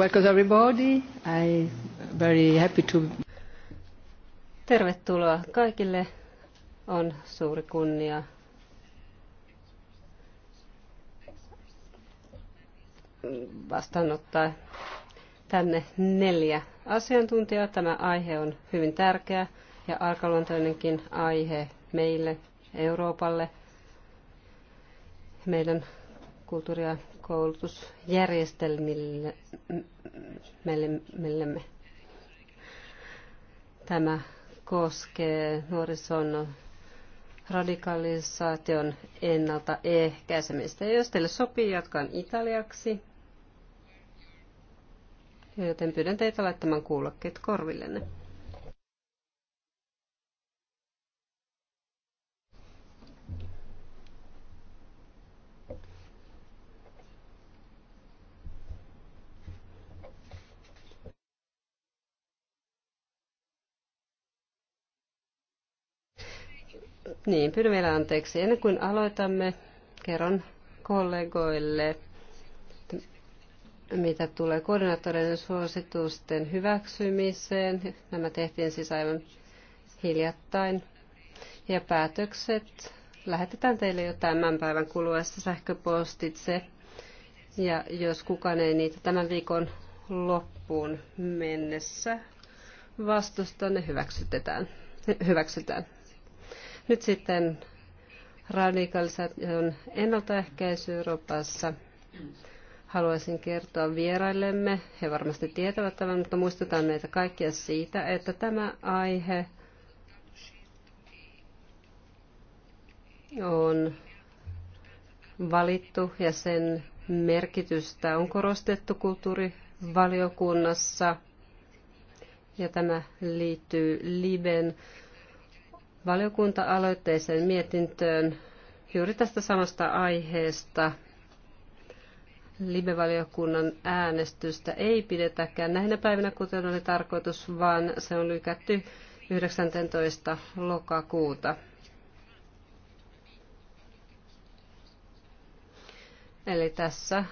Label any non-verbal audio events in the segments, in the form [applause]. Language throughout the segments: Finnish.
Welcome everybody. I very happy to... Tervetuloa kaikille. On suuri kunnia vastaanottaa tänne neljä asiantuntijaa. Tämä aihe on hyvin tärkeä ja arkaluontoinenkin aihe meille, Euroopalle, meidän kulttuuri- ja koulutusjärjestelmillemme. Tämä koskee nuorison radikalisaation ennaltaehkäisemistä. Ja jos teille sopii, jatkan italiaksi. Joten pyydän teitä laittamaan kuulokkeet korvillenne. Niin, pyydän vielä anteeksi. Ennen kuin aloitamme, kerron kollegoille, mitä tulee koordinaattoreiden suositusten hyväksymiseen. Nämä tehtiin siis aivan hiljattain. Ja päätökset lähetetään teille jo tämän päivän kuluessa sähköpostitse. Ja jos kukaan ei niitä tämän viikon loppuun mennessä vastusta, ne hyväksytetään. hyväksytään. Nyt sitten radikalisaation ennaltaehkäisy Euroopassa. Haluaisin kertoa vieraillemme, he varmasti tietävät tämän, mutta muistutan meitä kaikkia siitä, että tämä aihe on valittu ja sen merkitystä on korostettu kulttuurivaliokunnassa. Ja tämä liittyy Liben valiokunta-aloitteiseen mietintöön juuri tästä samasta aiheesta. Libevaliokunnan äänestystä ei pidetäkään näinä päivinä, kuten oli tarkoitus, vaan se on lykätty 19. lokakuuta. Eli tässä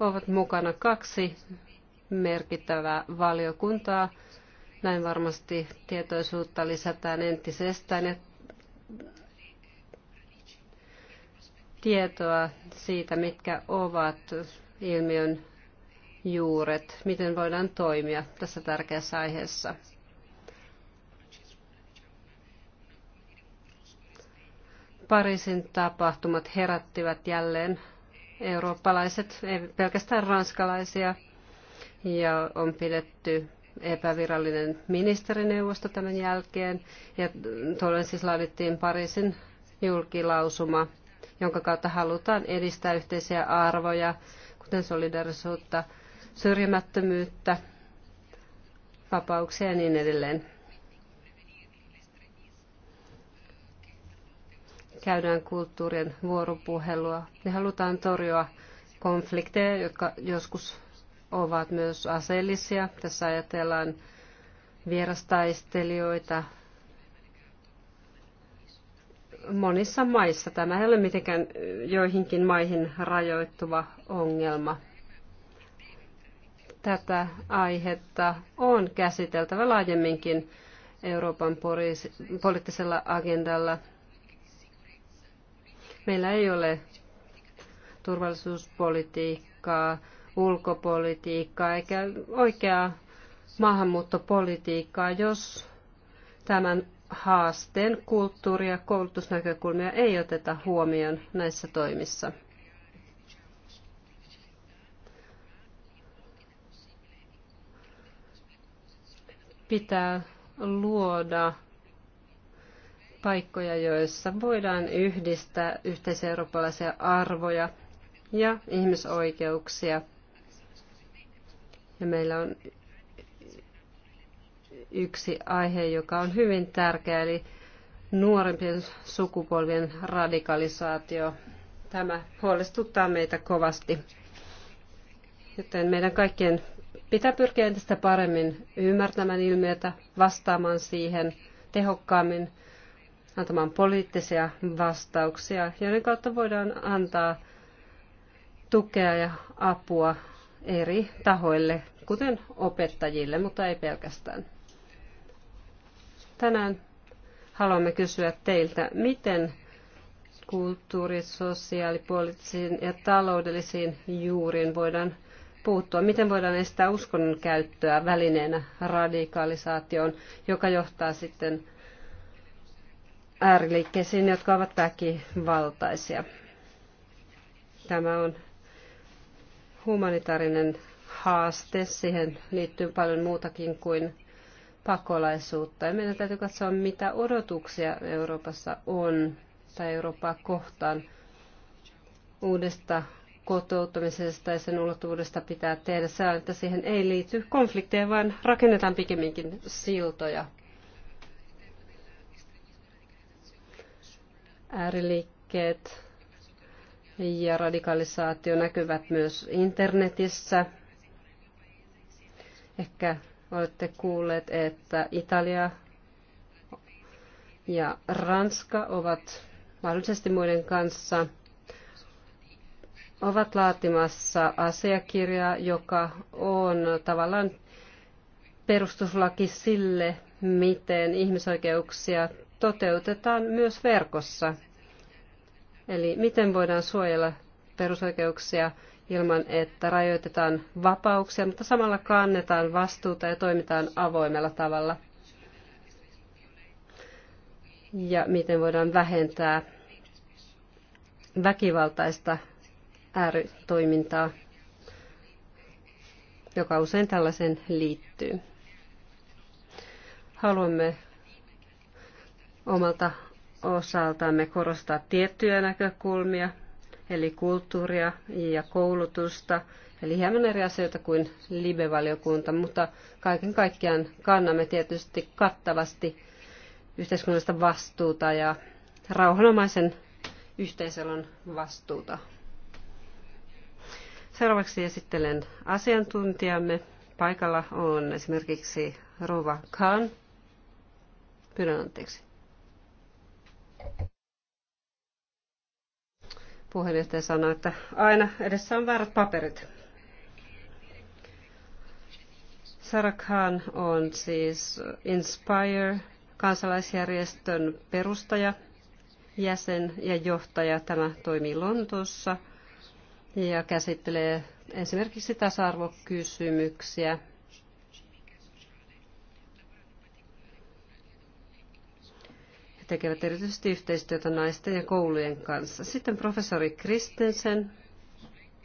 ovat mukana kaksi merkittävää valiokuntaa, näin varmasti tietoisuutta lisätään entisestään ja tietoa siitä, mitkä ovat ilmiön juuret, miten voidaan toimia tässä tärkeässä aiheessa. Pariisin tapahtumat herättivät jälleen eurooppalaiset, ei pelkästään ranskalaisia, ja on pidetty epävirallinen ministerineuvosto tämän jälkeen. Ja tuolloin siis laadittiin Pariisin julkilausuma, jonka kautta halutaan edistää yhteisiä arvoja, kuten solidarisuutta, syrjimättömyyttä, vapauksia ja niin edelleen. Käydään kulttuurien vuoropuhelua Me halutaan torjua konflikteja, jotka joskus ovat myös aseellisia. Tässä ajatellaan vierastaistelijoita. Monissa maissa tämä ei ole mitenkään joihinkin maihin rajoittuva ongelma. Tätä aihetta on käsiteltävä laajemminkin Euroopan poliittisella agendalla. Meillä ei ole turvallisuuspolitiikkaa, ulkopolitiikkaa eikä oikeaa maahanmuuttopolitiikkaa, jos tämän haasteen kulttuuri- ja koulutusnäkökulmia ei oteta huomioon näissä toimissa. Pitää luoda paikkoja, joissa voidaan yhdistää yhteiseurooppalaisia arvoja ja ihmisoikeuksia – ja meillä on yksi aihe, joka on hyvin tärkeä, eli nuorempien sukupolvien radikalisaatio. Tämä huolestuttaa meitä kovasti. Joten meidän kaikkien pitää pyrkiä entistä paremmin ymmärtämään ilmiötä, vastaamaan siihen tehokkaammin, antamaan poliittisia vastauksia, joiden kautta voidaan antaa tukea ja apua eri tahoille, kuten opettajille, mutta ei pelkästään. Tänään haluamme kysyä teiltä, miten kulttuuri-, sosiaalipoliittisiin ja taloudellisiin juuriin voidaan puuttua? Miten voidaan estää uskonnon käyttöä välineenä radikalisaatioon, joka johtaa sitten ääriliikkeisiin, jotka ovat väkivaltaisia? Tämä on humanitaarinen haaste. Siihen liittyy paljon muutakin kuin pakolaisuutta. Ja meidän täytyy katsoa, mitä odotuksia Euroopassa on tai Eurooppaa kohtaan. Uudesta kotouttamisesta ja sen ulottuvuudesta pitää tehdä Se että siihen ei liity konflikteja, vaan rakennetaan pikemminkin siltoja. Ääriliikkeet ja radikalisaatio näkyvät myös internetissä. Ehkä olette kuulleet, että Italia ja Ranska ovat mahdollisesti muiden kanssa ovat laatimassa asiakirjaa, joka on tavallaan perustuslaki sille, miten ihmisoikeuksia toteutetaan myös verkossa. Eli miten voidaan suojella perusoikeuksia ilman, että rajoitetaan vapauksia, mutta samalla kannetaan vastuuta ja toimitaan avoimella tavalla. Ja miten voidaan vähentää väkivaltaista ääritoimintaa, joka usein tällaisen liittyy. Haluamme omalta osaltamme korostaa tiettyjä näkökulmia, eli kulttuuria ja koulutusta, eli hieman eri asioita kuin live-valiokunta, mutta kaiken kaikkiaan kannamme tietysti kattavasti yhteiskunnallista vastuuta ja rauhanomaisen yhteisölon vastuuta. Seuraavaksi esittelen asiantuntijamme. Paikalla on esimerkiksi Rova Khan. Pyydän anteeksi. Puheenjohtaja sanoi, että aina edessä on väärät paperit. Sarah Khan on siis Inspire kansalaisjärjestön perustaja, jäsen ja johtaja. Tämä toimii Lontoossa ja käsittelee esimerkiksi tasa-arvokysymyksiä tekevät erityisesti yhteistyötä naisten ja koulujen kanssa. Sitten professori Kristensen.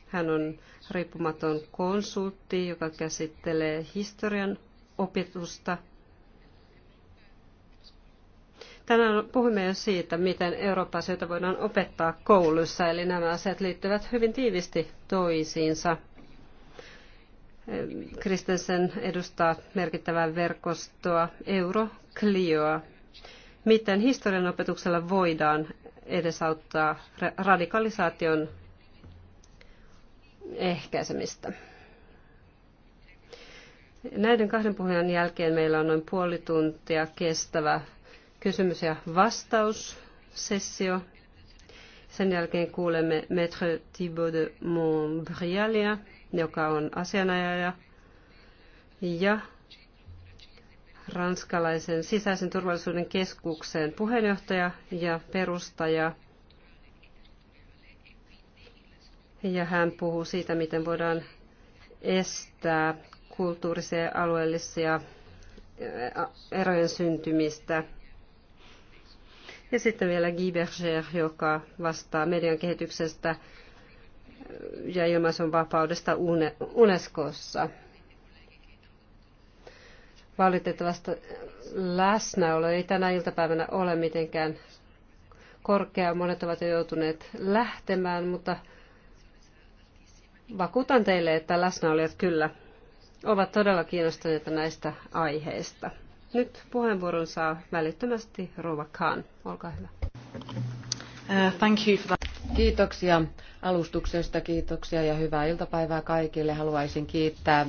Hän on riippumaton konsultti, joka käsittelee historian opetusta. Tänään puhumme jo siitä, miten Euroopan asioita voidaan opettaa koulussa, eli nämä asiat liittyvät hyvin tiivisti toisiinsa. Kristensen edustaa merkittävää verkostoa Euroclioa, miten historian opetuksella voidaan edesauttaa radikalisaation ehkäisemistä. Näiden kahden puhujan jälkeen meillä on noin puoli tuntia kestävä kysymys- ja vastaussessio. Sen jälkeen kuulemme Maître Thibaut de Montbrialia, joka on asianajaja, ja ranskalaisen sisäisen turvallisuuden keskuksen puheenjohtaja ja perustaja. Ja hän puhuu siitä, miten voidaan estää kulttuurisia ja alueellisia erojen syntymistä. Ja sitten vielä Guy Berger, joka vastaa median kehityksestä ja ilmaisun vapaudesta UNESCOssa. Valitettavasti läsnäolo ei tänä iltapäivänä ole mitenkään korkea. Monet ovat jo joutuneet lähtemään, mutta vakuutan teille, että läsnäolijat kyllä ovat todella kiinnostuneita näistä aiheista. Nyt puheenvuoron saa välittömästi Rova Khan. Olkaa hyvä. Uh, thank you for that. Kiitoksia alustuksesta, kiitoksia ja hyvää iltapäivää kaikille. Haluaisin kiittää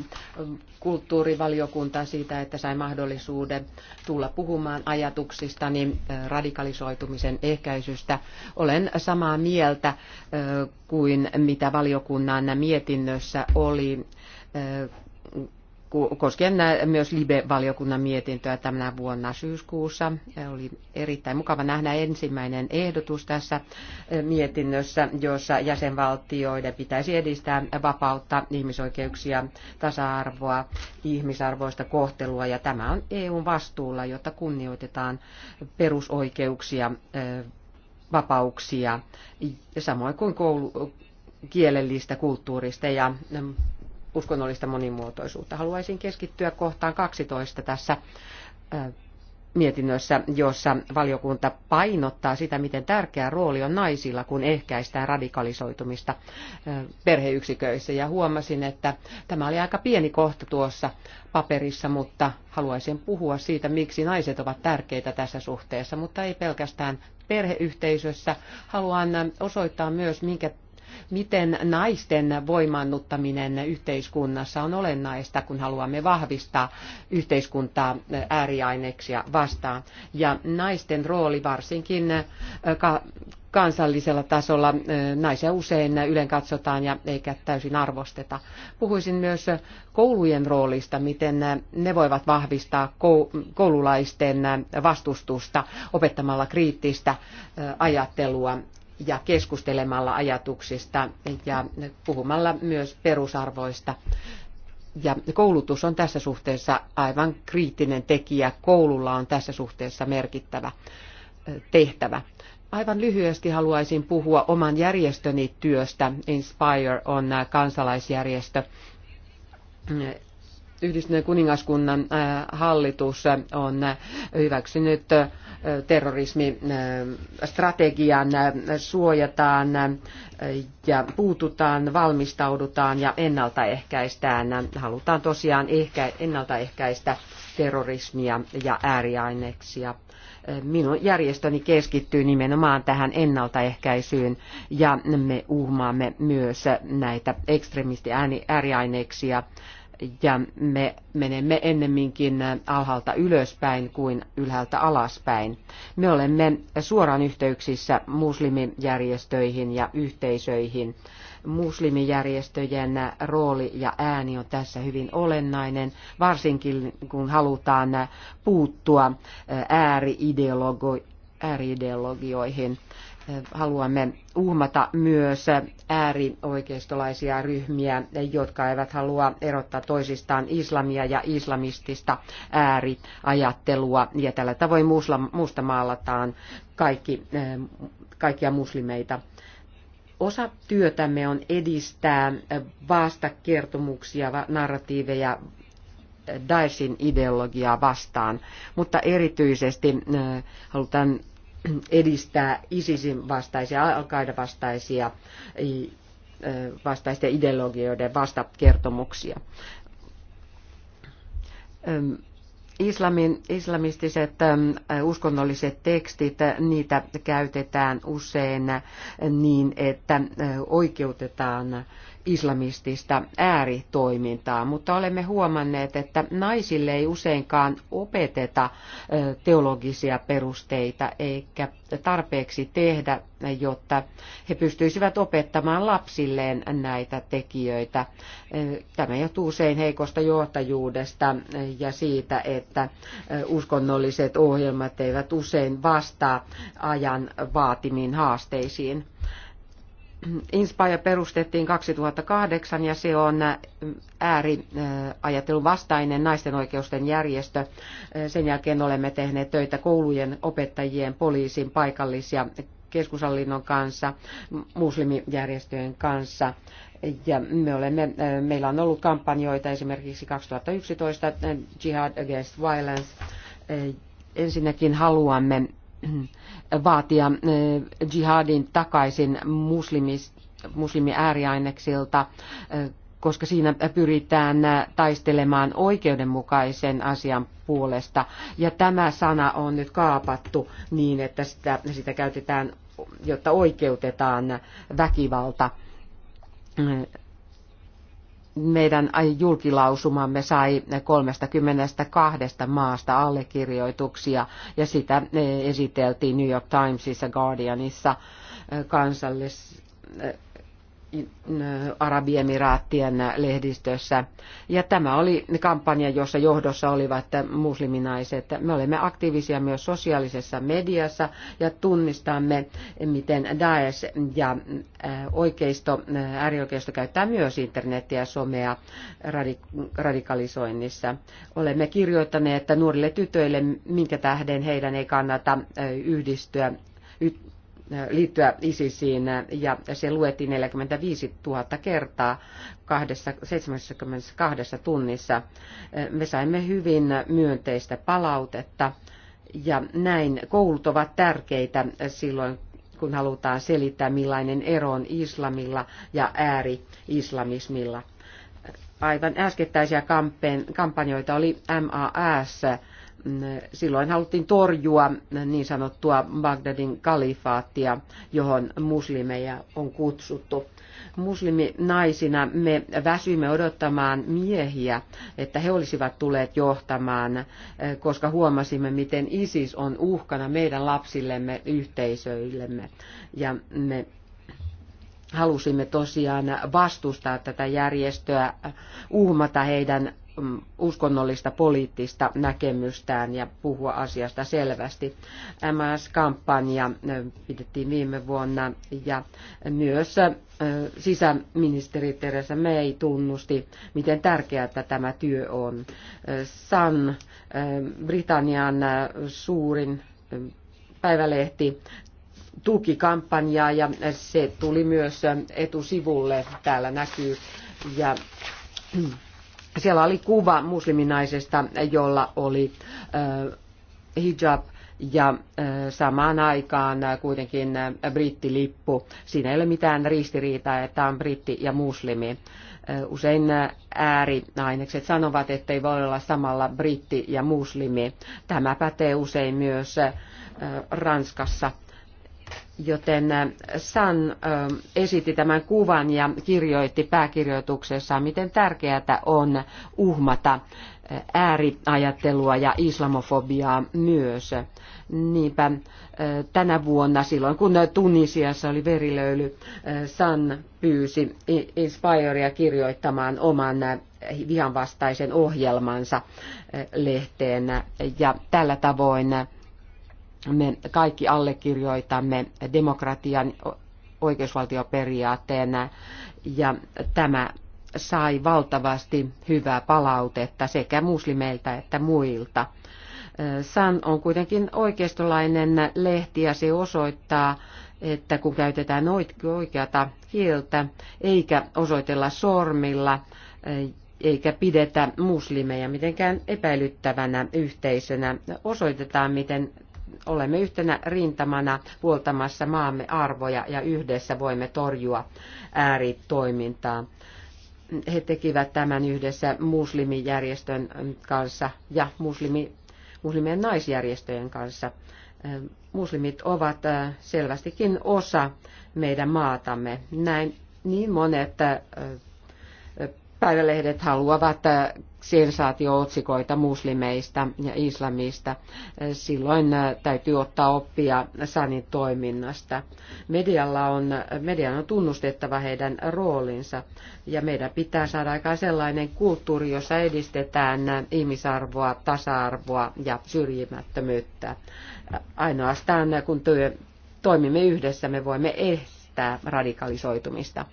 kulttuurivaliokuntaa siitä, että sain mahdollisuuden tulla puhumaan ajatuksistani radikalisoitumisen ehkäisystä. Olen samaa mieltä eh, kuin mitä valiokunnan mietinnössä oli eh, koskien myös LIBE-valiokunnan mietintöä tänä vuonna syyskuussa. Oli erittäin mukava nähdä ensimmäinen ehdotus tässä eh, mietinnössä, jossa jäsenvaltioiden pitäisi edistää vapautta, ihmisoikeuksia, tasa-arvoa, ihmisarvoista kohtelua. Ja tämä on EUn vastuulla, jotta kunnioitetaan perusoikeuksia, eh, vapauksia, samoin kuin koulu, kielellistä, kulttuurista ja mm, uskonnollista monimuotoisuutta. Haluaisin keskittyä kohtaan 12 tässä mietinnössä, jossa valiokunta painottaa sitä, miten tärkeä rooli on naisilla, kun ehkäistään radikalisoitumista perheyksiköissä. Ja huomasin, että tämä oli aika pieni kohta tuossa paperissa, mutta haluaisin puhua siitä, miksi naiset ovat tärkeitä tässä suhteessa, mutta ei pelkästään perheyhteisössä. Haluan osoittaa myös, minkä miten naisten voimannuttaminen yhteiskunnassa on olennaista, kun haluamme vahvistaa yhteiskuntaa ääriaineksia vastaan. Ja naisten rooli varsinkin äh, kansallisella tasolla äh, naisia usein ylen katsotaan ja eikä täysin arvosteta. Puhuisin myös koulujen roolista, miten ne voivat vahvistaa koululaisten vastustusta opettamalla kriittistä äh, ajattelua ja keskustelemalla ajatuksista ja puhumalla myös perusarvoista. Ja koulutus on tässä suhteessa aivan kriittinen tekijä. Koululla on tässä suhteessa merkittävä tehtävä. Aivan lyhyesti haluaisin puhua oman järjestöni työstä. Inspire on kansalaisjärjestö Yhdistyneen kuningaskunnan hallitus on hyväksynyt terrorismistrategian, suojataan ja puututaan, valmistaudutaan ja ennaltaehkäistään. Halutaan tosiaan ehkä, ennaltaehkäistä terrorismia ja ääriaineksia. Minun järjestöni keskittyy nimenomaan tähän ennaltaehkäisyyn ja me uhmaamme myös näitä ekstremisti ääriaineksia ja me menemme ennemminkin alhaalta ylöspäin kuin ylhäältä alaspäin. Me olemme suoraan yhteyksissä muslimijärjestöihin ja yhteisöihin. Muslimijärjestöjen rooli ja ääni on tässä hyvin olennainen, varsinkin kun halutaan puuttua ääriideologioihin haluamme uhmata myös äärioikeistolaisia ryhmiä, jotka eivät halua erottaa toisistaan islamia ja islamistista ääriajattelua. Ja tällä tavoin maalataan kaikki, kaikkia muslimeita. Osa työtämme on edistää vastakertomuksia, narratiiveja Daesin ideologiaa vastaan, mutta erityisesti äh, halutaan edistää ISISin vastaisia, al vastaisia vastaisten ideologioiden vastakertomuksia. Islamin, islamistiset uskonnolliset tekstit, niitä käytetään usein niin, että oikeutetaan islamistista ääritoimintaa, mutta olemme huomanneet, että naisille ei useinkaan opeteta teologisia perusteita eikä tarpeeksi tehdä, jotta he pystyisivät opettamaan lapsilleen näitä tekijöitä. Tämä johtuu usein heikosta johtajuudesta ja siitä, että uskonnolliset ohjelmat eivät usein vastaa ajan vaatimiin haasteisiin. Inspire perustettiin 2008 ja se on äh, ääriajattelun vastainen naisten oikeusten järjestö. Äh, sen jälkeen olemme tehneet töitä koulujen, opettajien, poliisin, paikallis- ja keskushallinnon kanssa, muslimijärjestöjen kanssa. Ja me olemme, äh, meillä on ollut kampanjoita esimerkiksi 2011 Jihad Against Violence. Ensinnäkin haluamme vaatia eh, jihadin takaisin muslimis, muslimiääriaineksilta, eh, koska siinä pyritään eh, taistelemaan oikeudenmukaisen asian puolesta. Ja tämä sana on nyt kaapattu niin, että sitä, sitä käytetään, jotta oikeutetaan väkivalta meidän julkilausumamme sai 32 maasta allekirjoituksia ja sitä esiteltiin New York Timesissa, Guardianissa kansallis Arabiemiraattien lehdistössä. Ja tämä oli kampanja, jossa johdossa olivat musliminaiset. Me olemme aktiivisia myös sosiaalisessa mediassa ja tunnistamme, miten Daesh ja oikeisto, äärioikeisto käyttää myös internetiä ja somea radikalisoinnissa. Olemme kirjoittaneet että nuorille tytöille, minkä tähden heidän ei kannata yhdistyä liittyä ISISiin ja se luettiin 45 000 kertaa 72 tunnissa. Me saimme hyvin myönteistä palautetta ja näin koulut ovat tärkeitä silloin, kun halutaan selittää, millainen ero on islamilla ja ääri-islamismilla. Aivan äskettäisiä kampanjoita oli MAS, silloin haluttiin torjua niin sanottua Bagdadin kalifaattia, johon muslimeja on kutsuttu. Musliminaisina me väsyimme odottamaan miehiä, että he olisivat tulleet johtamaan, koska huomasimme, miten ISIS on uhkana meidän lapsillemme, yhteisöillemme. Ja me halusimme tosiaan vastustaa tätä järjestöä, uhmata heidän Mm, uskonnollista poliittista näkemystään ja puhua asiasta selvästi. MS-kampanja mm, pidettiin viime vuonna ja myös mm, sisäministeri Teresa May tunnusti, miten tärkeää tämä työ on. San Britannian suurin päivälehti tuki kampanjaa ja se tuli myös etusivulle, täällä näkyy. Ja siellä oli kuva musliminaisesta, jolla oli äh, hijab ja äh, samaan aikaan kuitenkin äh, brittilippu. Siinä ei ole mitään ristiriitaa, että on britti ja muslimi. Usein ääriainekset sanovat, ettei voi olla samalla britti ja muslimi. Tämä pätee usein myös Ranskassa Joten äh, San äh, esitti tämän kuvan ja kirjoitti pääkirjoituksessa, miten tärkeää on uhmata äh, ääriajattelua ja islamofobiaa myös. Niinpä tänä vuonna, silloin kun Tunisiassa oli verilöyly, San pyysi Inspirea kirjoittamaan oman vihanvastaisen ohjelmansa lehteen ja tällä tavoin me kaikki allekirjoitamme demokratian oikeusvaltioperiaatteena ja tämä sai valtavasti hyvää palautetta sekä muslimeilta että muilta. San on kuitenkin oikeistolainen lehti ja se osoittaa, että kun käytetään oikeata kieltä eikä osoitella sormilla eikä pidetä muslimeja mitenkään epäilyttävänä yhteisönä, osoitetaan miten olemme yhtenä rintamana puoltamassa maamme arvoja ja yhdessä voimme torjua ääritoimintaa. He tekivät tämän yhdessä muslimijärjestön kanssa ja muslimi, muslimien naisjärjestöjen kanssa. Muslimit ovat selvästikin osa meidän maatamme. Näin niin monet Päivälehdet haluavat äh, otsikoita muslimeista ja islamista. Äh, silloin äh, täytyy ottaa oppia Sanin toiminnasta. Medialla on, median on tunnustettava heidän roolinsa ja meidän pitää saada aikaan sellainen kulttuuri, jossa edistetään ihmisarvoa, tasa-arvoa ja syrjimättömyyttä. Ainoastaan kun toimimme yhdessä, me voimme estää radikalisoitumista.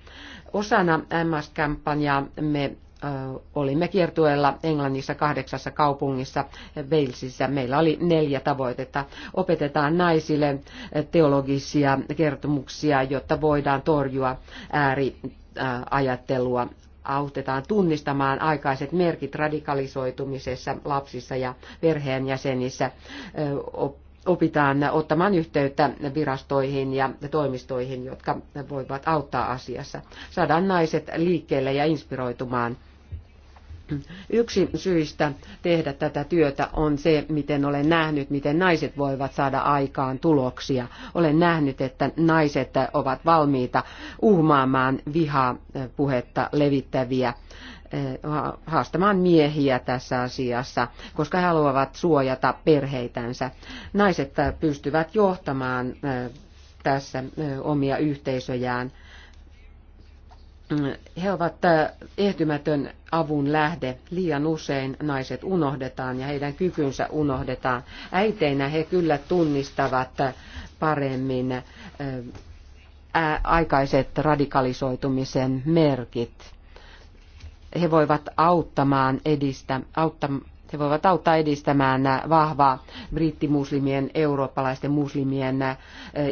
Osana MS-kampanjaa me olimme kiertueella Englannissa kahdeksassa kaupungissa Walesissa. Meillä oli neljä tavoitetta. Opetetaan naisille teologisia kertomuksia, jotta voidaan torjua ääriajattelua. Autetaan tunnistamaan aikaiset merkit radikalisoitumisessa lapsissa ja perheenjäsenissä opitaan ottamaan yhteyttä virastoihin ja toimistoihin, jotka voivat auttaa asiassa. Saadaan naiset liikkeelle ja inspiroitumaan. Yksi syistä tehdä tätä työtä on se, miten olen nähnyt, miten naiset voivat saada aikaan tuloksia. Olen nähnyt, että naiset ovat valmiita uhmaamaan vihapuhetta puhetta levittäviä Eh, haastamaan miehiä tässä asiassa, koska he haluavat suojata perheitänsä. Naiset eh, pystyvät johtamaan eh, tässä omia yhteisöjään. Mm, he ovat ehtymätön avun lähde. Liian usein naiset unohdetaan ja heidän kykynsä unohdetaan. Äiteinä he kyllä tunnistavat paremmin aikaiset radikalisoitumisen merkit he voivat auttamaan edistä, autta, he voivat auttaa edistämään vahvaa brittimuslimien, eurooppalaisten muslimien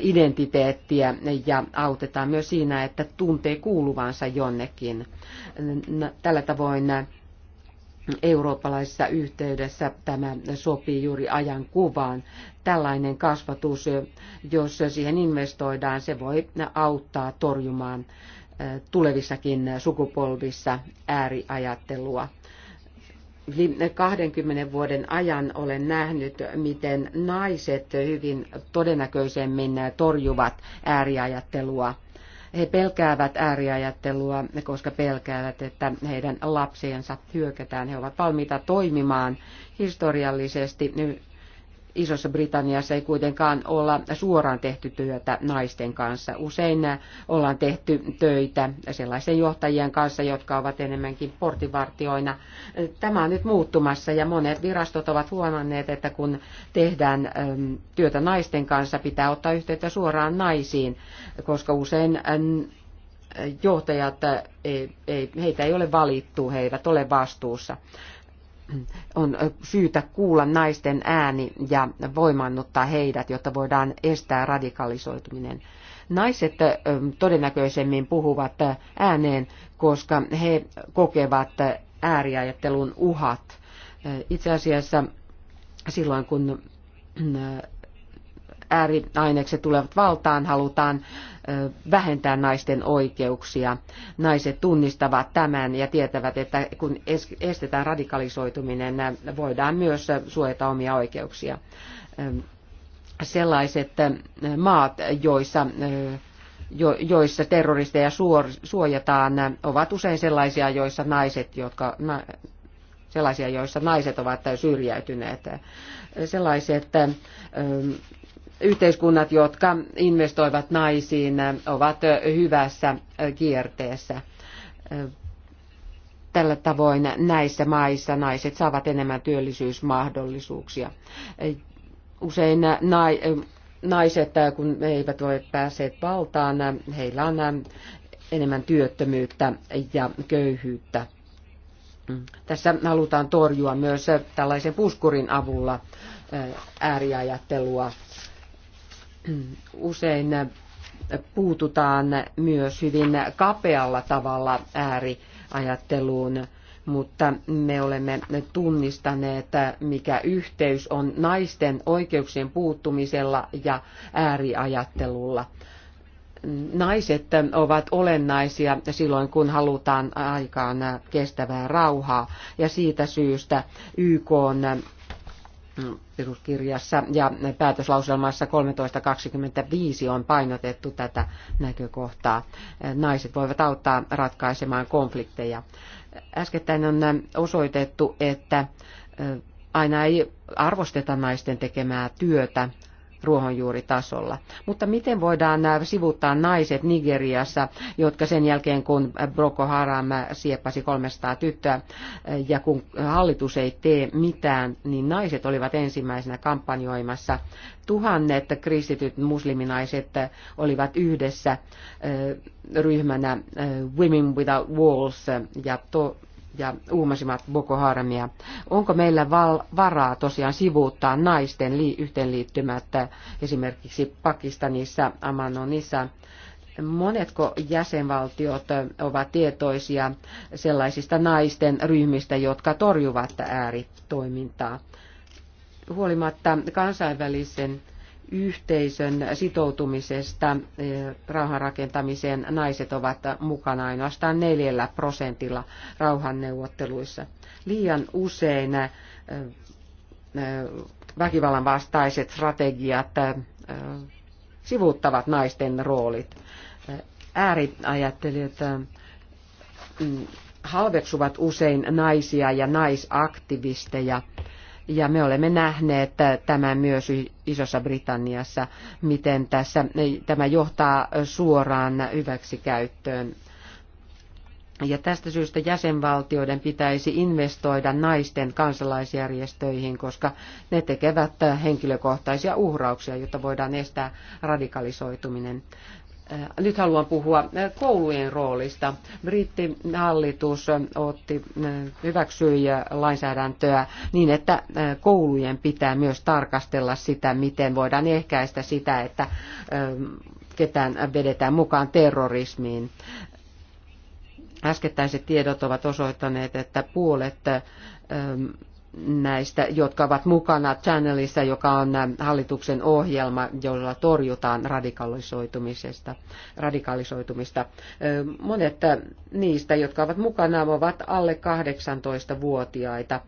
identiteettiä ja autetaan myös siinä, että tuntee kuuluvansa jonnekin. Tällä tavoin eurooppalaisessa yhteydessä tämä sopii juuri ajan kuvaan. Tällainen kasvatus, jos siihen investoidaan, se voi auttaa torjumaan tulevissakin sukupolvissa ääriajattelua. Viime 20 vuoden ajan olen nähnyt, miten naiset hyvin todennäköisemmin torjuvat ääriajattelua. He pelkäävät ääriajattelua, koska pelkäävät, että heidän lapsiensa hyökätään. He ovat valmiita toimimaan historiallisesti Isossa Britanniassa ei kuitenkaan olla suoraan tehty työtä naisten kanssa. Usein ollaan tehty töitä sellaisen johtajien kanssa, jotka ovat enemmänkin portivartioina. Tämä on nyt muuttumassa ja monet virastot ovat huomanneet, että kun tehdään ähm, työtä naisten kanssa, pitää ottaa yhteyttä suoraan naisiin, koska usein ähm, johtajat, äh, heitä ei ole valittu, he eivät ole vastuussa on syytä kuulla naisten ääni ja voimannuttaa heidät, jotta voidaan estää radikalisoituminen. Naiset todennäköisemmin puhuvat ääneen, koska he kokevat ääriajattelun uhat. Itse asiassa silloin, kun ääriainekset tulevat valtaan, halutaan vähentää naisten oikeuksia. Naiset tunnistavat tämän ja tietävät, että kun estetään radikalisoituminen, voidaan myös suojata omia oikeuksia. Sellaiset maat, joissa joissa terroristeja suojataan, ovat usein sellaisia, joissa naiset, jotka, sellaisia, joissa naiset ovat syrjäytyneet. Sellaiset yhteiskunnat, jotka investoivat naisiin, ovat hyvässä kierteessä. Tällä tavoin näissä maissa naiset saavat enemmän työllisyysmahdollisuuksia. Usein naiset, kun eivät ole päässeet valtaan, heillä on enemmän työttömyyttä ja köyhyyttä. Tässä halutaan torjua myös tällaisen puskurin avulla ääriajattelua usein puututaan myös hyvin kapealla tavalla ääriajatteluun, mutta me olemme tunnistaneet, mikä yhteys on naisten oikeuksien puuttumisella ja ääriajattelulla. Naiset ovat olennaisia silloin, kun halutaan aikaan kestävää rauhaa, ja siitä syystä YK on peruskirjassa ja päätöslauselmassa 1325 on painotettu tätä näkökohtaa. Naiset voivat auttaa ratkaisemaan konflikteja. Äskettäin on osoitettu, että aina ei arvosteta naisten tekemää työtä ruohonjuuritasolla. Mutta miten voidaan äh, sivuttaa naiset Nigeriassa, jotka sen jälkeen kun Broko Haram sieppasi 300 tyttöä äh, ja kun hallitus ei tee mitään, niin naiset olivat ensimmäisenä kampanjoimassa. Tuhannet kristityt musliminaiset äh, olivat yhdessä ryhmänä Women Without Walls ja to, ja uumasimat Boko Haramia. Onko meillä val- varaa tosiaan sivuuttaa naisten li- yhteenliittymättä äh, esimerkiksi Pakistanissa, Amanonissa? Monetko jäsenvaltiot äh, ovat tietoisia sellaisista naisten ryhmistä, jotka torjuvat ääritoimintaa? Huolimatta kansainvälisen yhteisön sitoutumisesta eh, rauhanrakentamiseen naiset ovat mukana ainoastaan neljällä prosentilla rauhanneuvotteluissa. Liian usein eh, eh, väkivallan vastaiset strategiat sivuuttavat naisten roolit. Ääriajattelijat mm, halveksuvat usein naisia ja naisaktivisteja – ja me olemme nähneet tämän myös Isossa Britanniassa, miten tässä, tämä johtaa suoraan hyväksikäyttöön. Ja tästä syystä jäsenvaltioiden pitäisi investoida naisten kansalaisjärjestöihin, koska ne tekevät henkilökohtaisia uhrauksia, jotta voidaan estää radikalisoituminen. Äh, nyt haluan puhua äh, koulujen roolista. Brittihallitus äh, otti, hyväksyi lainsäädäntöä niin, että koulujen pitää myös tarkastella sitä, miten voidaan ehkäistä sitä, että ketään vedetään mukaan terrorismiin. Äskettäiset tiedot ovat osoittaneet, että puolet näistä, jotka ovat mukana Channelissa, joka on hallituksen ohjelma, jolla torjutaan radikalisoitumisesta, radikalisoitumista. Monet niistä, jotka ovat mukana, ovat alle 18-vuotiaita.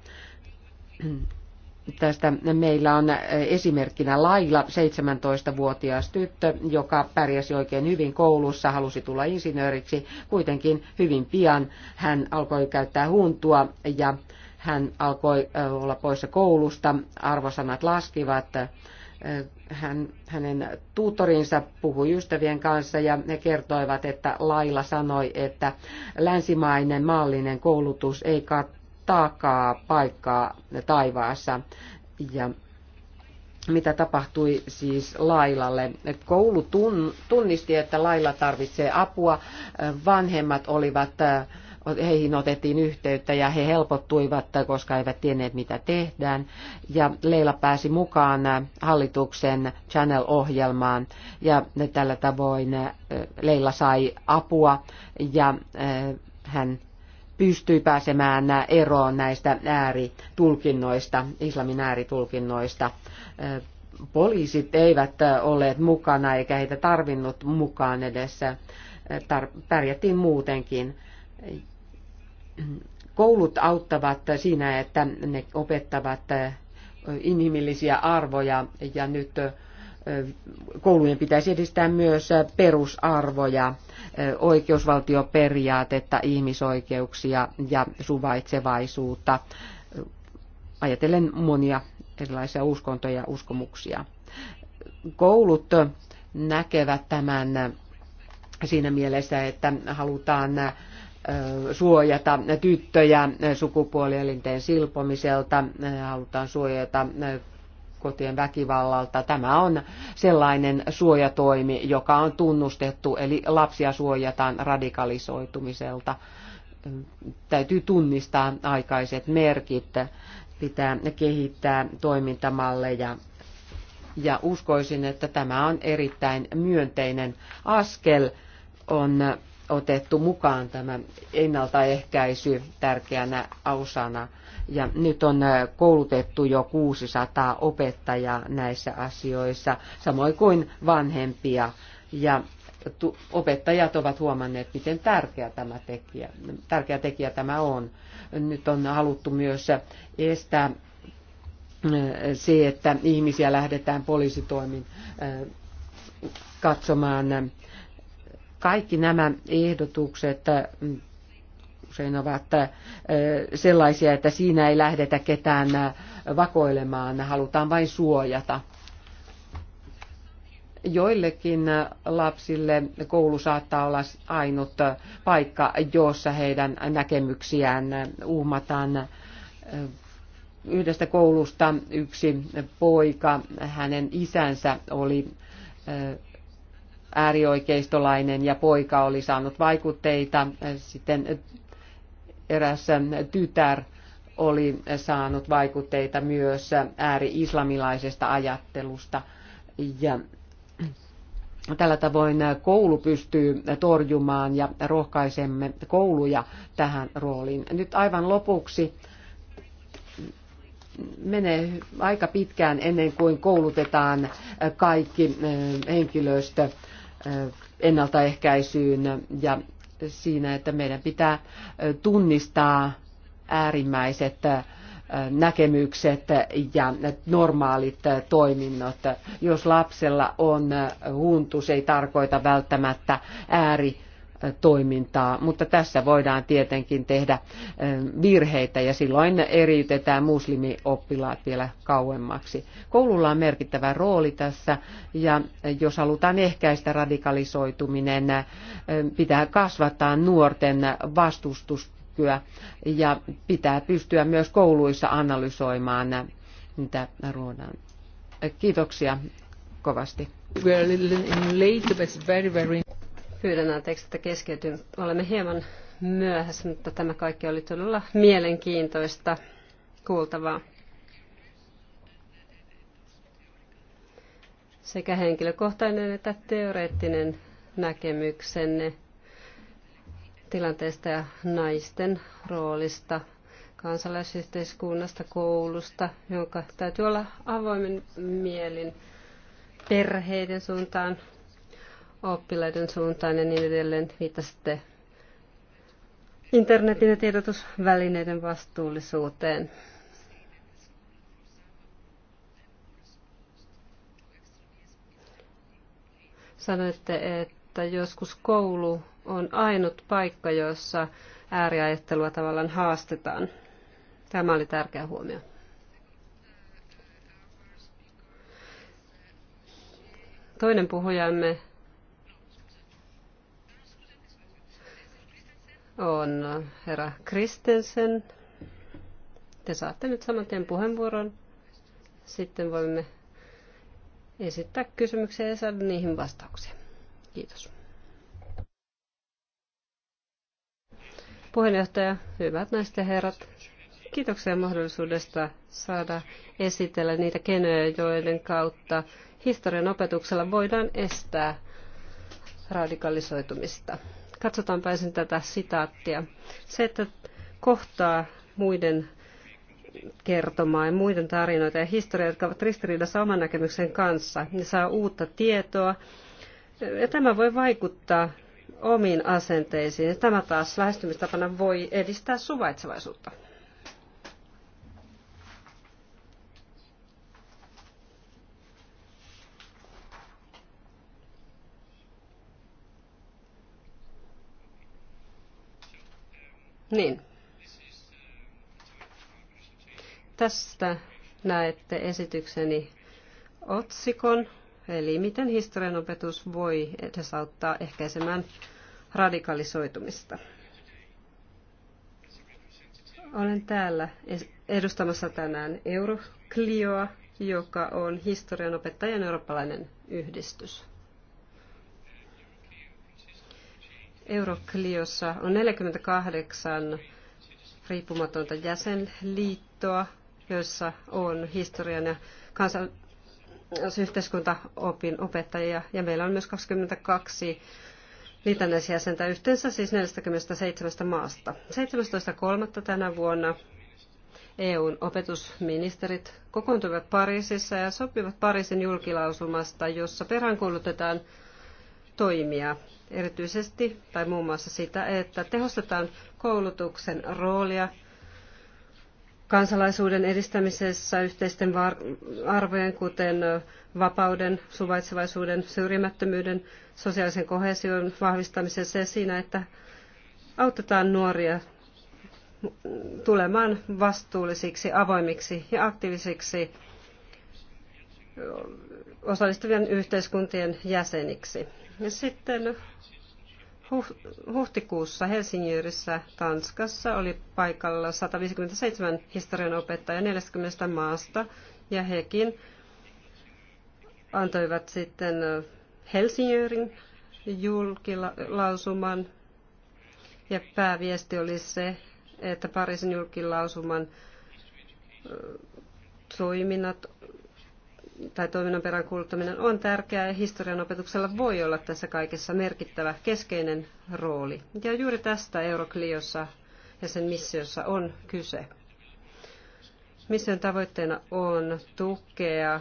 Tästä meillä on esimerkkinä Laila, 17-vuotias tyttö, joka pärjäsi oikein hyvin koulussa, halusi tulla insinööriksi. Kuitenkin hyvin pian hän alkoi käyttää huntua ja hän alkoi olla poissa koulusta, arvosanat laskivat, hän, hänen tuutorinsa puhui ystävien kanssa ja he kertoivat, että Laila sanoi, että länsimainen maallinen koulutus ei takaa paikkaa taivaassa. Ja mitä tapahtui siis Lailalle. Koulu tunnisti, että Laila tarvitsee apua. Vanhemmat olivat heihin otettiin yhteyttä ja he helpottuivat, koska eivät tienneet mitä tehdään. Ja Leila pääsi mukaan hallituksen Channel-ohjelmaan ja tällä tavoin äh, Leila sai apua ja äh, hän pystyi pääsemään eroon näistä ääritulkinnoista, islamin ääritulkinnoista. Äh, poliisit eivät olleet mukana eikä heitä tarvinnut mukaan edessä. Tar- pärjättiin muutenkin koulut auttavat siinä, että ne opettavat äh, inhimillisiä arvoja ja nyt äh, koulujen pitäisi edistää myös äh, perusarvoja, oikeusvaltioperiaatetta, ihmisoikeuksia ja suvaitsevaisuutta, ajatellen monia erilaisia uskontoja ja uskomuksia. Koulut näkevät tämän siinä mielessä, että halutaan suojata tyttöjä sukupuolielinten silpomiselta, halutaan suojata kotien väkivallalta. Tämä on sellainen suojatoimi, joka on tunnustettu, eli lapsia suojataan radikalisoitumiselta. Täytyy tunnistaa aikaiset merkit, pitää kehittää toimintamalleja. Ja uskoisin, että tämä on erittäin myönteinen askel. On otettu mukaan tämä ennaltaehkäisy tärkeänä osana. Ja nyt on äh, koulutettu jo 600 opettajaa näissä asioissa, samoin kuin vanhempia. Ja opettajat ovat huomanneet, miten tärkeä, tämä tekijä, tärkeä tekijä tämä on. Nyt on haluttu myös estää äh, se, että ihmisiä lähdetään poliisitoimin äh, katsomaan kaikki nämä ehdotukset äh, usein ovat äh, sellaisia, että siinä ei lähdetä ketään äh, vakoilemaan, halutaan vain suojata. Joillekin lapsille koulu saattaa olla ainut paikka, jossa heidän näkemyksiään uhmataan. Yhdestä koulusta yksi poika, hänen isänsä oli äärioikeistolainen ja poika oli saanut vaikutteita. Sitten eräs tytär oli saanut vaikutteita myös ääri-islamilaisesta ajattelusta. Ja tällä tavoin koulu pystyy torjumaan ja rohkaisemme kouluja tähän rooliin. Nyt aivan lopuksi menee aika pitkään ennen kuin koulutetaan kaikki henkilöstö ennaltaehkäisyyn ja siinä, että meidän pitää tunnistaa äärimmäiset näkemykset ja normaalit toiminnot. Jos lapsella on se ei tarkoita välttämättä ääri toimintaa, mutta tässä voidaan tietenkin tehdä virheitä ja silloin eriytetään muslimioppilaat vielä kauemmaksi. Koululla on merkittävä rooli tässä ja jos halutaan ehkäistä radikalisoituminen, pitää kasvattaa nuorten vastustuskyä ja pitää pystyä myös kouluissa analysoimaan mitä ruodaan. Kiitoksia kovasti. We are a little late, but it's very, very... Pyydän anteeksi, että keskeytyn. Olemme hieman myöhässä, mutta tämä kaikki oli todella mielenkiintoista kuultavaa. Sekä henkilökohtainen että teoreettinen näkemyksenne tilanteesta ja naisten roolista, kansalaisyhteiskunnasta, koulusta, jonka täytyy olla avoimen mielin perheiden suuntaan, oppilaiden suuntaan ja niin edelleen viittasitte internetin ja tiedotusvälineiden vastuullisuuteen. Sanoitte, että joskus koulu on ainut paikka, jossa ääriajattelua tavallaan haastetaan. Tämä oli tärkeä huomio. Toinen puhujamme on herra Kristensen. Te saatte nyt saman tien puheenvuoron. Sitten voimme esittää kysymyksiä ja saada niihin vastauksia. Kiitos. Puheenjohtaja, hyvät naiset ja herrat, kiitoksia mahdollisuudesta saada esitellä niitä kenoja, joiden kautta historian opetuksella voidaan estää radikalisoitumista. Katsotaanpa ensin tätä sitaattia. Se, että kohtaa muiden kertomaa ja muiden tarinoita ja historiaa, jotka ovat ristiriidassa oman näkemyksen kanssa, niin saa uutta tietoa. Ja tämä voi vaikuttaa omiin asenteisiin. Ja tämä taas lähestymistapana voi edistää suvaitsevaisuutta. Niin. Tästä näette esitykseni otsikon, eli miten historianopetus voi edesauttaa ehkäisemään radikalisoitumista. Olen täällä edustamassa tänään Euroklioa, joka on historianopettajan eurooppalainen yhdistys. Eurokliossa on 48 riippumatonta jäsenliittoa, joissa on historian ja kansallisyhteiskuntaopin opettajia. Ja meillä on myös 22 liitännäisjäsentä yhteensä siis 47 maasta. 17.3. tänä vuonna EUn opetusministerit kokoontuivat Pariisissa ja sopivat Pariisin julkilausumasta, jossa peräänkuulutetaan toimia, erityisesti tai muun muassa sitä, että tehostetaan koulutuksen roolia kansalaisuuden edistämisessä yhteisten arvojen, kuten vapauden, suvaitsevaisuuden, syrjimättömyyden, sosiaalisen kohesion vahvistamisessa ja siinä, että autetaan nuoria tulemaan vastuullisiksi, avoimiksi ja aktiivisiksi osallistuvien yhteiskuntien jäseniksi. Ja sitten huhtikuussa Helsingissä Tanskassa oli paikalla 157 historianopettajaa 40 maasta ja hekin antoivat sitten Helsingin julkilausuman ja pääviesti oli se, että Pariisin julkilausuman toiminnat tai toiminnan peräänkuuluttaminen on tärkeää ja historian opetuksella voi olla tässä kaikessa merkittävä keskeinen rooli. Ja juuri tästä Eurokliossa ja sen missiossa on kyse. Mission tavoitteena on tukea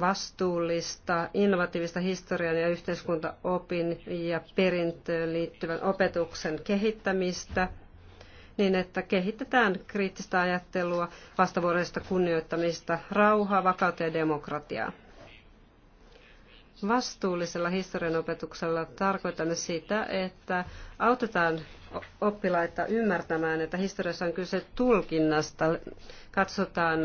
vastuullista, innovatiivista historian ja yhteiskuntaopin ja perintöön liittyvän opetuksen kehittämistä – niin että kehitetään kriittistä ajattelua, vastavuoroista kunnioittamista, rauhaa, vakautta ja demokratiaa. Vastuullisella historianopetuksella tarkoitamme sitä, että autetaan oppilaita ymmärtämään, että historiassa on kyse tulkinnasta. Katsotaan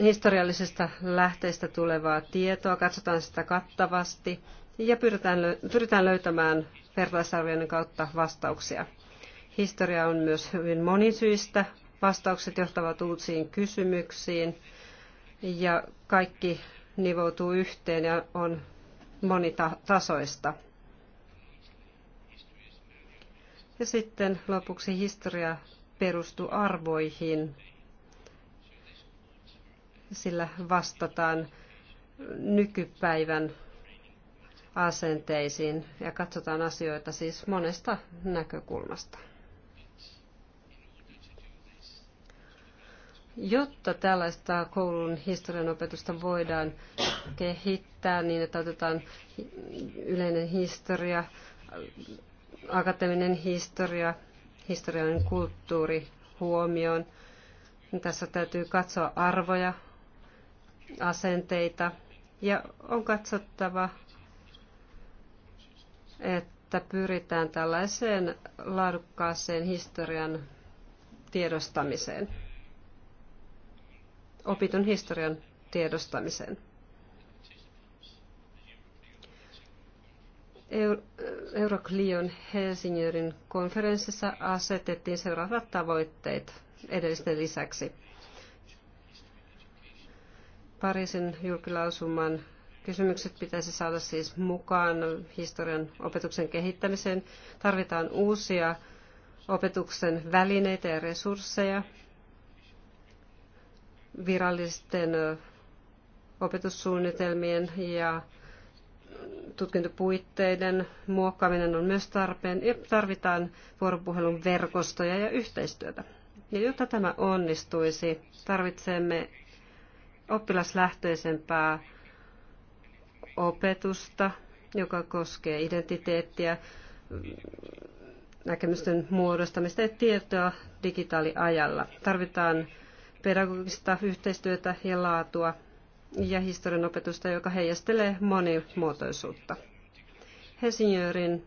historiallisista lähteistä tulevaa tietoa, katsotaan sitä kattavasti ja pyritään, löytämään vertaisarvioinnin kautta vastauksia. Historia on myös hyvin monisyistä. Vastaukset johtavat uusiin kysymyksiin ja kaikki nivoutuu yhteen ja on monitasoista. Ja sitten lopuksi historia perustuu arvoihin. Sillä vastataan nykypäivän asenteisiin ja katsotaan asioita siis monesta näkökulmasta. Jotta tällaista koulun historian opetusta voidaan kehittää niin, että otetaan yleinen historia, akateeminen historia, historiallinen kulttuuri huomioon, niin tässä täytyy katsoa arvoja, asenteita ja on katsottava, että pyritään tällaiseen laadukkaaseen historian tiedostamiseen opitun historian tiedostamiseen. Euroklio'n Helsingin konferenssissa asetettiin seuraavat tavoitteet edellisten lisäksi. Pariisin julkilausuman kysymykset pitäisi saada siis mukaan historian opetuksen kehittämiseen. Tarvitaan uusia opetuksen välineitä ja resursseja virallisten opetussuunnitelmien ja tutkintopuitteiden muokkaaminen on myös tarpeen ja tarvitaan vuoropuhelun verkostoja ja yhteistyötä. Ja jotta tämä onnistuisi, tarvitsemme oppilaslähtöisempää opetusta, joka koskee identiteettiä, näkemysten muodostamista ja tietoa digitaaliajalla. Tarvitaan pedagogista yhteistyötä ja laatua ja historian opetusta, joka heijastelee monimuotoisuutta. Helsingörin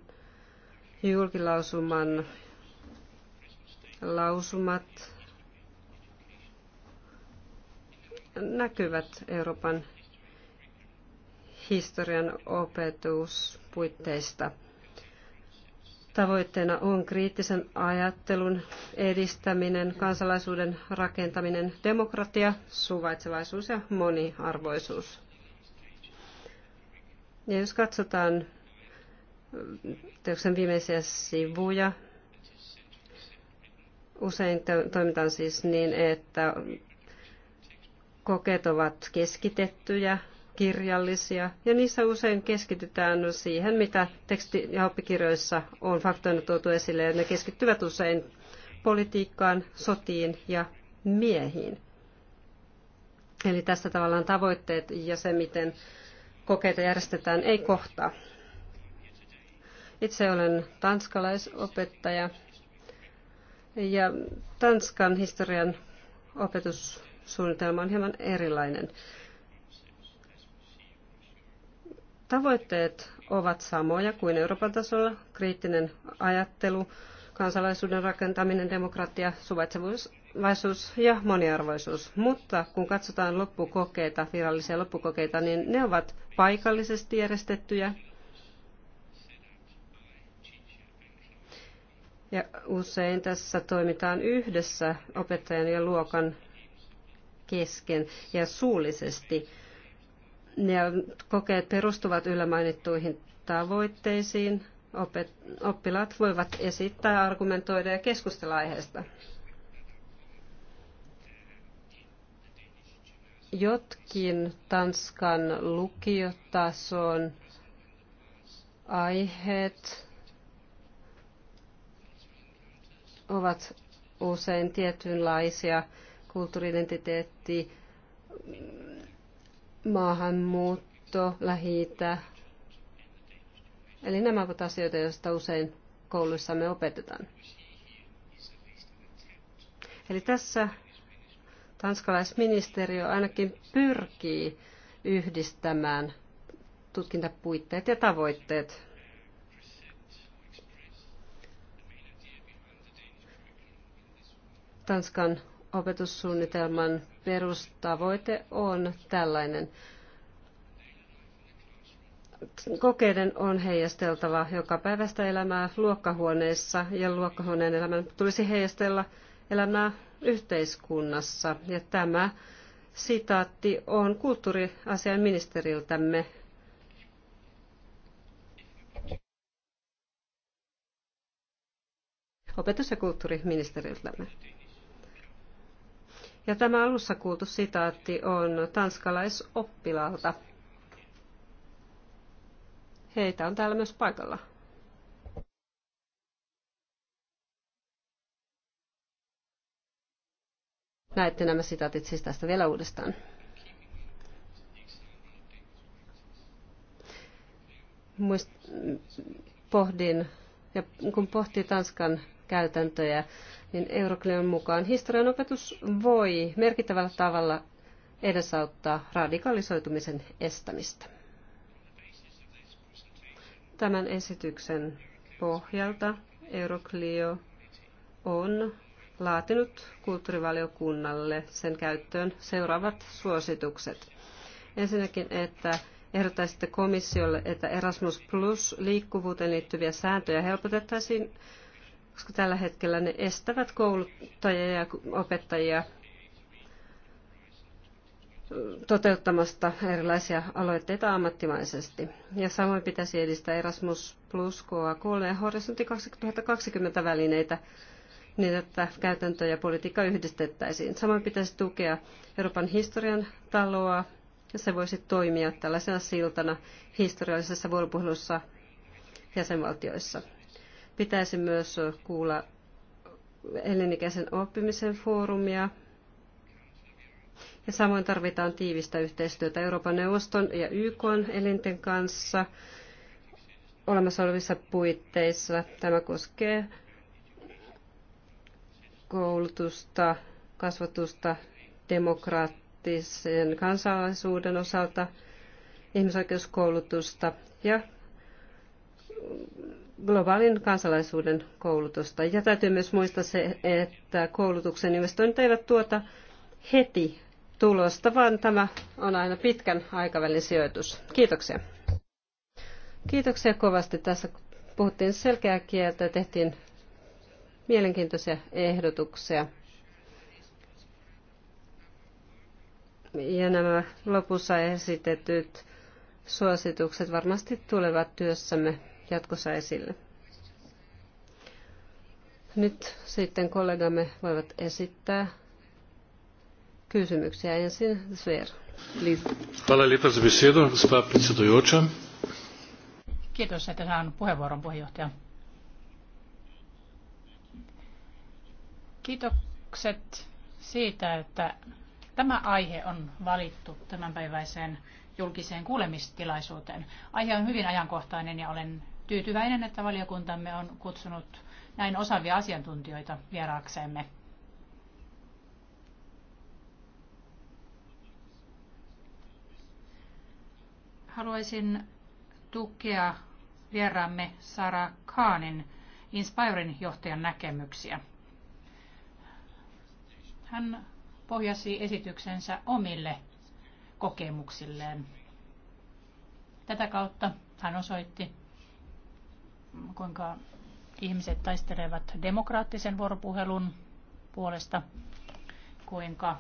julkilausuman lausumat näkyvät Euroopan historian opetuspuitteista – Tavoitteena on kriittisen ajattelun edistäminen, kansalaisuuden rakentaminen, demokratia, suvaitsevaisuus ja moniarvoisuus. Ja jos katsotaan teoksen viimeisiä sivuja, usein toimitaan siis niin, että kokeet ovat keskitettyjä, kirjallisia, ja niissä usein keskitytään siihen, mitä teksti- ja oppikirjoissa on faktoina tuotu esille, ja ne keskittyvät usein politiikkaan, sotiin ja miehiin. Eli tässä tavallaan tavoitteet ja se, miten kokeita järjestetään, ei kohtaa. Itse olen tanskalaisopettaja ja Tanskan historian opetussuunnitelma on hieman erilainen. Tavoitteet ovat samoja kuin Euroopan tasolla, kriittinen ajattelu, kansalaisuuden rakentaminen, demokratia, suvaitsevaisuus ja moniarvoisuus. Mutta kun katsotaan loppukokeita, virallisia loppukokeita, niin ne ovat paikallisesti järjestettyjä. Ja usein tässä toimitaan yhdessä opettajan ja luokan kesken ja suullisesti ne kokeet perustuvat yllä mainittuihin tavoitteisiin. oppilaat voivat esittää, argumentoida ja keskustella aiheesta. Jotkin Tanskan lukiotason aiheet ovat usein tietynlaisia kulttuuriidentiteetti, maahanmuutto, lähi Eli nämä ovat asioita, joista usein kouluissamme opetetaan. Eli tässä tanskalaisministeriö ainakin pyrkii yhdistämään tutkintapuitteet ja tavoitteet. Tanskan opetussuunnitelman perustavoite on tällainen. Kokeiden on heijasteltava joka päivästä elämää luokkahuoneessa ja luokkahuoneen elämän tulisi heijastella elämää yhteiskunnassa. Ja tämä sitaatti on kulttuuriasian ministeriltämme opetus- ja kulttuuriministeriltämme. Ja tämä alussa kuultu sitaatti on tanskalaisoppilaalta. Heitä on täällä myös paikalla. Näette nämä sitaatit siis tästä vielä uudestaan. Muist, pohdin, ja kun pohtii Tanskan käytäntöjä, niin Euroclean mukaan historian opetus voi merkittävällä tavalla edesauttaa radikalisoitumisen estämistä. Tämän esityksen pohjalta Euroklio on laatinut kulttuurivaliokunnalle sen käyttöön seuraavat suositukset. Ensinnäkin, että ehdottaisitte komissiolle, että Erasmus Plus liikkuvuuteen liittyviä sääntöjä helpotettaisiin koska tällä hetkellä ne estävät kouluttajia ja opettajia toteuttamasta erilaisia aloitteita ammattimaisesti. Ja samoin pitäisi edistää Erasmus Plus, KAK ja Horisontti 2020 välineitä niin, että käytäntö ja politiikka yhdistettäisiin. Samoin pitäisi tukea Euroopan historian taloa, ja se voisi toimia tällaisena siltana historiallisessa vuoropuhelussa jäsenvaltioissa. Pitäisi myös kuulla elinikäisen oppimisen foorumia. Ja samoin tarvitaan tiivistä yhteistyötä Euroopan neuvoston ja YK elinten kanssa olemassa olevissa puitteissa. Tämä koskee koulutusta, kasvatusta, demokraattisen kansalaisuuden osalta, ihmisoikeuskoulutusta ja globaalin kansalaisuuden koulutusta. Ja täytyy myös muistaa se, että koulutuksen investoinnit eivät tuota heti tulosta, vaan tämä on aina pitkän aikavälin sijoitus. Kiitoksia. Kiitoksia kovasti. Tässä puhuttiin selkeää kieltä ja tehtiin mielenkiintoisia ehdotuksia. Ja nämä lopussa esitetyt suositukset varmasti tulevat työssämme jatkossa esille. Nyt sitten kollegamme voivat esittää kysymyksiä. Ensin Sver. Hvala lepa za besedo, gospa predsedujoča. Kiitos, että saan puheenvuoron puheenjohtaja. Kiitokset siitä, että tämä aihe on valittu tämänpäiväiseen julkiseen kuulemistilaisuuteen. Aihe on hyvin ajankohtainen ja olen tyytyväinen, että valiokuntamme on kutsunut näin osaavia asiantuntijoita vieraakseemme. Haluaisin tukea vieraamme Sara Kaanin Inspirin johtajan näkemyksiä. Hän pohjasi esityksensä omille kokemuksilleen. Tätä kautta hän osoitti kuinka ihmiset taistelevat demokraattisen vuoropuhelun puolesta, kuinka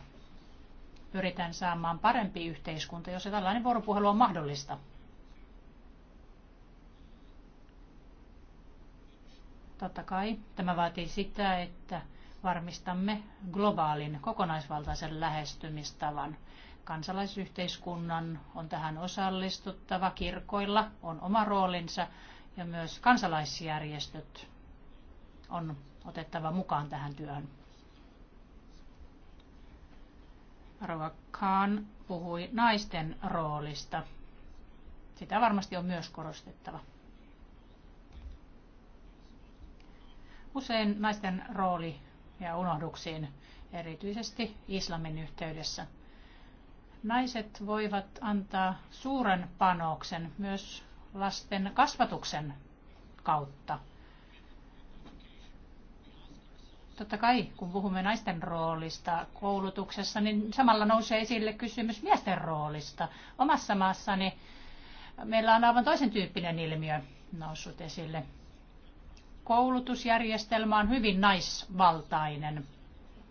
pyritään saamaan parempi yhteiskunta, jos tällainen vuoropuhelu on mahdollista. Totta kai tämä vaatii sitä, että varmistamme globaalin kokonaisvaltaisen lähestymistavan. Kansalaisyhteiskunnan on tähän osallistuttava, kirkoilla on oma roolinsa, ja myös kansalaisjärjestöt on otettava mukaan tähän työhön. Rova Khan puhui naisten roolista. Sitä varmasti on myös korostettava. Usein naisten rooli ja unohduksiin, erityisesti islamin yhteydessä. Naiset voivat antaa suuren panoksen myös lasten kasvatuksen kautta. Totta kai, kun puhumme naisten roolista koulutuksessa, niin samalla nousee esille kysymys miesten roolista. Omassa maassani meillä on aivan toisen tyyppinen ilmiö noussut esille. Koulutusjärjestelmä on hyvin naisvaltainen.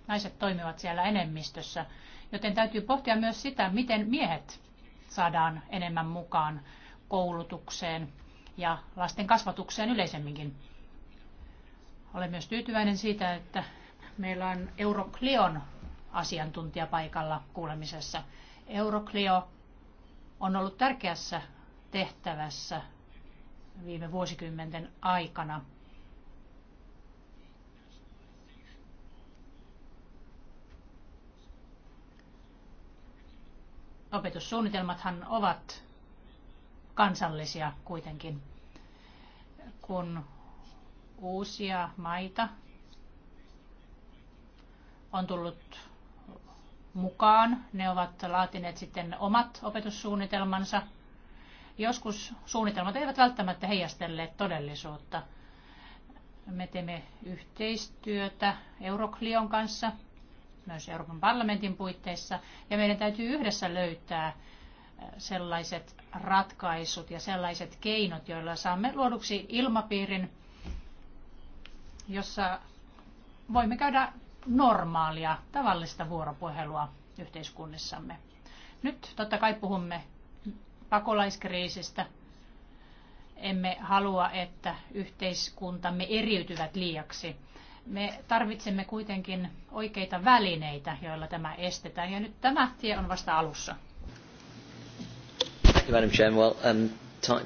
Naiset toimivat siellä enemmistössä, joten täytyy pohtia myös sitä, miten miehet saadaan enemmän mukaan koulutukseen ja lasten kasvatukseen yleisemminkin. Olen myös tyytyväinen siitä, että meillä on Euroclion asiantuntija paikalla kuulemisessa. Euroclio on ollut tärkeässä tehtävässä viime vuosikymmenten aikana. Opetussuunnitelmathan ovat kansallisia kuitenkin. Kun uusia maita on tullut mukaan, ne ovat laatineet sitten omat opetussuunnitelmansa. Joskus suunnitelmat eivät välttämättä heijastelleet todellisuutta. Me teemme yhteistyötä Euroklion kanssa, myös Euroopan parlamentin puitteissa, ja meidän täytyy yhdessä löytää sellaiset ratkaisut ja sellaiset keinot, joilla saamme luoduksi ilmapiirin, jossa voimme käydä normaalia, tavallista vuoropuhelua yhteiskunnissamme. Nyt totta kai puhumme pakolaiskriisistä. Emme halua, että yhteiskuntamme eriytyvät liiaksi. Me tarvitsemme kuitenkin oikeita välineitä, joilla tämä estetään, ja nyt tämä tie on vasta alussa. Thank you, Madam Well, um,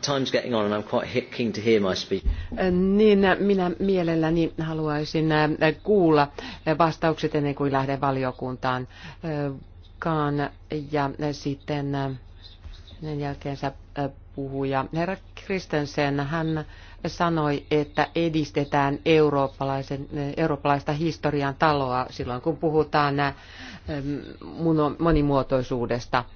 time's getting on and I'm quite keen to hear my speech. Äh, niin äh, minä mielelläni haluaisin äh, kuulla vastaukset ennen kuin lähden valiokuntaan. Kaan ja sitten hänen jälkeensä puhuja. Herra Kristensen, hän sanoi, että edistetään eurooppalaisen, eurooppalaista historian taloa silloin, kun puhutaan monimuotoisuudesta –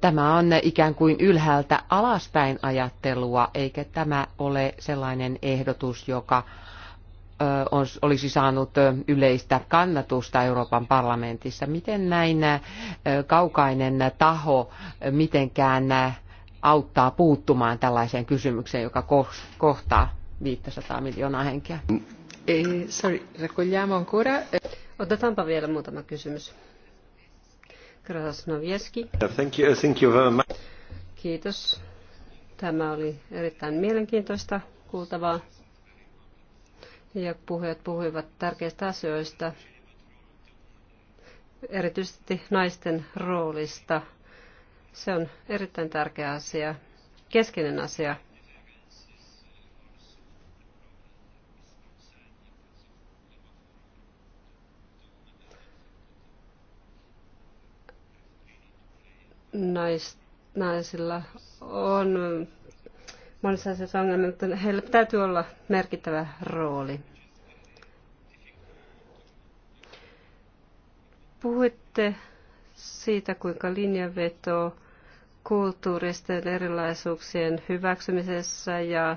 Tämä on ikään kuin ylhäältä alaspäin ajattelua, eikä tämä ole sellainen ehdotus, joka olisi saanut yleistä kannatusta Euroopan parlamentissa. Miten näin kaukainen taho mitenkään auttaa puuttumaan tällaiseen kysymykseen, joka kohtaa 500 miljoonaa henkeä? Eh, sorry, raccogliamo ancora. Otetaanpa vielä muutama kysymys. Krasnovieski. Thank you, thank you very much. Kiitos. Tämä oli erittäin mielenkiintoista kuultavaa. Ja puhujat puhuivat tärkeistä asioista, erityisesti naisten roolista. Se on erittäin tärkeä asia, keskeinen asia nais, naisilla on monissa asioissa ongelmia, mutta heillä täytyy olla merkittävä rooli. Puhuitte siitä, kuinka linjanveto kulttuuristen erilaisuuksien hyväksymisessä ja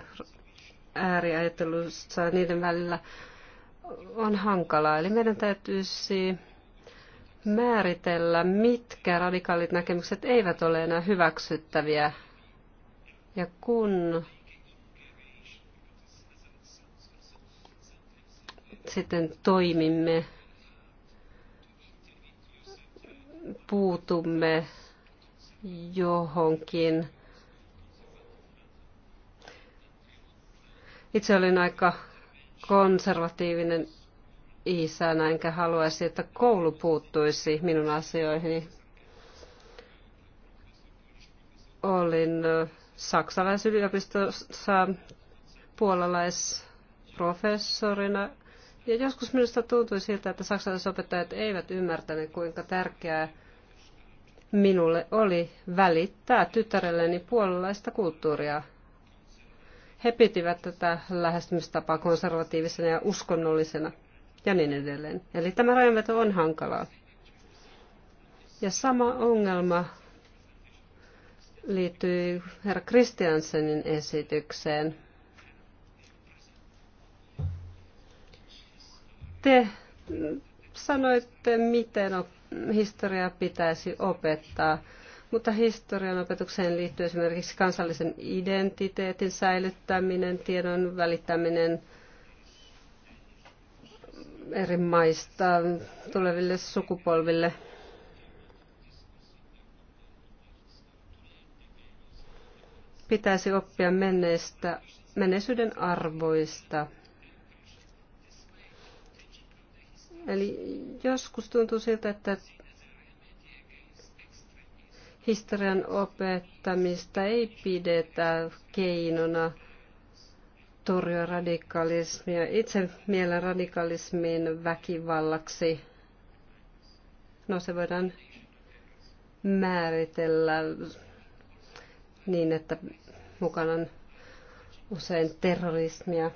ääriajattelussa niiden välillä on hankalaa. Eli meidän täytyisi määritellä, mitkä radikaalit näkemykset eivät ole enää hyväksyttäviä. Ja kun sitten toimimme, puutumme johonkin. Itse olin aika konservatiivinen isänä, enkä haluaisi, että koulu puuttuisi minun asioihini. Olin saksalaisyliopistossa puolalaisprofessorina ja joskus minusta tuntui siltä, että saksalaisopettajat eivät ymmärtäneet, kuinka tärkeää minulle oli välittää tytärelleni puolalaista kulttuuria. He pitivät tätä lähestymistapaa konservatiivisena ja uskonnollisena ja niin edelleen. Eli tämä rajanveto on hankalaa. Ja sama ongelma liittyy herra Kristiansenin esitykseen. Te sanoitte, miten historia pitäisi opettaa, mutta historian opetukseen liittyy esimerkiksi kansallisen identiteetin säilyttäminen, tiedon välittäminen, eri maista tuleville sukupolville. Pitäisi oppia menneistä, menneisyyden arvoista. Eli joskus tuntuu siltä, että historian opettamista ei pidetä keinona torjua radikalismia. Itse mielen radikalismin väkivallaksi, no se voidaan määritellä niin, että mukana on usein terrorismia.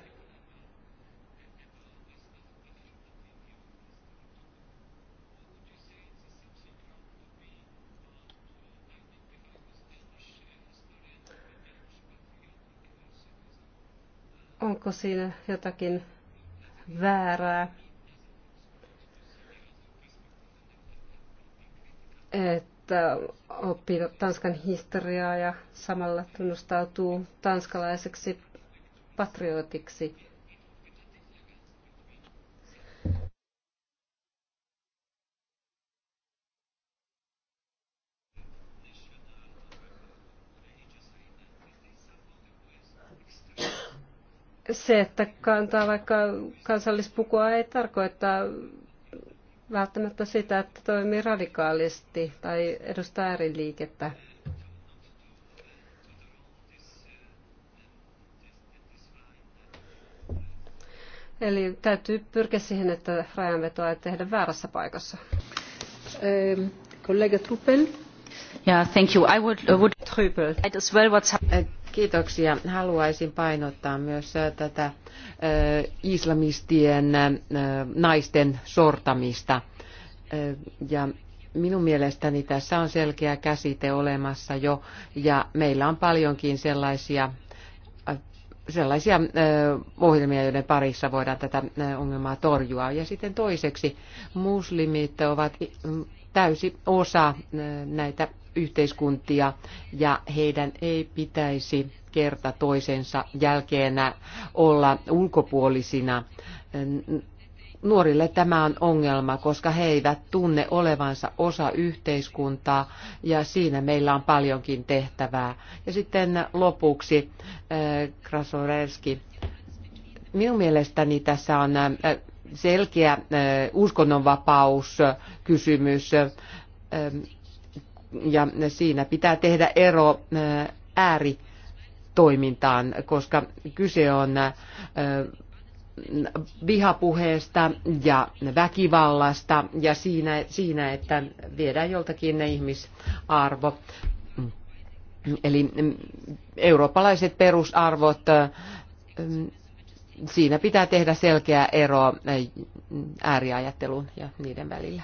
onko siinä jotakin väärää, että oppii Tanskan historiaa ja samalla tunnustautuu tanskalaiseksi patriotiksi. se, että kantaa vaikka kansallispukua ei tarkoita välttämättä sitä, että toimii radikaalisti tai edustaa ääriliikettä. Eli täytyy pyrkiä siihen, että rajanvetoa ei tehdä väärässä paikassa. Ähm, kollega Truppel. Yeah, thank you. I would, would Truppel. as well what's äh, Kiitoksia. Haluaisin painottaa myös äh, tätä äh, islamistien äh, naisten sortamista. Ja minun mielestäni tässä on selkeä käsite olemassa jo, ja meillä on paljonkin sellaisia sellaisia ohjelmia, joiden parissa voidaan tätä ongelmaa torjua. Ja sitten toiseksi, muslimit ovat täysi osa näitä yhteiskuntia ja heidän ei pitäisi kerta toisensa jälkeenä olla ulkopuolisina. Nuorille tämä on ongelma, koska he eivät tunne olevansa osa yhteiskuntaa ja siinä meillä on paljonkin tehtävää. Ja sitten lopuksi äh, Krasorelski. Minun mielestäni tässä on äh, selkeä äh, uskonnonvapauskysymys ähm, ja siinä pitää tehdä ero ääritoimintaan, koska kyse on vihapuheesta ja väkivallasta ja siinä, siinä että viedään joltakin ne ihmisarvo. Eli mm, eurooppalaiset perusarvot, mm, siinä pitää tehdä selkeä ero ääriajattelun ja niiden välillä.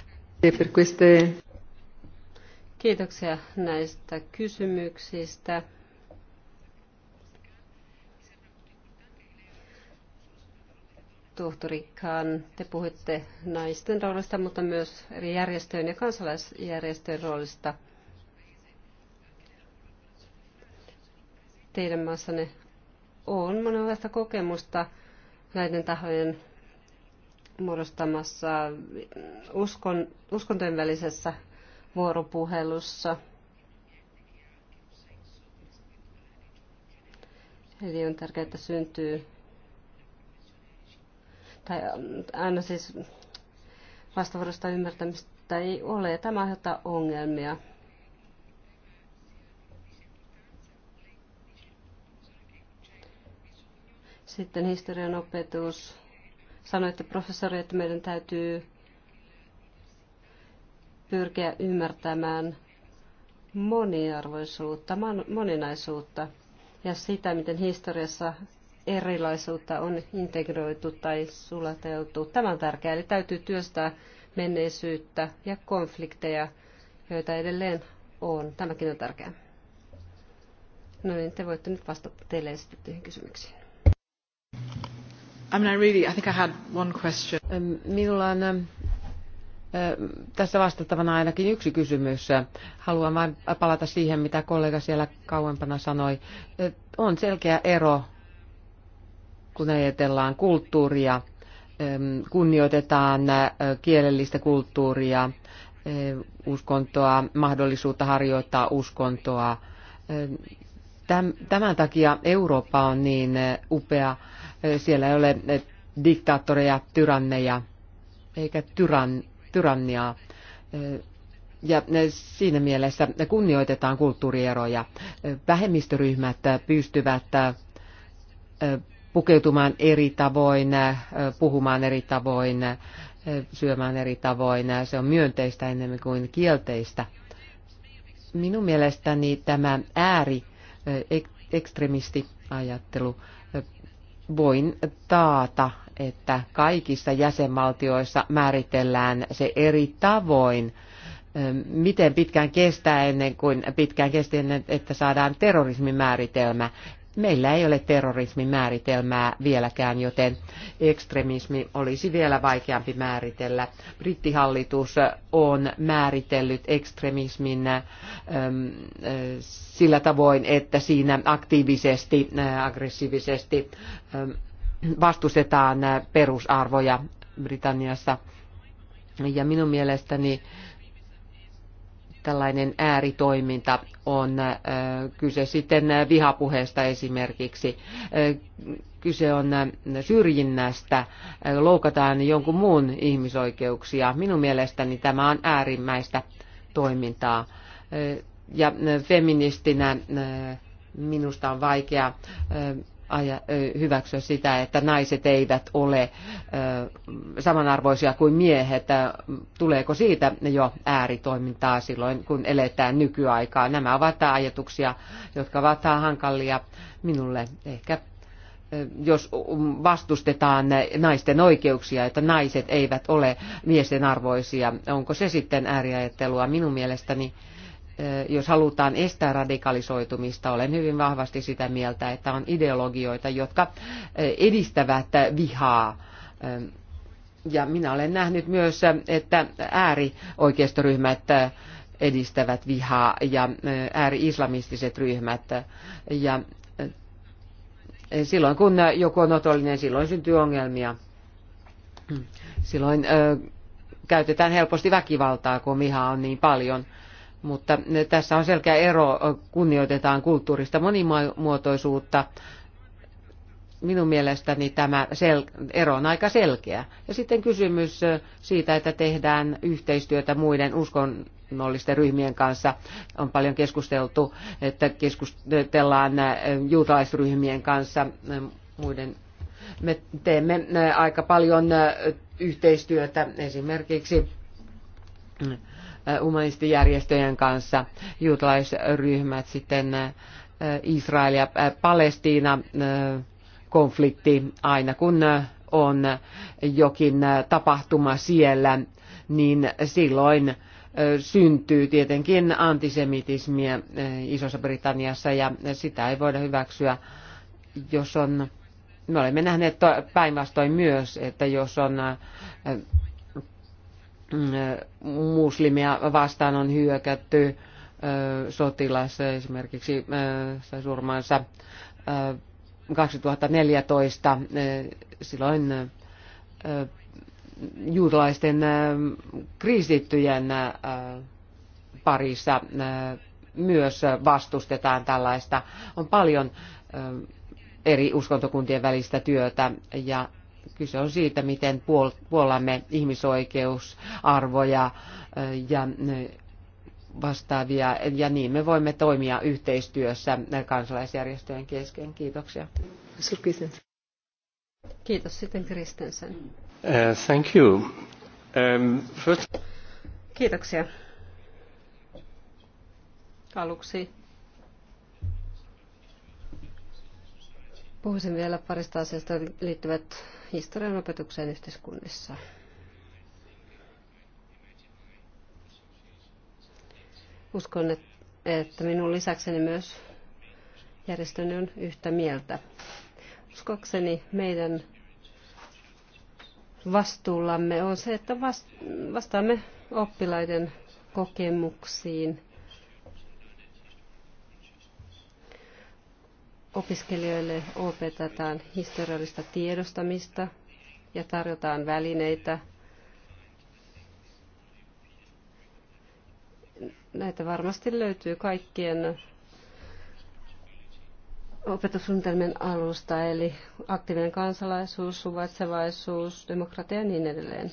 Kiitoksia näistä kysymyksistä. Tohtori Khan, te puhutte naisten roolista, mutta myös eri järjestöjen ja kansalaisjärjestöjen roolista. Teidän maassanne on monenlaista kokemusta näiden tahojen muodostamassa uskon, uskontojen välisessä vuoropuhelussa. Eli on tärkeää, että syntyy, tai mm, aina siis vastavuorosta ymmärtämistä ei ole. Tämä aiheuttaa ongelmia. Sitten historian opetus. Sanoitte professori, että meidän täytyy pyrkiä ymmärtämään moniarvoisuutta, moninaisuutta ja sitä, miten historiassa erilaisuutta on integroitu tai sulateltu. Tämä on tärkeää, eli täytyy työstää menneisyyttä ja konflikteja, joita edelleen on. Tämäkin on tärkeää. No niin, te voitte nyt vastata teille esitettyihin kysymyksiin. I mean, I really, I think I had one question. Minulla on tässä vastattavana ainakin yksi kysymys. Haluan vain palata siihen, mitä kollega siellä kauempana sanoi. On selkeä ero, kun ajatellaan kulttuuria, kunnioitetaan kielellistä kulttuuria, uskontoa, mahdollisuutta harjoittaa uskontoa. Tämän takia Eurooppa on niin upea. Siellä ei ole diktaattoreja, tyranneja, eikä tyran, tyranniaa. Ja siinä mielessä kunnioitetaan kulttuurieroja. Vähemmistöryhmät pystyvät pukeutumaan eri tavoin, puhumaan eri tavoin, syömään eri tavoin. Se on myönteistä enemmän kuin kielteistä. Minun mielestäni tämä ääri ajattelu voin taata, että kaikissa jäsenvaltioissa määritellään se eri tavoin, ähm, miten pitkään kestää ennen kuin pitkään kesti ennen, että saadaan terrorismimääritelmä. Meillä ei ole terrorismimääritelmää vieläkään, joten ekstremismi olisi vielä vaikeampi määritellä. Brittihallitus on määritellyt ekstremismin ähm, äh, sillä tavoin, että siinä aktiivisesti, äh, aggressiivisesti ähm, vastustetaan perusarvoja Britanniassa. Ja minun mielestäni tällainen ääritoiminta on kyse sitten vihapuheesta esimerkiksi. Kyse on syrjinnästä, loukataan jonkun muun ihmisoikeuksia. Minun mielestäni tämä on äärimmäistä toimintaa. Ja feministinä minusta on vaikea hyväksyä sitä, että naiset eivät ole samanarvoisia kuin miehet. Tuleeko siitä jo ääritoimintaa silloin, kun eletään nykyaikaa? Nämä ovat ajatuksia, jotka ovat hankalia minulle ehkä jos vastustetaan naisten oikeuksia, että naiset eivät ole miesten arvoisia. Onko se sitten ääriajattelua? Minun mielestäni jos halutaan estää radikalisoitumista, olen hyvin vahvasti sitä mieltä, että on ideologioita, jotka edistävät vihaa. Ja minä olen nähnyt myös, että äärioikeistoryhmät edistävät vihaa ja ääri-islamistiset ryhmät. Ja silloin kun joku on otollinen, silloin syntyy ongelmia. Silloin käytetään helposti väkivaltaa, kun vihaa on niin paljon – mutta tässä on selkeä ero, kunnioitetaan kulttuurista monimuotoisuutta. Minun mielestäni tämä sel- ero on aika selkeä. Ja sitten kysymys siitä, että tehdään yhteistyötä muiden uskon uskonnollisten ryhmien kanssa on paljon keskusteltu, että keskustellaan juutalaisryhmien kanssa muiden. Me teemme aika paljon yhteistyötä esimerkiksi Eh, humanistijärjestöjen kanssa, juutalaisryhmät, sitten eh, Israel ja eh, Palestiina konflikti, aina kun on jokin tapahtuma siellä, niin silloin syntyy tietenkin antisemitismiä Isossa Britanniassa ja sitä ei voida hyväksyä, jos on, me olemme nähneet päinvastoin myös, että jos on muslimia vastaan on hyökätty, sotilas esimerkiksi sai surmansa 2014. Silloin juutalaisten kriisittyjen parissa myös vastustetaan tällaista. On paljon eri uskontokuntien välistä työtä ja Kyse on siitä, miten puolamme ihmisoikeusarvoja ja vastaavia, ja niin me voimme toimia yhteistyössä kansalaisjärjestöjen kesken. Kiitoksia. Kiitos. Sitten Kristensen. Uh, thank you. Um, first... Kiitoksia. Aluksi Puhuisin vielä parista asiasta liittyvät historian opetukseen yhteiskunnissa. Uskon, että minun lisäkseni myös järjestöni on yhtä mieltä. Uskokseni meidän vastuullamme on se, että vastaamme oppilaiden kokemuksiin Opiskelijoille opetetaan historiallista tiedostamista ja tarjotaan välineitä näitä varmasti löytyy kaikkien opetussuunnitelmien alusta, eli aktiivinen kansalaisuus, suvaitsevaisuus, demokratia ja niin edelleen.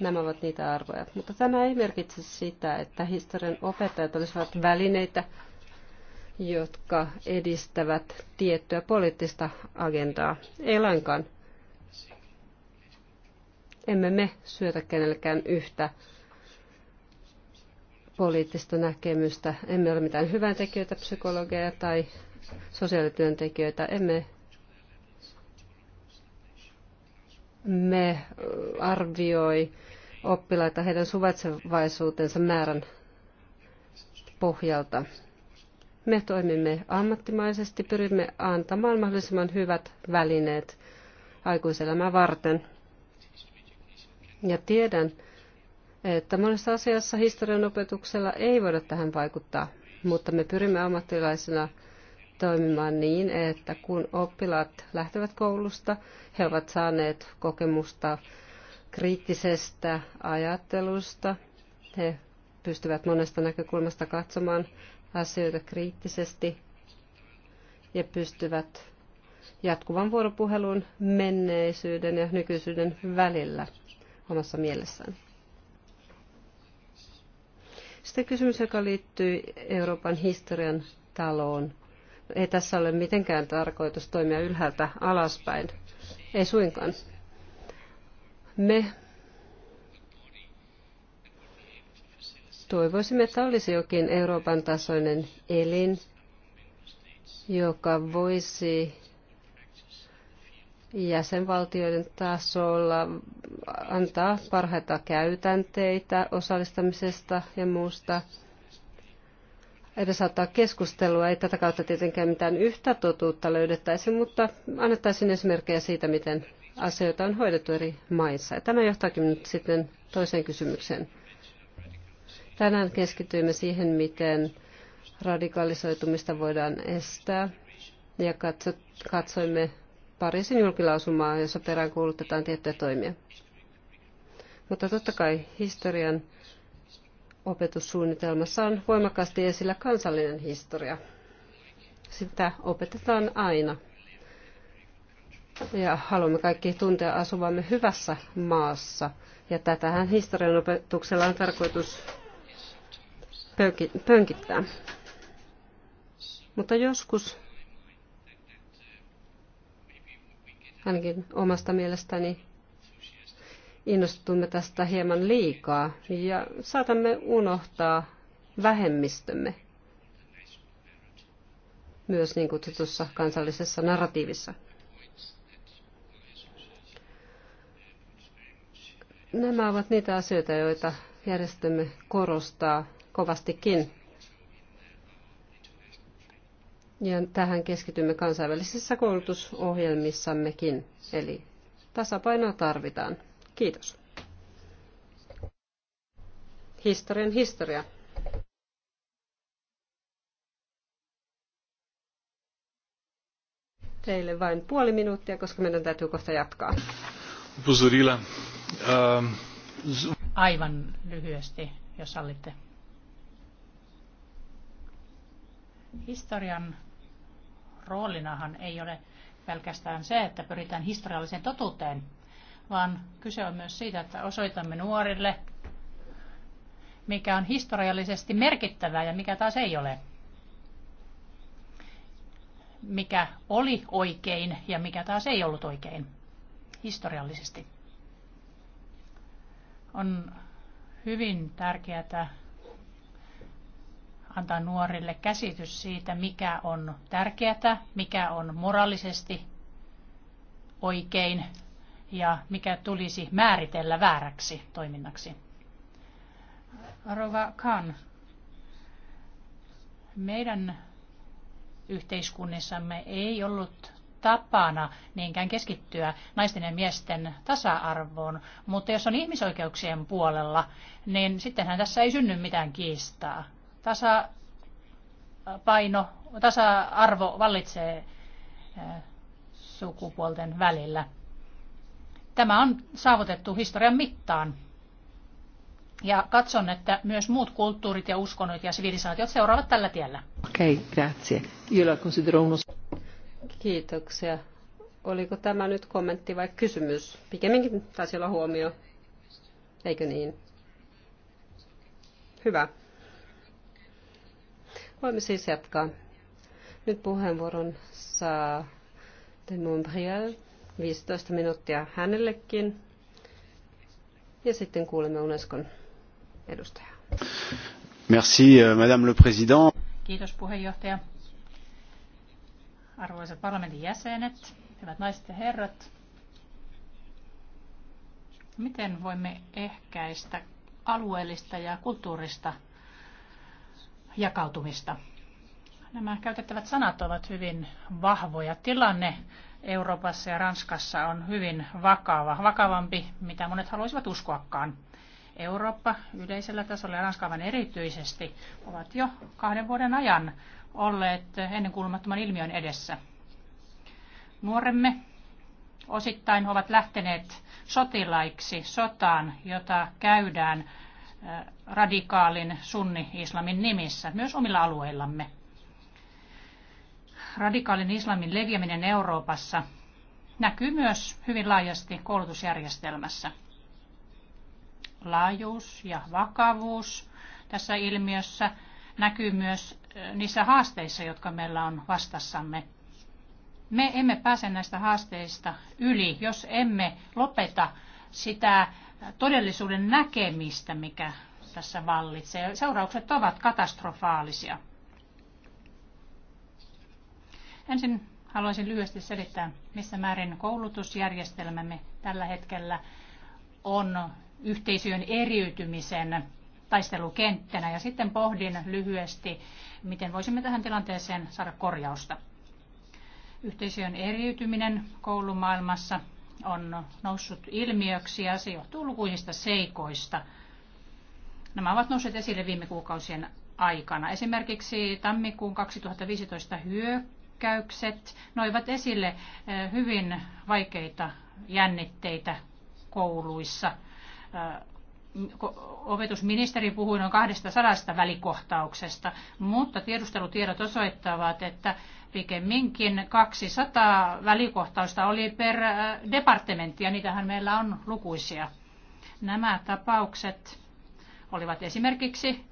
Nämä ovat niitä arvoja. Mutta tämä ei merkitse sitä, että historian opettajat olisivat välineitä jotka edistävät tiettyä poliittista agendaa. Ei lainkaan. Emme me syötä kenellekään yhtä poliittista näkemystä. Emme ole mitään tekijöitä, psykologeja tai sosiaalityöntekijöitä. Emme me arvioi oppilaita heidän suvaitsevaisuutensa määrän pohjalta. Me toimimme ammattimaisesti, pyrimme antamaan mahdollisimman hyvät välineet aikuiselämää varten. Ja tiedän, että monessa asiassa historian opetuksella ei voida tähän vaikuttaa, mutta me pyrimme ammattilaisena toimimaan niin, että kun oppilaat lähtevät koulusta, he ovat saaneet kokemusta kriittisestä ajattelusta, he pystyvät monesta näkökulmasta katsomaan asioita kriittisesti ja pystyvät jatkuvan vuoropuhelun menneisyyden ja nykyisyyden välillä omassa mielessään. Sitten kysymys, joka liittyy Euroopan historian taloon. Ei tässä ole mitenkään tarkoitus toimia ylhäältä alaspäin. Ei suinkaan. Me Toivoisimme, että olisi jokin Euroopan tasoinen elin, joka voisi jäsenvaltioiden tasolla antaa parhaita käytänteitä osallistamisesta ja muusta. saattaa keskustelua. Ei tätä kautta tietenkään mitään yhtä totuutta löydettäisi, mutta annettaisiin esimerkkejä siitä, miten asioita on hoidettu eri maissa. Ja tämä johtaakin nyt sitten toiseen kysymykseen. Tänään keskityimme siihen, miten radikalisoitumista voidaan estää ja katsoimme Pariisin julkilausumaa, jossa peräänkuulutetaan tiettyjä toimia. Mutta totta kai historian opetussuunnitelmassa on voimakkaasti esillä kansallinen historia. Sitä opetetaan aina. Ja haluamme kaikki tuntea asuvamme hyvässä maassa. Ja tätähän historian opetuksella on tarkoitus pönkittää. Mutta joskus, ainakin omasta mielestäni, innostumme tästä hieman liikaa ja saatamme unohtaa vähemmistömme myös niin kutsutussa kansallisessa narratiivissa. Nämä ovat niitä asioita, joita järjestömme korostaa kovastikin. Ja tähän keskitymme kansainvälisissä koulutusohjelmissammekin, eli tasapainoa tarvitaan. Kiitos. Historian historia. Teille vain puoli minuuttia, koska meidän täytyy kohta jatkaa. Ehm, Aivan lyhyesti, jos sallitte. Historian roolinahan ei ole pelkästään se, että pyritään historialliseen totuuteen, vaan kyse on myös siitä, että osoitamme nuorille, mikä on historiallisesti merkittävää ja mikä taas ei ole. Mikä oli oikein ja mikä taas ei ollut oikein historiallisesti. On hyvin tärkeää antaa nuorille käsitys siitä, mikä on tärkeää, mikä on moraalisesti oikein ja mikä tulisi määritellä vääräksi toiminnaksi. Rova Khan, meidän yhteiskunnissamme ei ollut tapana niinkään keskittyä naisten ja miesten tasa-arvoon, mutta jos on ihmisoikeuksien puolella, niin sittenhän tässä ei synny mitään kiistaa. Tasapaino, tasa-arvo vallitsee eh, sukupuolten välillä. Tämä on saavutettu historian mittaan. Ja katson, että myös muut kulttuurit ja uskonnot ja sivilisaatiot seuraavat tällä tiellä. Okei, okay, grazie. Kiitoksia. Oliko tämä nyt kommentti vai kysymys? Pikemminkin taisi olla huomio. Eikö niin? Hyvä. Voimme siis jatkaa. Nyt puheenvuoron saa de Montbrial, 15 minuuttia hänellekin. Ja sitten kuulemme Unescon edustajaa. Merci, euh, Madame le Président. Kiitos puheenjohtaja. Arvoisat parlamentin jäsenet, hyvät naiset ja herrat. Miten voimme ehkäistä alueellista ja kulttuurista jakautumista. Nämä käytettävät sanat ovat hyvin vahvoja. Tilanne Euroopassa ja Ranskassa on hyvin vakava, vakavampi, mitä monet haluaisivat uskoakaan. Eurooppa yleisellä tasolla ja Ranskavan erityisesti ovat jo kahden vuoden ajan olleet ennenkuulumattoman ilmiön edessä. Nuoremme osittain ovat lähteneet sotilaiksi sotaan, jota käydään radikaalin sunni-islamin nimissä, myös omilla alueillamme. Radikaalin islamin leviäminen Euroopassa näkyy myös hyvin laajasti koulutusjärjestelmässä. Laajuus ja vakavuus tässä ilmiössä näkyy myös niissä haasteissa, jotka meillä on vastassamme. Me emme pääse näistä haasteista yli, jos emme lopeta sitä todellisuuden näkemistä, mikä tässä vallitsee. Seuraukset ovat katastrofaalisia. Ensin haluaisin lyhyesti selittää, missä määrin koulutusjärjestelmämme tällä hetkellä on yhteisöjen eriytymisen taistelukenttänä ja sitten pohdin lyhyesti, miten voisimme tähän tilanteeseen saada korjausta. Yhteisöjen eriytyminen koulumaailmassa on noussut ilmiöksi ja se johtuu lukuisista seikoista – Nämä ovat nousseet esille viime kuukausien aikana. Esimerkiksi tammikuun 2015 hyökkäykset noivat esille eh, hyvin vaikeita jännitteitä kouluissa. Eh, opetusministeri puhui noin 200 välikohtauksesta, mutta tiedustelutiedot osoittavat, että pikemminkin 200 välikohtausta oli per eh, departementti, ja niitähän meillä on lukuisia. Nämä tapaukset olivat esimerkiksi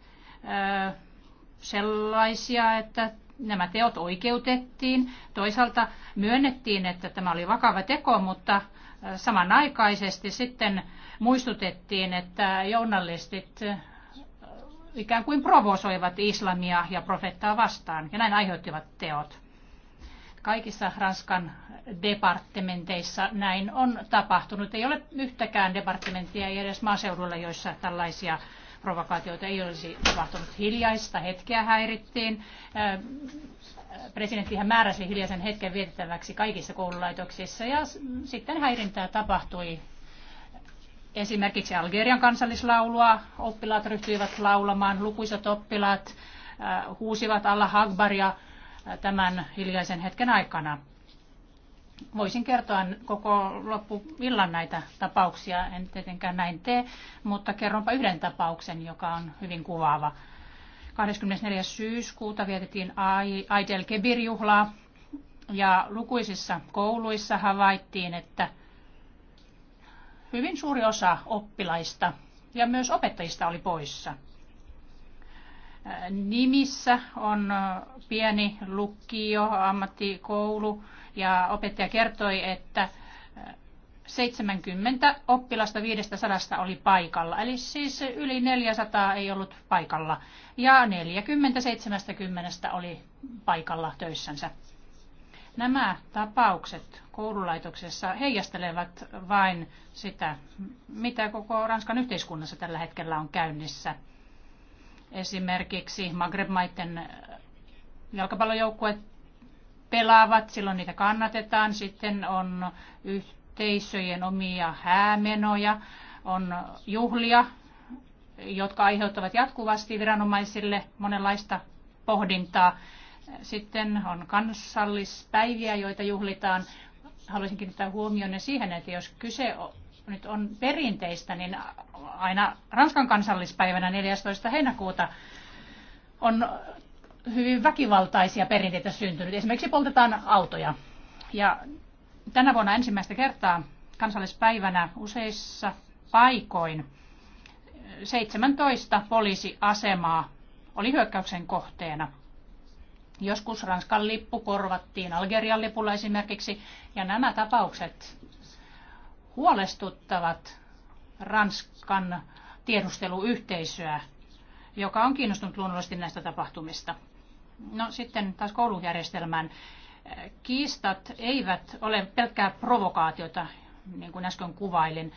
sellaisia, että nämä teot oikeutettiin. Toisaalta myönnettiin, että tämä oli vakava teko, mutta samanaikaisesti sitten muistutettiin, että journalistit ikään kuin provosoivat islamia ja profettaa vastaan, ja näin aiheuttivat teot. Kaikissa Ranskan departementeissa näin on tapahtunut. Ei ole yhtäkään departementtia ei edes maaseudulla, joissa tällaisia provokaatioita ei olisi tapahtunut hiljaista, hetkeä häirittiin. Presidentti määräsi hiljaisen hetken vietettäväksi kaikissa koululaitoksissa ja sitten häirintää tapahtui. Esimerkiksi Algerian kansallislaulua oppilaat ryhtyivät laulamaan, lukuisat oppilaat huusivat alla Hagbaria tämän hiljaisen hetken aikana. Voisin kertoa koko loppuillan näitä tapauksia, en tietenkään näin tee, mutta kerronpa yhden tapauksen, joka on hyvin kuvaava. 24. syyskuuta vietettiin Aidel Kebir-juhlaa ja lukuisissa kouluissa havaittiin, että hyvin suuri osa oppilaista ja myös opettajista oli poissa. Nimissä on pieni lukio, ammattikoulu ja opettaja kertoi, että 70 äh, oppilasta 500 oli paikalla, eli siis yli 400 ei ollut paikalla ja 40-70 oli paikalla töissänsä. Nämä tapaukset koululaitoksessa heijastelevat vain sitä, mitä koko Ranskan yhteiskunnassa tällä hetkellä on käynnissä. Esimerkiksi magreb maiden äh, jalkapallojoukkueet pelaavat, silloin niitä kannatetaan. Sitten on yhteisöjen omia häämenoja, on juhlia, jotka aiheuttavat jatkuvasti viranomaisille monenlaista pohdintaa. Sitten on kansallispäiviä, joita juhlitaan. Haluaisin kiinnittää huomioon siihen, että jos kyse nyt on perinteistä, niin aina Ranskan kansallispäivänä 14. heinäkuuta on hyvin väkivaltaisia perinteitä syntynyt. Esimerkiksi poltetaan autoja. Ja tänä vuonna ensimmäistä kertaa kansallispäivänä useissa paikoin 17 poliisiasemaa oli hyökkäyksen kohteena. Joskus Ranskan lippu korvattiin Algerian lipulla esimerkiksi, ja nämä tapaukset huolestuttavat Ranskan tiedusteluyhteisöä, joka on kiinnostunut luonnollisesti näistä tapahtumista. No sitten taas koulujärjestelmään. Kiistat eivät ole pelkkää provokaatiota, niin kuin äsken kuvailin.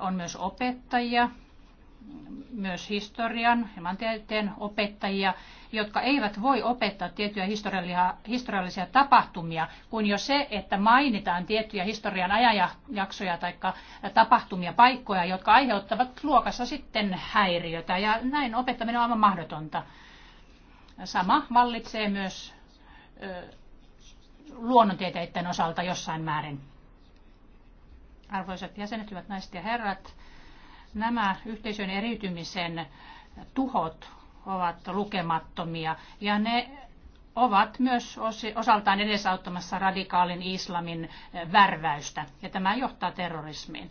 On myös opettajia, myös historian ja maantieteen opettajia, jotka eivät voi opettaa tiettyjä historiallisia tapahtumia, kuin jo se, että mainitaan tiettyjä historian ajanjaksoja tai tapahtumia, paikkoja, jotka aiheuttavat luokassa sitten häiriötä. Ja näin opettaminen on aivan mahdotonta. Sama vallitsee myös luonnontieteiden osalta jossain määrin. Arvoisat jäsenet, hyvät naiset ja herrat, nämä yhteisön eriytymisen tuhot ovat lukemattomia ja ne ovat myös osaltaan edesauttamassa radikaalin islamin värväystä ja tämä johtaa terrorismiin.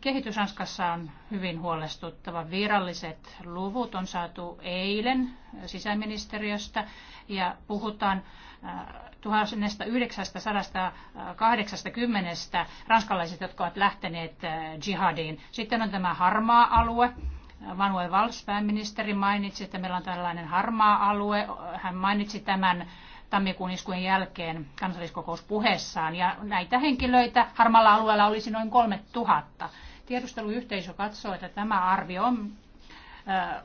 Kehitys Ranskassa on hyvin huolestuttava. Viralliset luvut on saatu eilen sisäministeriöstä ja puhutaan 1980 äh, ranskalaisista, jotka ovat lähteneet äh, jihadiin. Sitten on tämä harmaa alue. Manuel Valls, pääministeri, mainitsi, että meillä on tällainen harmaa alue. Hän mainitsi tämän tammikuun iskujen jälkeen kansalliskokouspuheessaan. Ja näitä henkilöitä harmalla alueella olisi noin 3000. Tiedusteluyhteisö katsoo, että tämä arvio on äh,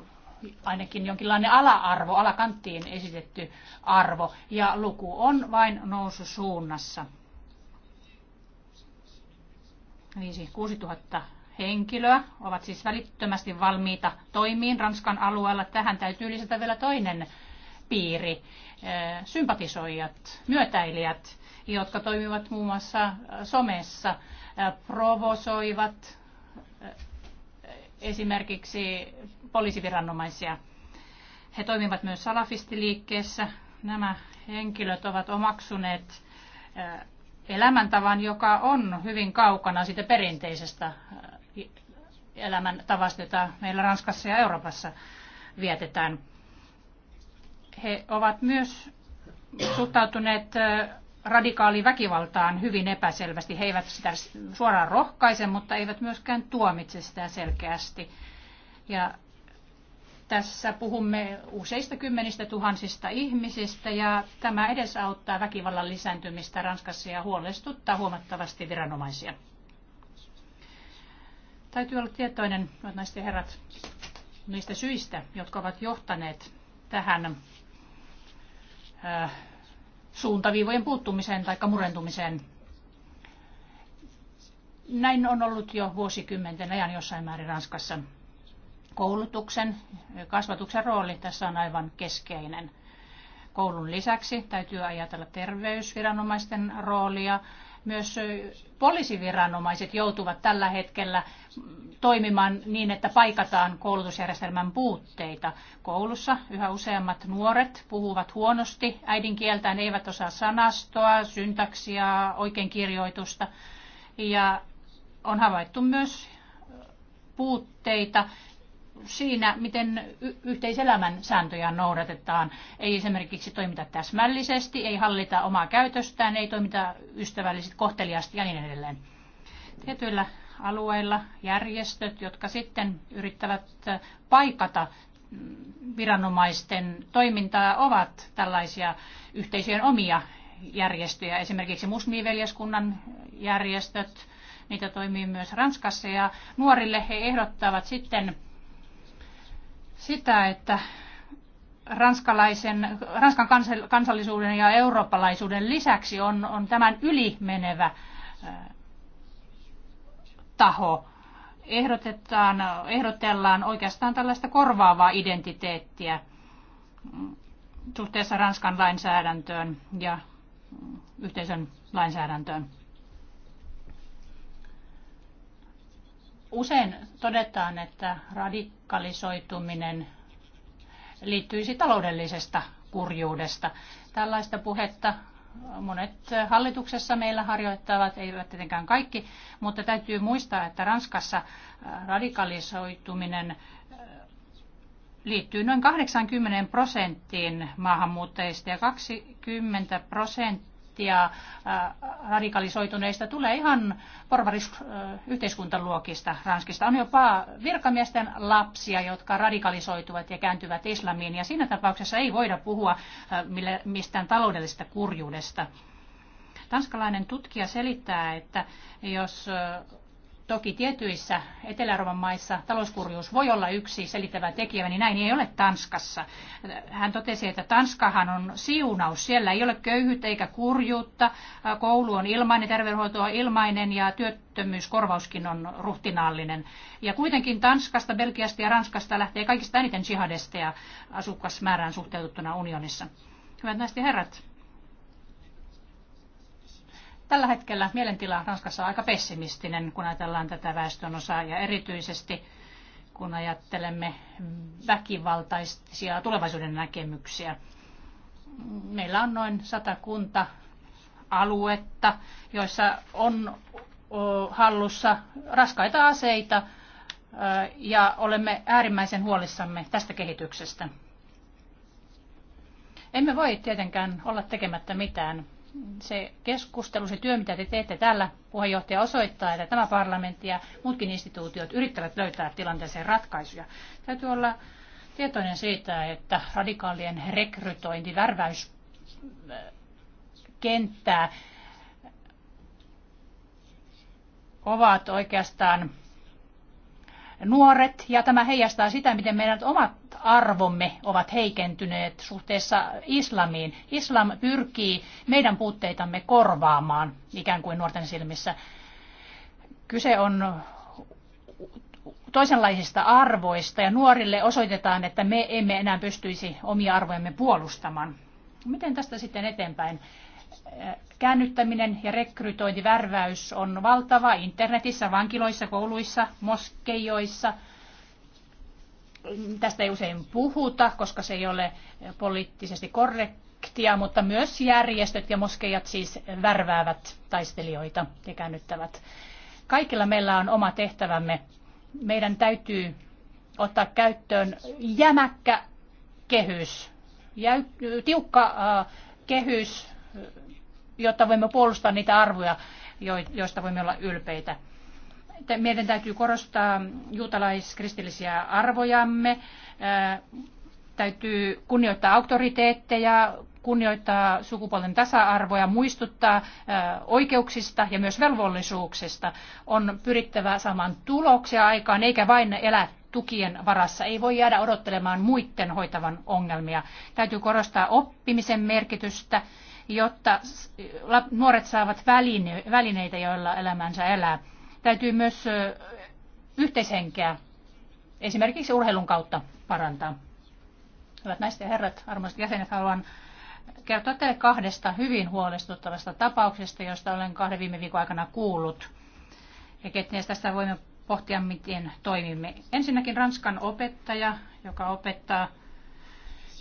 ainakin jonkinlainen ala-arvo, alakanttiin esitetty arvo, ja luku on vain noususuunnassa. 5 kuusi tuhatta henkilöä ovat siis välittömästi valmiita toimiin Ranskan alueella. Tähän täytyy lisätä vielä toinen piiri. Eh, sympatisoijat, myötäilijät, jotka toimivat muun muassa eh, somessa, eh, provosoivat esimerkiksi poliisiviranomaisia. He toimivat myös salafistiliikkeessä. Nämä henkilöt ovat omaksuneet elämäntavan, joka on hyvin kaukana siitä perinteisestä elämäntavasta, jota meillä Ranskassa ja Euroopassa vietetään he ovat myös suhtautuneet radikaaliin väkivaltaan hyvin epäselvästi. He eivät sitä suoraan rohkaise, mutta eivät myöskään tuomitse sitä selkeästi. Ja tässä puhumme useista kymmenistä tuhansista ihmisistä ja tämä edesauttaa väkivallan lisääntymistä Ranskassa ja huolestuttaa huomattavasti viranomaisia. Täytyy olla tietoinen, että naiset herrat, niistä syistä, jotka ovat johtaneet tähän Äh, suuntaviivojen puuttumiseen tai murentumiseen. Näin on ollut jo vuosikymmenten ajan jossain määrin Ranskassa. Koulutuksen, kasvatuksen rooli tässä on aivan keskeinen. Koulun lisäksi täytyy ajatella terveysviranomaisten roolia, myös poliisiviranomaiset joutuvat tällä hetkellä toimimaan niin, että paikataan koulutusjärjestelmän puutteita. Koulussa yhä useammat nuoret puhuvat huonosti äidinkieltään, eivät osaa sanastoa, syntaksia, oikein kirjoitusta. Ja on havaittu myös puutteita siinä, miten yhteiselämän sääntöjä noudatetaan. Ei esimerkiksi toimita täsmällisesti, ei hallita omaa käytöstään, ei toimita ystävällisesti, kohteliasti ja niin edelleen. Tietyillä alueilla järjestöt, jotka sitten yrittävät äh, paikata mm, viranomaisten toimintaa, ovat tällaisia yhteisöjen omia järjestöjä, esimerkiksi muslimiveljeskunnan järjestöt, niitä toimii myös Ranskassa ja nuorille he ehdottavat sitten sitä, että ranskalaisen, ranskan kansallisuuden ja eurooppalaisuuden lisäksi on, on tämän ylimenevä taho. Ehdotetaan, ehdotellaan oikeastaan tällaista korvaavaa identiteettiä mm, suhteessa Ranskan lainsäädäntöön ja mm, yhteisön lainsäädäntöön. Usein todetaan, että radikalisoituminen liittyisi taloudellisesta kurjuudesta. Tällaista puhetta monet hallituksessa meillä harjoittavat, eivät tietenkään kaikki, mutta täytyy muistaa, että Ranskassa äh, radikalisoituminen äh, liittyy noin 80 prosenttiin maahanmuuttajista ja 20 prosenttia prosenttia radikalisoituneista tulee ihan porvarisyhteiskuntaluokista Ranskista. On jopa virkamiesten lapsia, jotka radikalisoituvat ja kääntyvät islamiin, ja siinä tapauksessa ei voida puhua mistään taloudellisesta kurjuudesta. Tanskalainen tutkija selittää, että jos Toki tietyissä Etelä-Euroopan maissa talouskurjuus voi olla yksi selittävä tekijä, niin näin ei ole Tanskassa. Hän totesi, että Tanskahan on siunaus. Siellä ei ole köyhyyttä eikä kurjuutta. Koulu on ilmainen, terveydenhuolto on ilmainen ja työttömyyskorvauskin on ruhtinaallinen. Ja kuitenkin Tanskasta, Belgiasta ja Ranskasta lähtee kaikista eniten jihadisteja asukasmäärään suhteutettuna unionissa. Hyvät naiset ja herrat, Tällä hetkellä mielentila Ranskassa on aika pessimistinen, kun ajatellaan tätä väestönosaa ja erityisesti kun ajattelemme väkivaltaisia tulevaisuuden näkemyksiä. Meillä on noin sata kunta aluetta, joissa on hallussa raskaita aseita ja olemme äärimmäisen huolissamme tästä kehityksestä. Emme voi tietenkään olla tekemättä mitään se keskustelu, se työ, mitä te teette täällä, puheenjohtaja osoittaa, että tämä parlamentti ja muutkin instituutiot yrittävät löytää tilanteeseen ratkaisuja. Täytyy olla tietoinen siitä, että radikaalien rekrytointi, värväys kenttää ovat oikeastaan nuoret ja tämä heijastaa sitä, miten meidän omat arvomme ovat heikentyneet suhteessa islamiin. Islam pyrkii meidän puutteitamme korvaamaan ikään kuin nuorten silmissä. Kyse on toisenlaisista arvoista ja nuorille osoitetaan, että me emme enää pystyisi omia arvojamme puolustamaan. Miten tästä sitten eteenpäin? käännyttäminen ja rekrytointivärväys on valtava internetissä, vankiloissa, kouluissa, moskeijoissa. Tästä ei usein puhuta, koska se ei ole poliittisesti korrektia, mutta myös järjestöt ja moskeijat siis värväävät taistelijoita ja käännyttävät. Kaikilla meillä on oma tehtävämme. Meidän täytyy ottaa käyttöön jämäkkä kehys, jäy, tiukka äh, kehys jotta voimme puolustaa niitä arvoja, joista voimme olla ylpeitä. Meidän täytyy korostaa juutalaiskristillisiä arvojamme, täytyy kunnioittaa auktoriteetteja, kunnioittaa sukupuolten tasa-arvoa, muistuttaa oikeuksista ja myös velvollisuuksista. On pyrittävä saamaan tuloksia aikaan, eikä vain elää tukien varassa. Ei voi jäädä odottelemaan muiden hoitavan ongelmia. Täytyy korostaa oppimisen merkitystä jotta nuoret saavat välineitä, joilla elämänsä elää. Täytyy myös yhteishenkeä esimerkiksi urheilun kautta parantaa. Hyvät naiset ja herrat, arvoisat jäsenet, haluan kertoa teille kahdesta hyvin huolestuttavasta tapauksesta, josta olen kahden viime viikon aikana kuullut. Ja kenties tästä voimme pohtia, miten toimimme. Ensinnäkin Ranskan opettaja, joka opettaa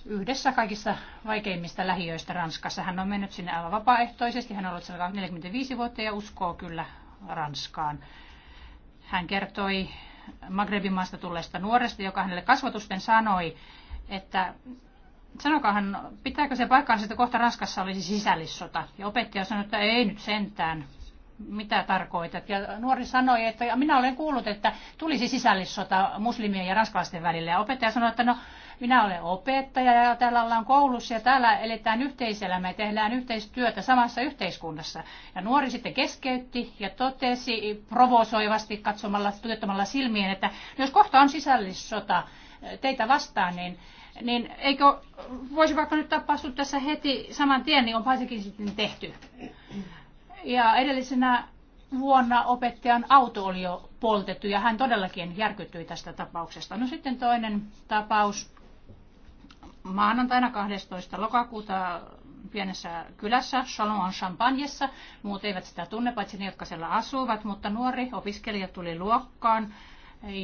yhdessä kaikista vaikeimmista lähiöistä Ranskassa. Hän on mennyt sinne aivan vapaaehtoisesti. Hän on ollut siellä 45 vuotta ja uskoo kyllä Ranskaan. Hän kertoi Magrebin maasta tulleesta nuoresta, joka hänelle kasvatusten sanoi, että sanokahan, pitääkö se paikkaansa, että kohta Ranskassa olisi sisällissota. Ja opettaja sanoi, että ei nyt sentään, mitä tarkoitat. Ja nuori sanoi, että minä olen kuullut, että tulisi sisällissota muslimien ja ranskalaisten välillä. Ja opettaja sanoi, että no minä olen opettaja ja täällä ollaan koulussa ja täällä eletään yhteisellä ja tehdään yhteistyötä samassa yhteiskunnassa. Ja nuori sitten keskeytti ja totesi provosoivasti katsomalla, tuijottamalla silmiin, että jos kohta on sisällissota eh, teitä vastaan, niin niin eikö voisi vaikka nyt tapahtua tässä heti saman tien, niin on paitsikin sitten tehty. Ja edellisenä vuonna opettajan auto oli jo poltettu ja hän todellakin järkyttyi tästä tapauksesta. No sitten toinen tapaus maanantaina 12. lokakuuta pienessä kylässä Chalon Champagnessa. Muut eivät sitä tunne, paitsi ne, jotka siellä asuvat, mutta nuori opiskelija tuli luokkaan.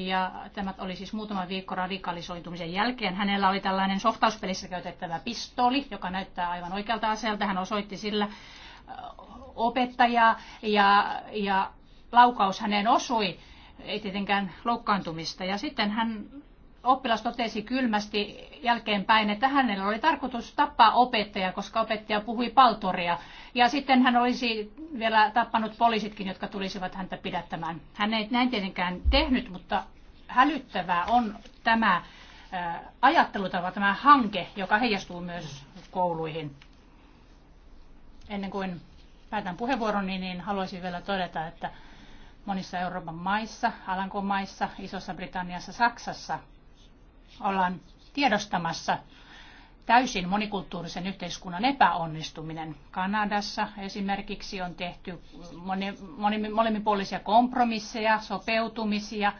Ja tämä oli siis muutama viikko radikalisoitumisen jälkeen. Hänellä oli tällainen softauspelissä käytettävä pistooli, joka näyttää aivan oikealta aseelta. Hän osoitti sillä opettajaa ja, ja laukaus häneen osui, ei tietenkään loukkaantumista. Ja sitten hän oppilas totesi kylmästi jälkeenpäin, että hänellä oli tarkoitus tappaa opettaja, koska opettaja puhui paltoria. Ja sitten hän olisi vielä tappanut poliisitkin, jotka tulisivat häntä pidättämään. Hän ei näin tietenkään tehnyt, mutta hälyttävää on tämä äh, ajattelutapa, tämä hanke, joka heijastuu myös kouluihin. Ennen kuin päätän puheenvuoroni, niin haluaisin vielä todeta, että monissa Euroopan maissa, Alankomaissa, Isossa Britanniassa, Saksassa ollaan tiedostamassa täysin monikulttuurisen yhteiskunnan epäonnistuminen. Kanadassa esimerkiksi on tehty molemminpuolisia kompromisseja, sopeutumisia.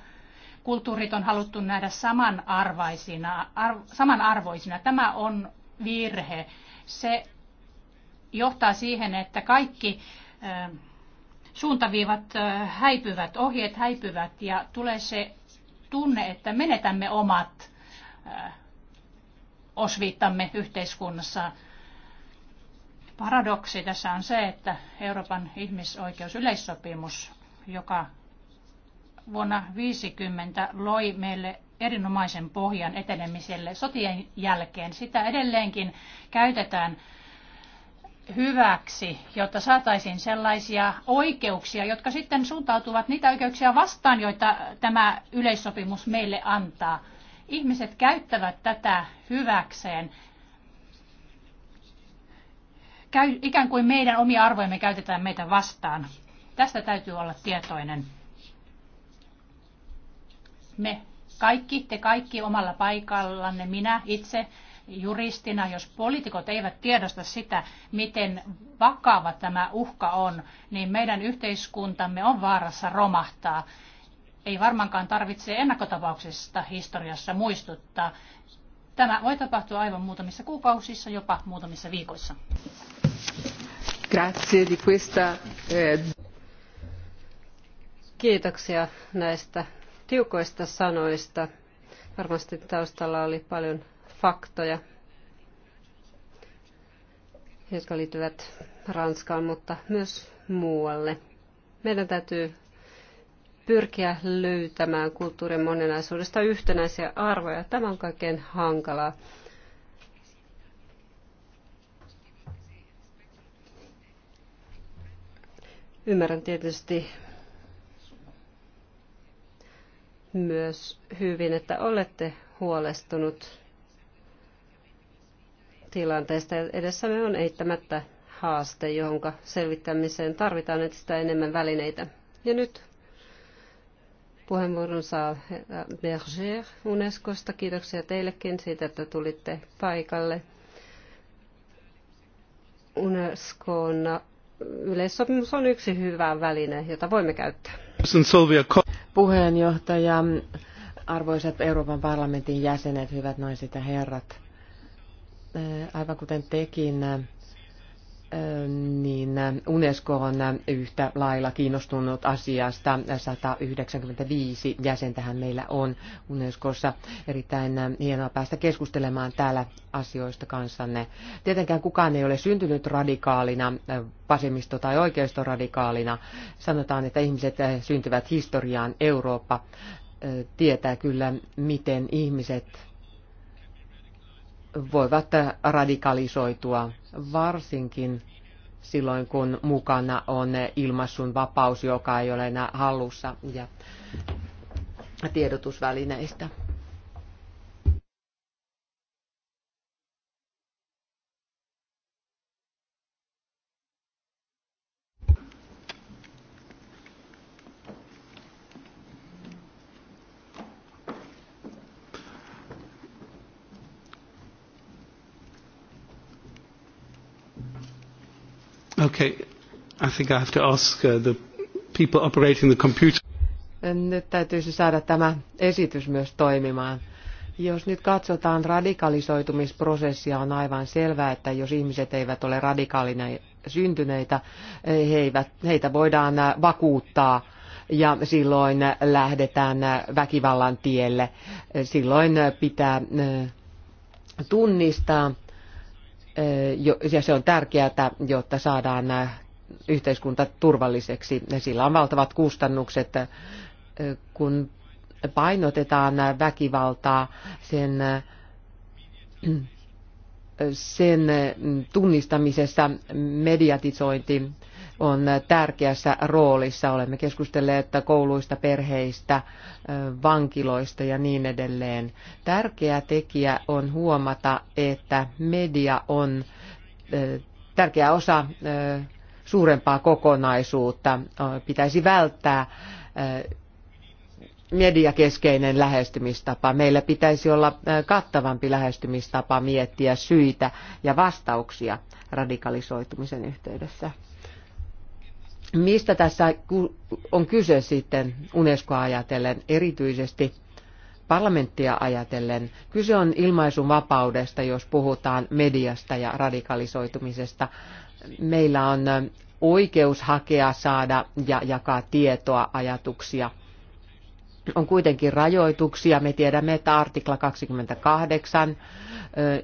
Kulttuurit on haluttu nähdä samanarvoisina. Ar, samanarvoisina. Tämä on virhe. Se johtaa siihen, että kaikki suuntaviivat häipyvät, ohjeet häipyvät ja tulee se tunne, että menetämme omat osviittamme yhteiskunnassa. Paradoksi tässä on se, että Euroopan ihmisoikeusyleissopimus, joka vuonna 50 loi meille erinomaisen pohjan etenemiselle sotien jälkeen. Sitä edelleenkin käytetään hyväksi, jotta saataisiin sellaisia oikeuksia, jotka sitten suuntautuvat niitä oikeuksia vastaan, joita tämä yleissopimus meille antaa. Ihmiset käyttävät tätä hyväkseen. Käy, ikään kuin meidän omia arvoimme käytetään meitä vastaan. Tästä täytyy olla tietoinen. Me kaikki, te kaikki omalla paikallanne, minä itse juristina, jos poliitikot eivät tiedosta sitä, miten vakava tämä uhka on, niin meidän yhteiskuntamme on vaarassa romahtaa. Ei varmaankaan tarvitse ennakkotapauksesta historiassa muistuttaa. Tämä voi tapahtua aivan muutamissa kuukausissa, jopa muutamissa viikoissa. Grazie di questa, eh, Kiitoksia näistä tiukoista sanoista. Varmasti taustalla oli paljon faktoja, jotka liittyvät Ranskaan, mutta myös muualle. Meidän täytyy pyrkiä löytämään kulttuurin moninaisuudesta yhtenäisiä arvoja. Tämä on kaikkein hankalaa. Ymmärrän tietysti myös hyvin, että olette huolestunut tilanteesta. Edessämme on eittämättä haaste, jonka selvittämiseen tarvitaan entistä enemmän välineitä. Ja nyt Puheenvuoron saa Berger Unescosta. Kiitoksia teillekin siitä, että tulitte paikalle. Unescon yleissopimus on yksi hyvä väline, jota voimme käyttää. Puheenjohtaja, arvoisat Euroopan parlamentin jäsenet, hyvät naiset ja herrat. Aivan kuten tekin, niin Unesco on yhtä lailla kiinnostunut asiasta. 195 jäsentähän meillä on Unescossa. Erittäin hienoa päästä keskustelemaan täällä asioista kanssanne. Tietenkään kukaan ei ole syntynyt radikaalina, vasemmisto- tai oikeistoradikaalina. Sanotaan, että ihmiset syntyvät historiaan. Eurooppa tietää kyllä, miten ihmiset voivat radikalisoitua, varsinkin silloin kun mukana on ilmaisun vapaus, joka ei ole enää hallussa ja tiedotusvälineistä. Okay, I think I have to ask uh, the people operating the computer. Nyt täytyisi saada tämä esitys myös toimimaan. Jos nyt katsotaan radikalisoitumisprosessia, on aivan selvää, että jos ihmiset eivät ole radikaalina syntyneitä, he eivät, heitä voidaan äh, vakuuttaa ja silloin äh, lähdetään äh, väkivallan tielle. Silloin pitää tunnistaa Eh, ja se on tärkeää, jotta saadaan eh, yhteiskunta turvalliseksi. Sillä on valtavat kustannukset, eh, kun painotetaan väkivaltaa, sen, [clears throat] sen tunnistamisessa mediatisointi on tärkeässä roolissa. Olemme keskustelleet kouluista, perheistä, vankiloista ja niin edelleen. Tärkeä tekijä on huomata, että media on tärkeä osa suurempaa kokonaisuutta. Pitäisi välttää mediakeskeinen lähestymistapa. Meillä pitäisi olla kattavampi lähestymistapa miettiä syitä ja vastauksia radikalisoitumisen yhteydessä. Mistä tässä on kyse sitten Unescoa ajatellen, erityisesti parlamenttia ajatellen? Kyse on ilmaisun vapaudesta, jos puhutaan mediasta ja radikalisoitumisesta. Meillä on oikeus hakea, saada ja jakaa tietoa, ajatuksia – on kuitenkin rajoituksia. Me tiedämme, että artikla 28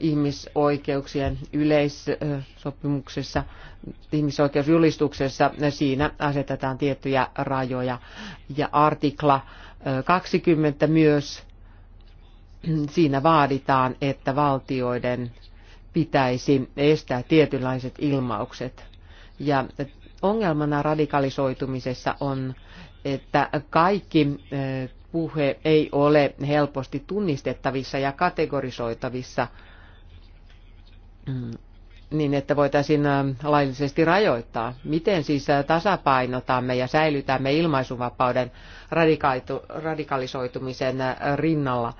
ihmisoikeuksien yleissopimuksessa, ihmisoikeusjulistuksessa, siinä asetetaan tiettyjä rajoja. Ja artikla 20 myös, siinä vaaditaan, että valtioiden pitäisi estää tietynlaiset ilmaukset. Ja ongelmana radikalisoitumisessa on että kaikki puhe ei ole helposti tunnistettavissa ja kategorisoitavissa mm, niin, että voitaisiin laillisesti rajoittaa. Miten siis tasapainotamme ja säilytämme ilmaisuvapauden radikalisoitumisen rinnalla?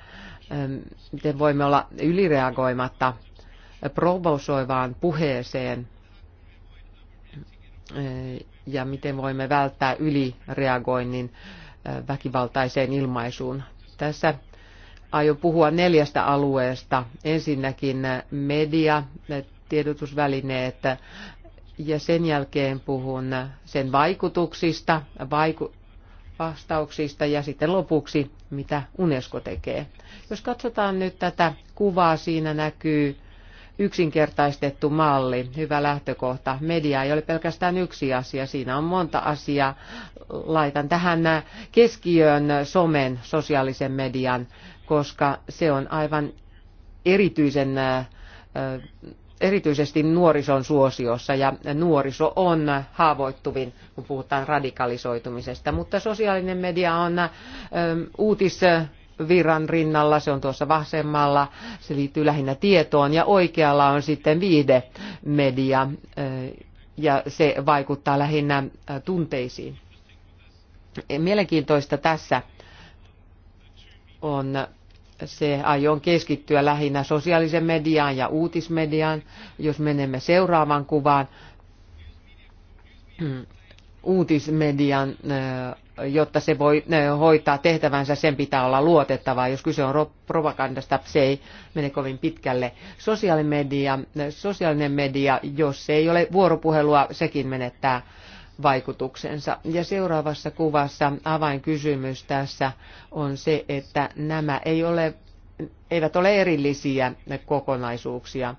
Miten voimme olla ylireagoimatta provosoivaan puheeseen ja miten voimme välttää ylireagoinnin äh, väkivaltaiseen ilmaisuun. Tässä aion puhua neljästä alueesta. Ensinnäkin äh, media, äh, tiedotusvälineet ja sen jälkeen puhun sen vaikutuksista, vaiku- vastauksista ja sitten lopuksi, mitä UNESCO tekee. Jos katsotaan nyt tätä kuvaa, siinä näkyy yksinkertaistettu malli, hyvä lähtökohta. Media ei ole pelkästään yksi asia, siinä on monta asiaa. Laitan tähän keskiöön somen, sosiaalisen median, koska se on aivan erityisen erityisesti nuorison suosiossa ja nuoriso on haavoittuvin, kun puhutaan radikalisoitumisesta, mutta sosiaalinen media on uutis viran rinnalla, se on tuossa vasemmalla, se liittyy lähinnä tietoon ja oikealla on sitten viide media, ja se vaikuttaa lähinnä tunteisiin. E, mielenkiintoista tässä on se aion keskittyä lähinnä sosiaalisen mediaan ja uutismediaan. Jos menemme seuraavaan kuvaan, [clears throat] uutismedian jotta se voi hoitaa tehtävänsä, sen pitää olla luotettavaa. Jos kyse on propagandasta, se ei mene kovin pitkälle. Sosiaalinen media, sosiaalinen media jos se ei ole vuoropuhelua, sekin menettää vaikutuksensa. Ja seuraavassa kuvassa avainkysymys tässä on se, että nämä ei ole, eivät ole erillisiä kokonaisuuksia.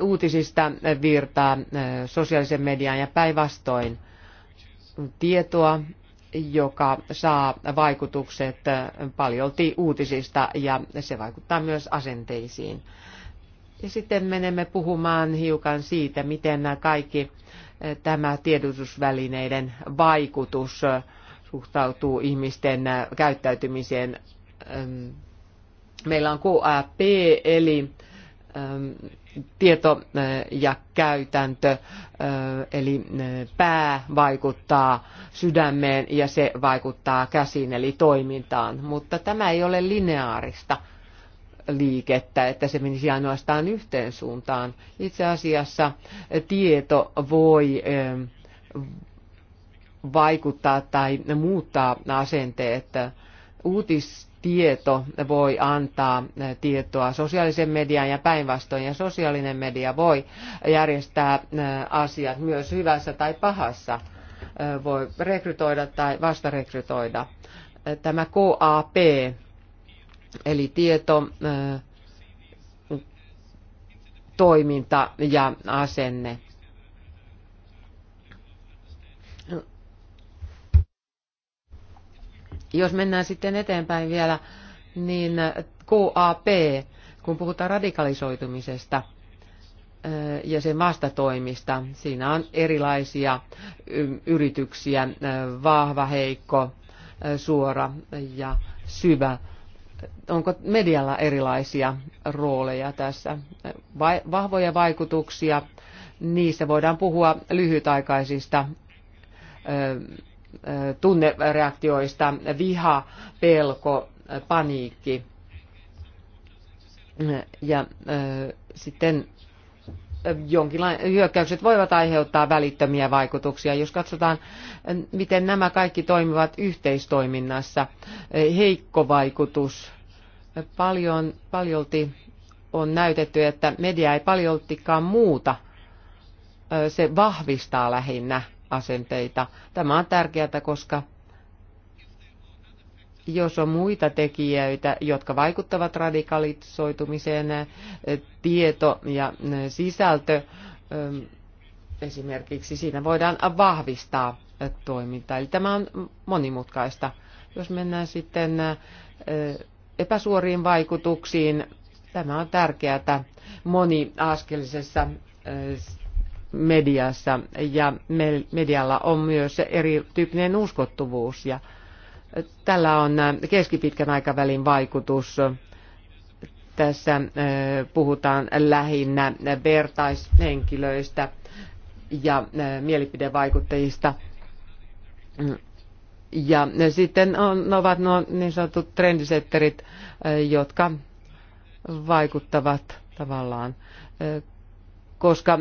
Uutisista virtaa sosiaalisen median ja päinvastoin tietoa, joka saa vaikutukset paljolti uutisista ja se vaikuttaa myös asenteisiin. Ja sitten menemme puhumaan hiukan siitä, miten kaikki tämä tiedotusvälineiden vaikutus suhtautuu ihmisten käyttäytymiseen. Meillä on QAP, eli Ähm, tieto äh, ja käytäntö, äh, eli äh, pää vaikuttaa sydämeen ja se vaikuttaa käsiin eli toimintaan, mutta tämä ei ole lineaarista liikettä, että se menisi ainoastaan yhteen suuntaan. Itse asiassa tieto voi ähm, vaikuttaa tai muuttaa asenteet. Uutis, tieto voi antaa tietoa sosiaalisen median ja päinvastoin, ja sosiaalinen media voi järjestää asiat myös hyvässä tai pahassa, voi rekrytoida tai vastarekrytoida. Tämä KAP, eli tieto, toiminta ja asenne Jos mennään sitten eteenpäin vielä, niin KAP, kun puhutaan radikalisoitumisesta ja sen vastatoimista, siinä on erilaisia yrityksiä, vahva, heikko, suora ja syvä onko medialla erilaisia rooleja tässä? Vai, vahvoja vaikutuksia, niissä voidaan puhua lyhytaikaisista tunnereaktioista, viha, pelko, paniikki. Ja sitten jonkinlainen, hyökkäykset voivat aiheuttaa välittömiä vaikutuksia. Jos katsotaan, miten nämä kaikki toimivat yhteistoiminnassa, heikko vaikutus, paljon, paljolti on näytetty, että media ei paljoltikaan muuta, se vahvistaa lähinnä – asenteita. Tämä on tärkeää, koska jos on muita tekijöitä, jotka vaikuttavat radikalisoitumiseen, eh, tieto ja eh, sisältö, eh, esimerkiksi siinä voidaan vahvistaa toimintaa. Eli tämä on monimutkaista. Jos mennään sitten epäsuoriin vaikutuksiin, tämä on tärkeää moniaskelisessa mediassa ja medialla on myös erityyppinen uskottuvuus ja tällä on äh, keskipitkän aikavälin vaikutus. Tässä äh, puhutaan lähinnä vertaishenkilöistä ja äh, mielipidevaikuttajista. Ja sitten on, ovat nuo niin sanotut trendisetterit, jotka vaikuttavat tavallaan koska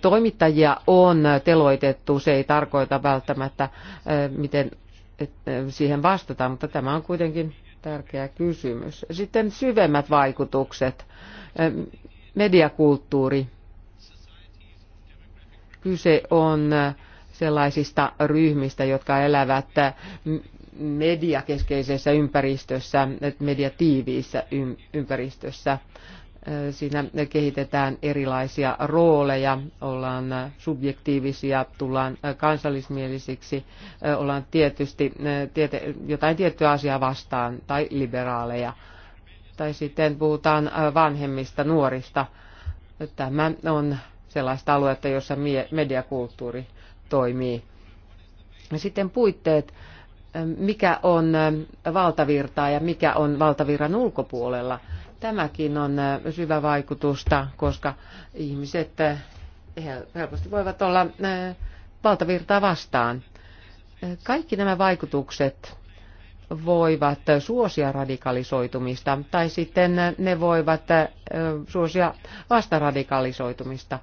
toimittajia on teloitettu, se ei tarkoita välttämättä, miten siihen vastataan, mutta tämä on kuitenkin tärkeä kysymys. Sitten syvemmät vaikutukset, mediakulttuuri. Kyse on sellaisista ryhmistä, jotka elävät mediakeskeisessä ympäristössä, mediatiiviissä ympäristössä. Siinä kehitetään erilaisia rooleja, ollaan subjektiivisia, tullaan kansallismielisiksi, ollaan tietysti jotain tiettyä asiaa vastaan tai liberaaleja. Tai sitten puhutaan vanhemmista, nuorista. Tämä on sellaista aluetta, jossa mediakulttuuri toimii. Sitten puitteet, mikä on valtavirtaa ja mikä on valtavirran ulkopuolella – Tämäkin on syvä vaikutusta, koska ihmiset helposti voivat olla valtavirtaa vastaan. Kaikki nämä vaikutukset voivat suosia radikalisoitumista tai sitten ne voivat suosia vastaradikalisoitumista.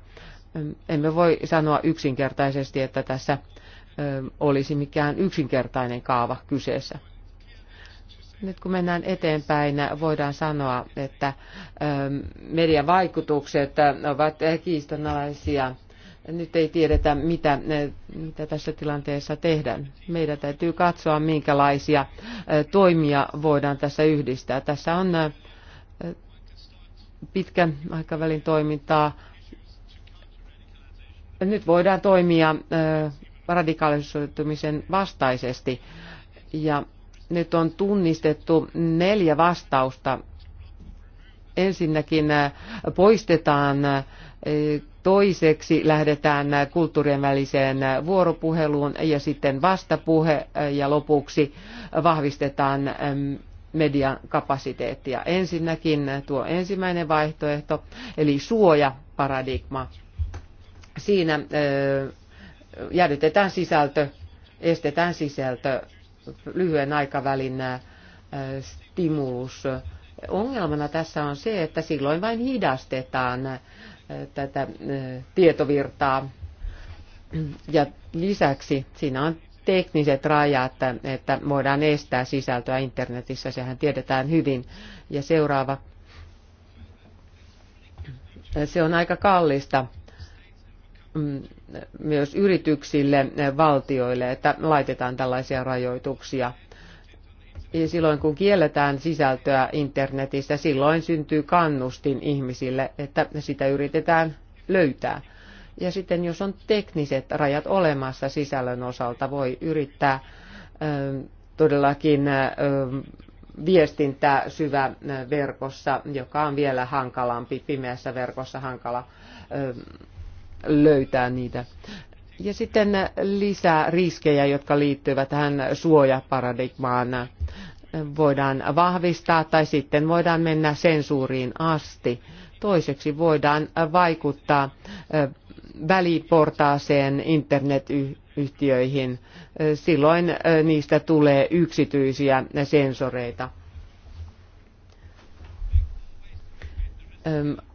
Emme voi sanoa yksinkertaisesti, että tässä olisi mikään yksinkertainen kaava kyseessä. Nyt kun mennään eteenpäin, voidaan sanoa, että ähm, median vaikutukset ovat kiistanalaisia. Nyt ei tiedetä, mitä, äh, mitä tässä tilanteessa tehdään. Meidän täytyy katsoa, minkälaisia äh, toimia voidaan tässä yhdistää. Tässä on äh, pitkän aikavälin toimintaa. Nyt voidaan toimia radikaalisoitumisen vastaisesti ja nyt on tunnistettu neljä vastausta. Ensinnäkin äh, poistetaan, äh, toiseksi lähdetään äh, kulttuurien väliseen vuoropuheluun ja sitten vastapuhe ja lopuksi vahvistetaan median kapasiteettia. Ensinnäkin tuo ensimmäinen vaihtoehto, eli suojaparadigma. Siinä jäädytetään sisältö, estetään sisältö lyhyen aikavälin stimulus. Ongelmana tässä on se, että silloin vain hidastetaan tätä tietovirtaa. Ja lisäksi siinä on tekniset rajat, että voidaan estää sisältöä internetissä, sehän tiedetään hyvin. Ja seuraava. Se on aika kallista Mm, myös yrityksille, eh, valtioille, että laitetaan tällaisia rajoituksia. Ja silloin kun kielletään sisältöä internetistä, silloin syntyy kannustin ihmisille, että sitä yritetään löytää. Ja sitten jos on tekniset rajat olemassa sisällön osalta, voi yrittää eh, todellakin eh, viestintää syvä verkossa, joka on vielä hankalampi, pimeässä verkossa hankala löytää niitä. Ja sitten lisää riskejä, jotka liittyvät tähän suojaparadigmaan. Voidaan vahvistaa tai sitten voidaan mennä sensuuriin asti. Toiseksi voidaan vaikuttaa väliportaaseen internetyhtiöihin. Silloin niistä tulee yksityisiä sensoreita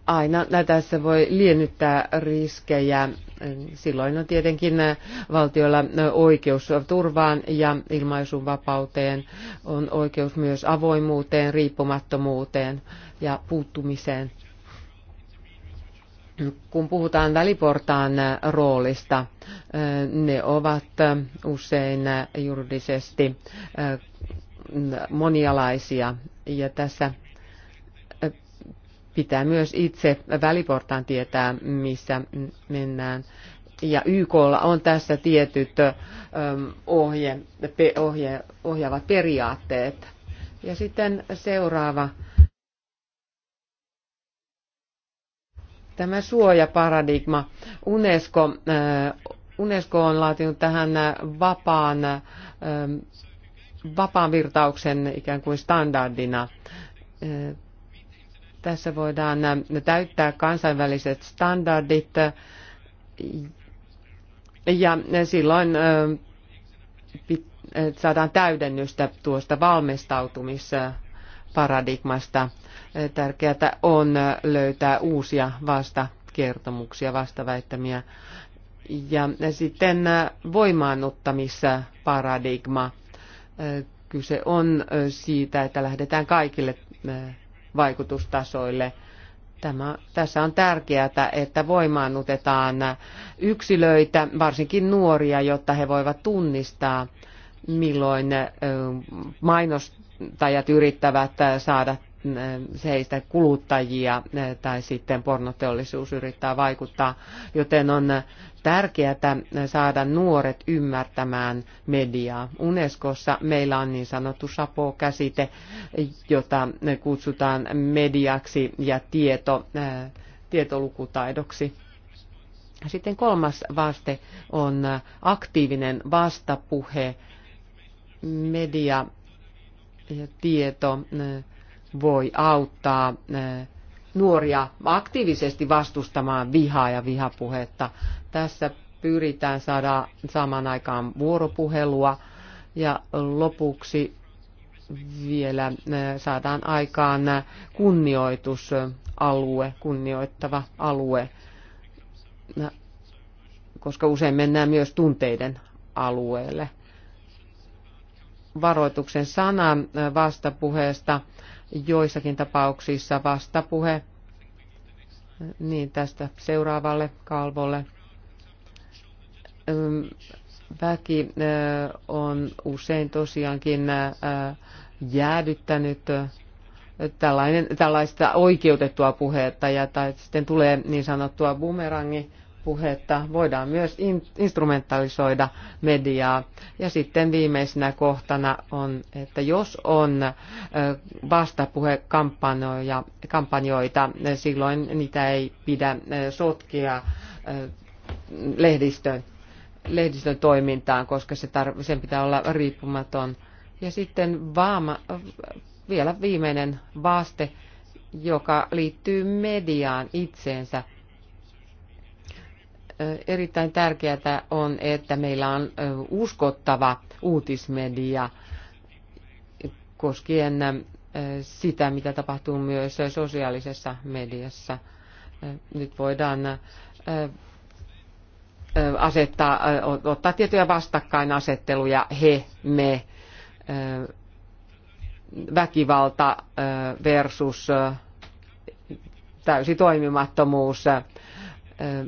aina tässä voi liennyttää riskejä. Silloin on tietenkin valtiolla oikeus turvaan ja ilmaisun vapauteen, on oikeus myös avoimuuteen, riippumattomuuteen ja puuttumiseen. Kun puhutaan väliportaan roolista, ne ovat usein juridisesti monialaisia ja tässä Pitää myös itse väliportaan tietää, missä mennään. Ja YKlla on tässä tietyt ohje, ohje, ohjaavat periaatteet. Ja sitten seuraava. Tämä suojaparadigma. UNESCO, UNESCO on laatinut tähän vapaan, vapaan virtauksen ikään kuin standardina tässä voidaan täyttää kansainväliset standardit ja silloin saadaan täydennystä tuosta valmistautumisparadigmasta. Tärkeää on löytää uusia vastakertomuksia, vastaväittämiä. Ja sitten voimaannuttamissa paradigma. Kyse on siitä, että lähdetään kaikille vaikutustasoille. Tämä, tässä on tärkeää, että voimaannutetaan yksilöitä, varsinkin nuoria, jotta he voivat tunnistaa, milloin mainostajat yrittävät saada seistä kuluttajia tai sitten pornoteollisuus yrittää vaikuttaa, joten on tärkeää saada nuoret ymmärtämään mediaa. Unescossa meillä on niin sanottu SAPO-käsite, jota kutsutaan mediaksi ja tieto, äh, tietolukutaidoksi. Sitten kolmas vaste on aktiivinen vastapuhe, media ja tieto äh, voi auttaa äh, nuoria aktiivisesti vastustamaan vihaa ja vihapuhetta. Tässä pyritään saada, saamaan aikaan vuoropuhelua ja lopuksi vielä äh, saadaan aikaan kunnioitusalue, kunnioittava alue, koska usein mennään myös tunteiden alueelle. Varoituksen sana äh, vastapuheesta joissakin tapauksissa vastapuhe niin tästä seuraavalle kalvolle. Väki on usein tosiaankin jäädyttänyt tällainen, tällaista oikeutettua puhetta ja tai sitten tulee niin sanottua bumerangi puhetta, voidaan myös instrumentalisoida mediaa. Ja sitten viimeisenä kohtana on, että jos on vastapuhekampanjoita, silloin niitä ei pidä sotkea lehdistön, lehdistön toimintaan, koska se tar- sen pitää olla riippumaton. Ja sitten vaama, vielä viimeinen vaaste, joka liittyy mediaan itseensä – erittäin tärkeää on, että meillä on uskottava uutismedia koskien sitä, mitä tapahtuu myös sosiaalisessa mediassa. Nyt voidaan asettaa, ottaa tiettyjä vastakkainasetteluja he, me, väkivalta versus täysi toimimattomuus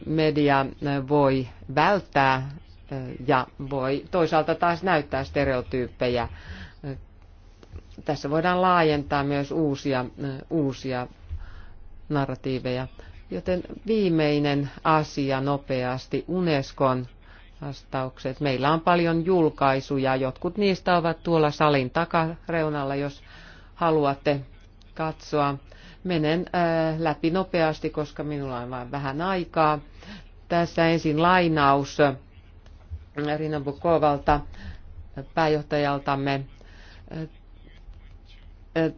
media voi välttää ja voi toisaalta taas näyttää stereotyyppejä. Tässä voidaan laajentaa myös uusia, uusia narratiiveja. Joten viimeinen asia nopeasti, Unescon vastaukset. Meillä on paljon julkaisuja, jotkut niistä ovat tuolla salin takareunalla, jos haluatte katsoa. Menen äh, läpi nopeasti, koska minulla on vain vähän aikaa. Tässä ensin lainaus äh, Rina Bukovalta, äh, pääjohtajaltamme.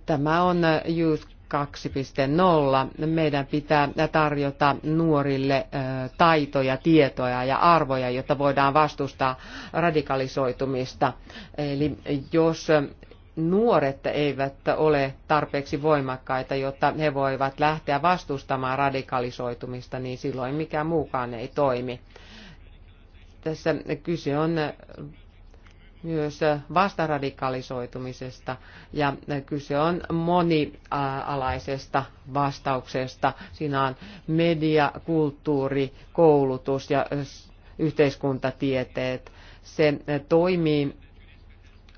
Tämä on Youth 2.0. Meidän pitää tarjota nuorille taitoja, tietoja ja arvoja, jotta voidaan vastustaa radikalisoitumista. Eli jos nuoret eivät ole tarpeeksi voimakkaita, jotta he voivat lähteä vastustamaan radikalisoitumista, niin silloin mikään muukaan ei toimi. Tässä kyse on myös vastaradikalisoitumisesta ja kyse on monialaisesta vastauksesta. Siinä on media, kulttuuri, koulutus ja yhteiskuntatieteet. Se toimii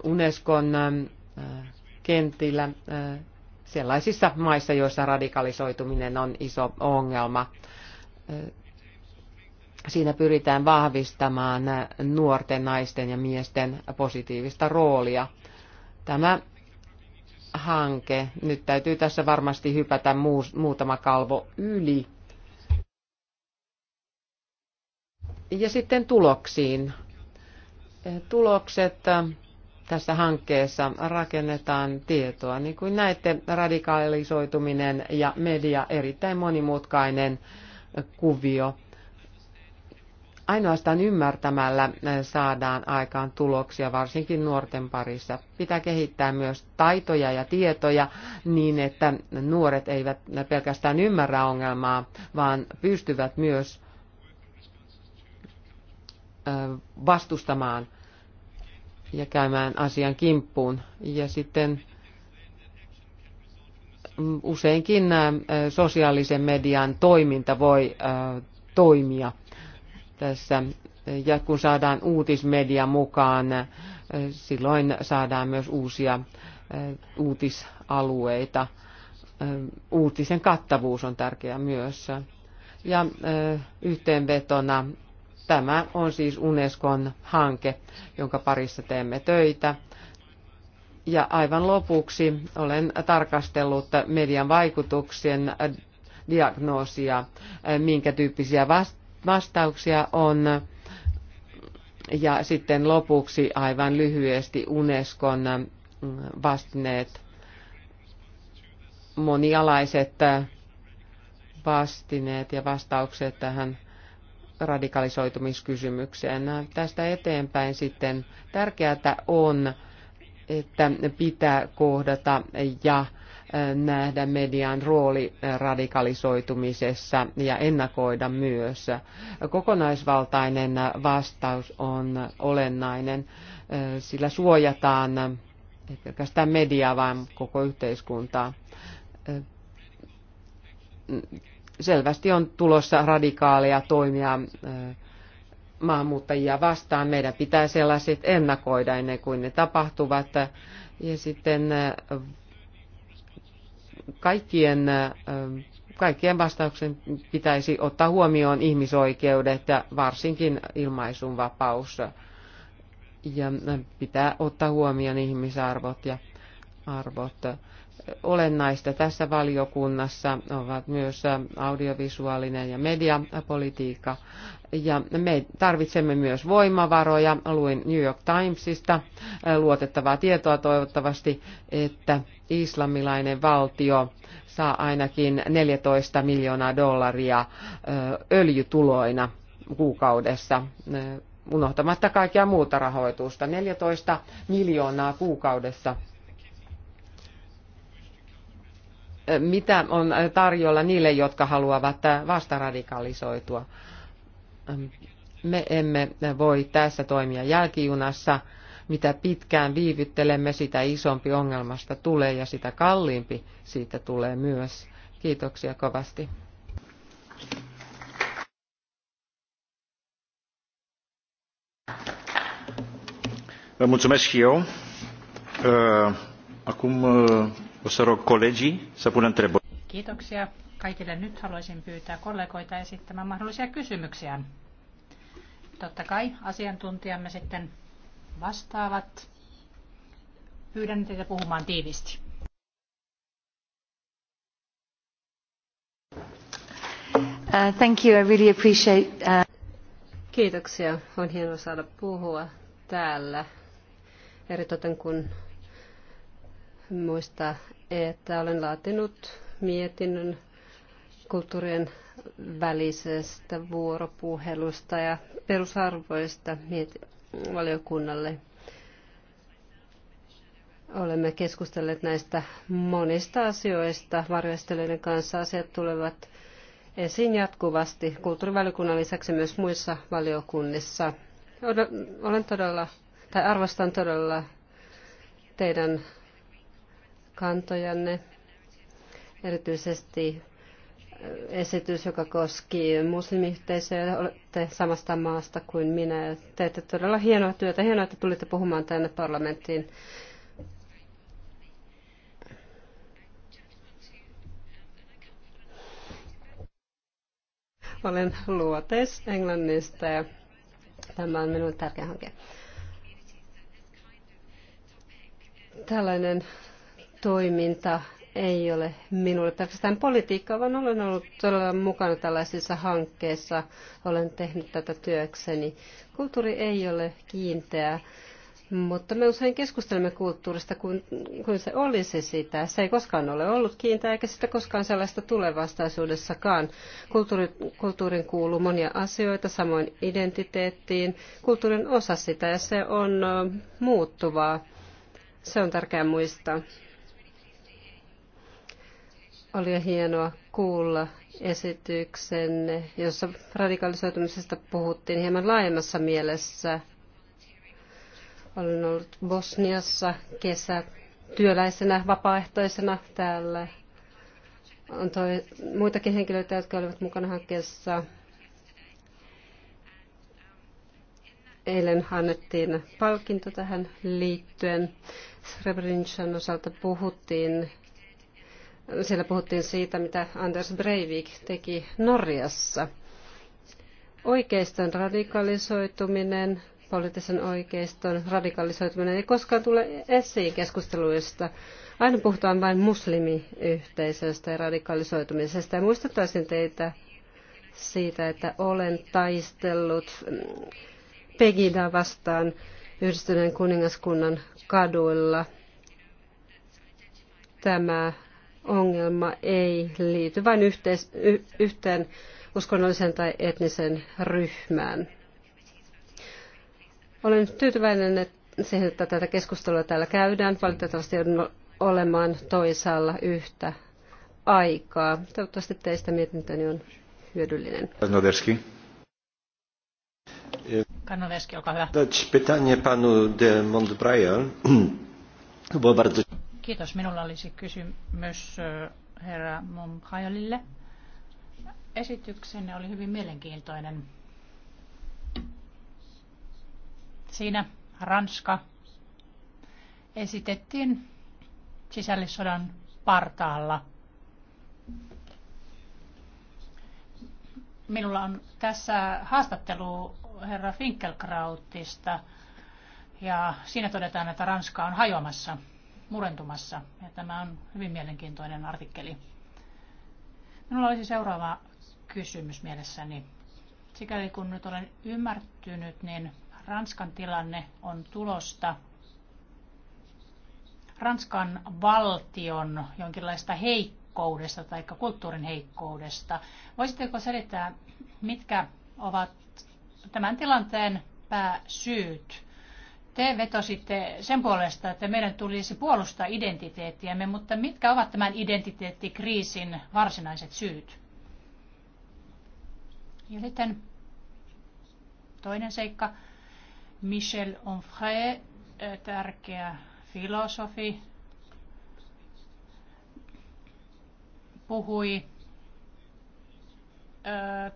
Unescon kentillä äh, sellaisissa maissa, joissa radikalisoituminen on iso ongelma. Äh, siinä pyritään vahvistamaan nuorten naisten ja miesten positiivista roolia. Tämä hanke, nyt täytyy tässä varmasti hypätä muutama kalvo yli. Ja sitten tuloksiin. Tulokset äh, tässä hankkeessa rakennetaan tietoa. Niin kuin näette, radikalisoituminen ja media erittäin monimutkainen kuvio. Ainoastaan ymmärtämällä saadaan aikaan tuloksia, varsinkin nuorten parissa. Pitää kehittää myös taitoja ja tietoja niin, että nuoret eivät pelkästään ymmärrä ongelmaa, vaan pystyvät myös vastustamaan ja käymään asian kimppuun. Ja sitten mm, useinkin äh, sosiaalisen median toiminta voi äh, toimia tässä. Ja kun saadaan uutismedia mukaan, äh, silloin saadaan myös uusia uutisalueita. Uutisen kattavuus on tärkeä myös. Ja yhteenvetona Tämä on siis Unescon hanke, jonka parissa teemme töitä. Ja aivan lopuksi olen tarkastellut median vaikutuksen diagnoosia, minkä tyyppisiä vastauksia on. Ja sitten lopuksi aivan lyhyesti Unescon mm, vastineet monialaiset vastineet ja vastaukset tähän radikalisoitumiskysymykseen. No, tästä eteenpäin sitten tärkeää on, että pitää kohdata ja äh, nähdä median rooli radikalisoitumisessa ja ennakoida myös. Kokonaisvaltainen vastaus on olennainen, äh, sillä suojataan äh, ei pelkästään mediaa, vaan koko yhteiskuntaa selvästi on tulossa radikaaleja toimia maahanmuuttajia vastaan. Meidän pitää sellaiset ennakoida ennen kuin ne tapahtuvat. Ja sitten kaikkien, kaikkien vastauksen pitäisi ottaa huomioon ihmisoikeudet ja varsinkin ilmaisunvapaus. vapaus. Ja pitää ottaa huomioon ihmisarvot ja arvot olennaista tässä valiokunnassa ovat myös audiovisuaalinen ja mediapolitiikka. Ja me tarvitsemme myös voimavaroja. Luin New York Timesista luotettavaa tietoa toivottavasti, että islamilainen valtio saa ainakin 14 miljoonaa dollaria öljytuloina kuukaudessa unohtamatta kaikkea muuta rahoitusta. 14 miljoonaa kuukaudessa mitä on tarjolla niille, jotka haluavat vastaradikalisoitua. Me emme voi tässä toimia jälkijunassa. Mitä pitkään viivyttelemme, sitä isompi ongelmasta tulee ja sitä kalliimpi siitä tulee myös. Kiitoksia kovasti. Mulțumesc și eu. Acum Kiitoksia kaikille. Nyt haluaisin pyytää kollegoita esittämään mahdollisia kysymyksiä. Totta kai asiantuntijamme sitten vastaavat. Pyydän teitä puhumaan tiivisti. Uh, thank you. I really appreciate, uh... Kiitoksia. On hienoa saada puhua täällä. Eritoten kun Muista, että olen laatinut mietinnön kulttuurien välisestä vuoropuhelusta ja perusarvoista valiokunnalle. Olemme keskustelleet näistä monista asioista Varjoisteleiden kanssa. Asiat tulevat esiin jatkuvasti kulttuurivaliokunnan lisäksi myös muissa valiokunnissa. Olen todella, tai arvostan todella teidän kantojanne, erityisesti äh, esitys, joka koski muslimiyhteisöä. Olette samasta maasta kuin minä. Teette todella hienoa työtä. Hienoa, että tulitte puhumaan tänne parlamenttiin. Olen luotes Englannista ja tämä on minulle tärkeä hanke. Tällainen toiminta ei ole minulle pelkästään politiikkaa, vaan olen ollut todella mukana tällaisissa hankkeissa. Olen tehnyt tätä työkseni. Kulttuuri ei ole kiinteää, mutta me usein keskustelemme kulttuurista kuin, kuin se olisi sitä. Se ei koskaan ole ollut kiinteää, eikä sitä koskaan sellaista tule vastaisuudessakaan. Kulttuuri, kulttuurin kuuluu monia asioita, samoin identiteettiin. Kulttuurin osa sitä, ja se on muuttuvaa. Se on tärkeää muistaa. Oli hienoa kuulla esityksenne, jossa radikalisoitumisesta puhuttiin hieman laajemmassa mielessä. Olen ollut Bosniassa kesä työläisenä, vapaaehtoisena täällä. On toi, muitakin henkilöitä, jotka olivat mukana hankkeessa. Eilen annettiin palkinto tähän liittyen. Srebrenican osalta puhuttiin siellä puhuttiin siitä, mitä Anders Breivik teki Norjassa. Oikeiston radikalisoituminen, poliittisen oikeiston radikalisoituminen ei koskaan tule esiin keskusteluista. Aina puhutaan vain muslimiyhteisöstä ja radikalisoitumisesta. Ja muistuttaisin teitä siitä, että olen taistellut Pegida vastaan yhdistyneen kuningaskunnan kaduilla. Tämä ongelma ei liity vain yhteis, y, yhteen uskonnolliseen tai etniseen ryhmään. Olen tyytyväinen että siihen, että tätä keskustelua täällä käydään. Valitettavasti joudun olemaan toisaalla yhtä aikaa. Toivottavasti teistä mietintöni on hyödyllinen. Nodeski. Kanoweski, olkaa hyvä. Pytanie panu de Montbrial, Kiitos. Minulla olisi kysymys herra Mumhajalille. Esityksenne oli hyvin mielenkiintoinen. Siinä Ranska esitettiin sisällissodan partaalla. Minulla on tässä haastattelu herra Finkelkrautista ja siinä todetaan, että Ranska on hajoamassa – murentumassa. Ja tämä on hyvin mielenkiintoinen artikkeli. Minulla olisi seuraava kysymys mielessäni. Sikäli kun nyt olen ymmärtynyt, niin Ranskan tilanne on tulosta Ranskan valtion jonkinlaista heikkoudesta tai kulttuurin heikkoudesta. Voisitteko selittää, mitkä ovat tämän tilanteen pääsyyt? Te vetositte sen puolesta, että meidän tulisi puolustaa identiteettiämme, mutta mitkä ovat tämän identiteettikriisin varsinaiset syyt? Ja sitten toinen seikka. Michel Onfray, tärkeä filosofi, puhui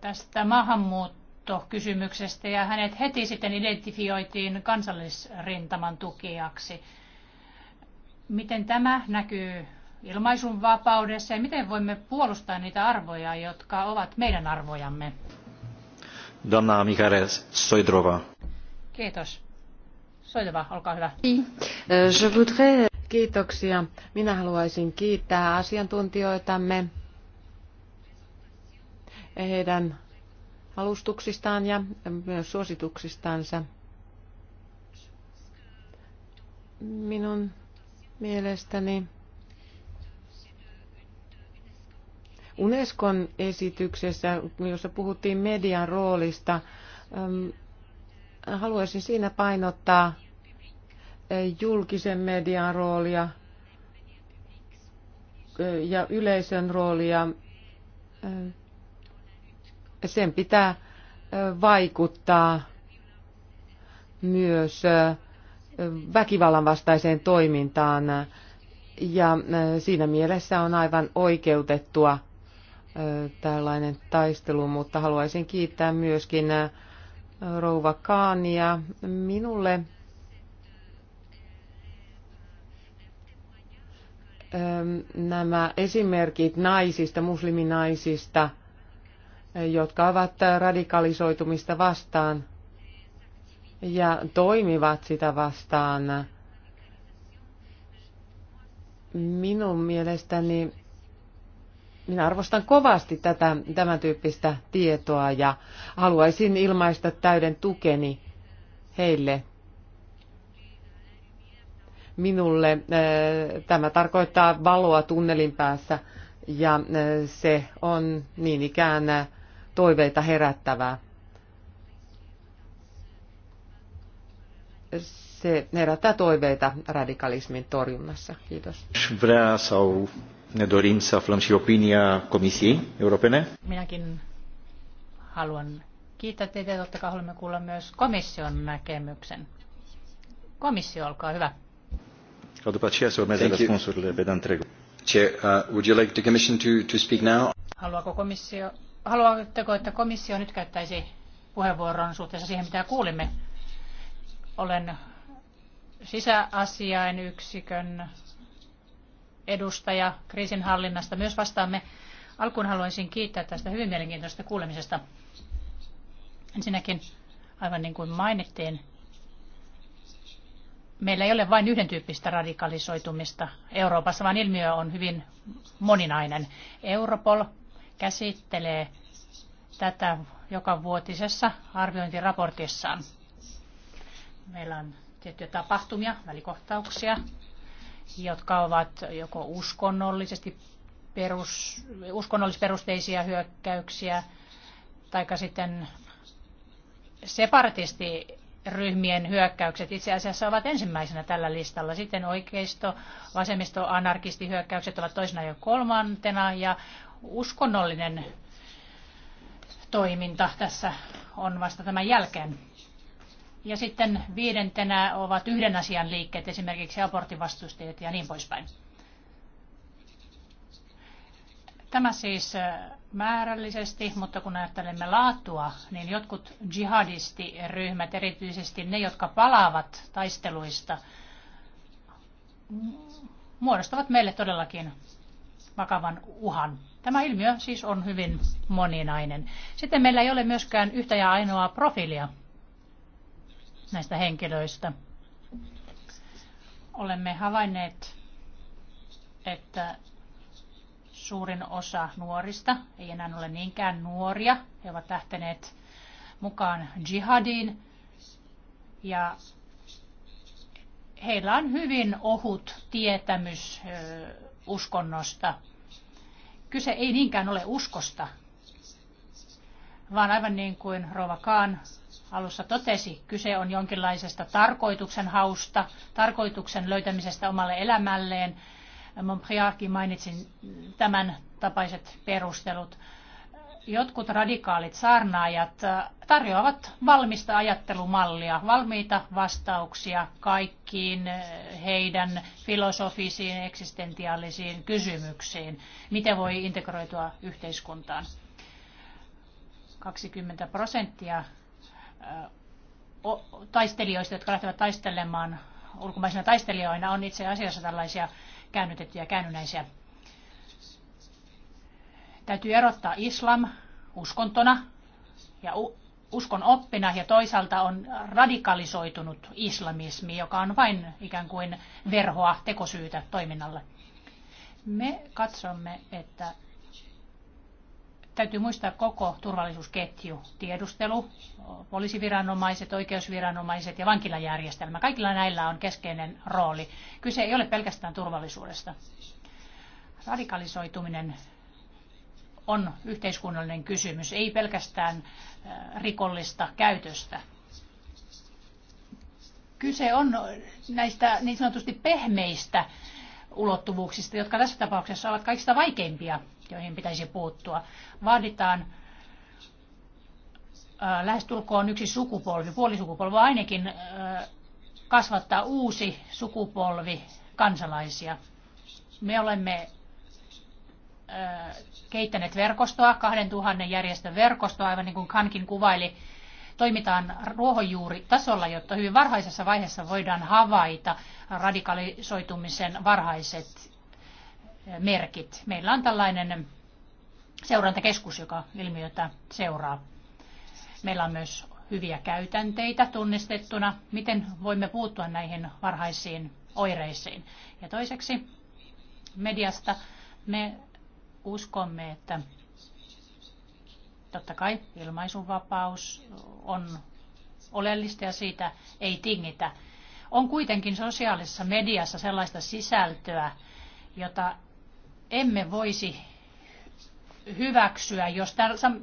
tästä maahanmuuttoa kysymyksestä ja hänet heti sitten identifioitiin kansallisrintaman tukijaksi. Miten tämä näkyy ilmaisun vapaudessa ja miten voimme puolustaa niitä arvoja, jotka ovat meidän arvojamme? Donna Mikael Soidrova. Kiitos. Soidrova, olkaa hyvä. Niin, eh, Kiitoksia. Minä haluaisin kiittää asiantuntijoitamme heidän alustuksistaan ja myös suosituksistansa. Minun mielestäni Unescon esityksessä, jossa puhuttiin median roolista, haluaisin siinä painottaa julkisen median roolia ja yleisön roolia sen pitää vaikuttaa myös väkivallan vastaiseen toimintaan. Ja siinä mielessä on aivan oikeutettua tällainen taistelu, mutta haluaisin kiittää myöskin rouva Kaania. Minulle nämä esimerkit naisista, musliminaisista – jotka ovat radikalisoitumista vastaan ja toimivat sitä vastaan. Minun mielestäni minä arvostan kovasti tätä, tämän tyyppistä tietoa ja haluaisin ilmaista täyden tukeni heille. Minulle äh, tämä tarkoittaa valoa tunnelin päässä ja äh, se on niin ikään äh, toiveita herättävää. Se herättää toiveita radikalismin torjunnassa. Kiitos. Vrea sau ne dorim să aflăm și opinia Comisiei Europene? Minäkin haluan kiittää teitä. Totta kai haluamme kuulla myös komission näkemyksen. Komissio, olkaa hyvä. după aceea se urmează răspunsurile pe uh, would you like the Commission to, to speak now? Haluaako komissio Haluatteko, että komissio nyt käyttäisi puheenvuoron suhteessa siihen, mitä kuulimme? Olen sisäasiain yksikön edustaja kriisinhallinnasta. Myös vastaamme. Alkuun haluaisin kiittää tästä hyvin mielenkiintoisesta kuulemisesta. Ensinnäkin, aivan niin kuin mainittiin, meillä ei ole vain yhden tyyppistä radikalisoitumista Euroopassa, vaan ilmiö on hyvin moninainen. Europol käsittelee tätä joka vuotisessa arviointiraportissaan. Meillä on tiettyjä tapahtumia, välikohtauksia, jotka ovat joko uskonnollisesti perus, uskonnollisperusteisia hyökkäyksiä tai sitten ryhmien hyökkäykset itse asiassa ovat ensimmäisenä tällä listalla. Sitten oikeisto, vasemmisto, anarkistihyökkäykset ovat toisena ja kolmantena ja uskonnollinen toiminta tässä on vasta tämän jälkeen. Ja sitten viidentenä ovat yhden asian liikkeet, esimerkiksi aborttivastustajat ja niin poispäin. Tämä siis määrällisesti, mutta kun ajattelemme laatua, niin jotkut jihadistiryhmät, erityisesti ne, jotka palaavat taisteluista, muodostavat meille todellakin vakavan uhan. Tämä ilmiö siis on hyvin moninainen. Sitten meillä ei ole myöskään yhtä ja ainoaa profiilia näistä henkilöistä. Olemme havainneet, että suurin osa nuorista ei enää ole niinkään nuoria. He ovat lähteneet mukaan jihadiin ja heillä on hyvin ohut tietämys uskonnosta Kyse ei niinkään ole uskosta, vaan aivan niin kuin Rova Kaan alussa totesi, kyse on jonkinlaisesta tarkoituksen hausta, tarkoituksen löytämisestä omalle elämälleen. Mon mainitsin tämän tapaiset perustelut jotkut radikaalit saarnaajat äh, tarjoavat valmista ajattelumallia, valmiita vastauksia kaikkiin äh, heidän filosofisiin, eksistentiaalisiin kysymyksiin, miten voi integroitua yhteiskuntaan. 20 prosenttia äh, taistelijoista, jotka lähtevät taistelemaan ulkomaisina taistelijoina, on itse asiassa tällaisia käännytettyjä käännynäisiä Täytyy erottaa islam uskontona ja uskon oppina ja toisaalta on radikalisoitunut islamismi, joka on vain ikään kuin verhoa tekosyytä toiminnalle. Me katsomme, että täytyy muistaa koko turvallisuusketju, tiedustelu, poliisiviranomaiset, oikeusviranomaiset ja vankilajärjestelmä. Kaikilla näillä on keskeinen rooli. Kyse ei ole pelkästään turvallisuudesta. Radikalisoituminen on yhteiskunnallinen kysymys, ei pelkästään äh, rikollista käytöstä. Kyse on näistä niin sanotusti pehmeistä ulottuvuuksista, jotka tässä tapauksessa ovat kaikista vaikeimpia, joihin pitäisi puuttua. Vaaditaan äh, lähestulkoon yksi sukupolvi, puolisukupolvi ainakin äh, kasvattaa uusi sukupolvi kansalaisia. Me olemme kehittäneet verkostoa, 2000 järjestön verkostoa, aivan niin kuin Kankin kuvaili, toimitaan ruohonjuuritasolla, jotta hyvin varhaisessa vaiheessa voidaan havaita radikalisoitumisen varhaiset merkit. Meillä on tällainen seurantakeskus, joka ilmiötä seuraa. Meillä on myös hyviä käytänteitä tunnistettuna, miten voimme puuttua näihin varhaisiin oireisiin. Ja toiseksi mediasta me uskomme, että totta kai ilmaisunvapaus on oleellista ja siitä ei tingitä. On kuitenkin sosiaalisessa mediassa sellaista sisältöä, jota emme voisi hyväksyä, jos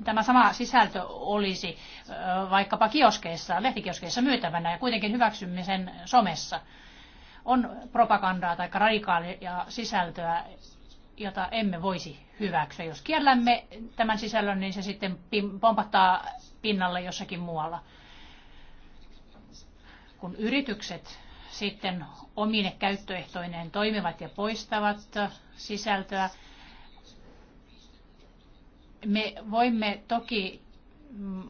tämä sama sisältö olisi vaikkapa kioskeissa, lehtikioskeissa myytävänä ja kuitenkin hyväksymme sen somessa. On propagandaa tai radikaalia sisältöä, jota emme voisi hyväksyä. Jos kiellämme tämän sisällön, niin se sitten pompahtaa pinnalle jossakin muualla. Kun yritykset sitten omine käyttöehtoineen toimivat ja poistavat sisältöä, me voimme toki mm,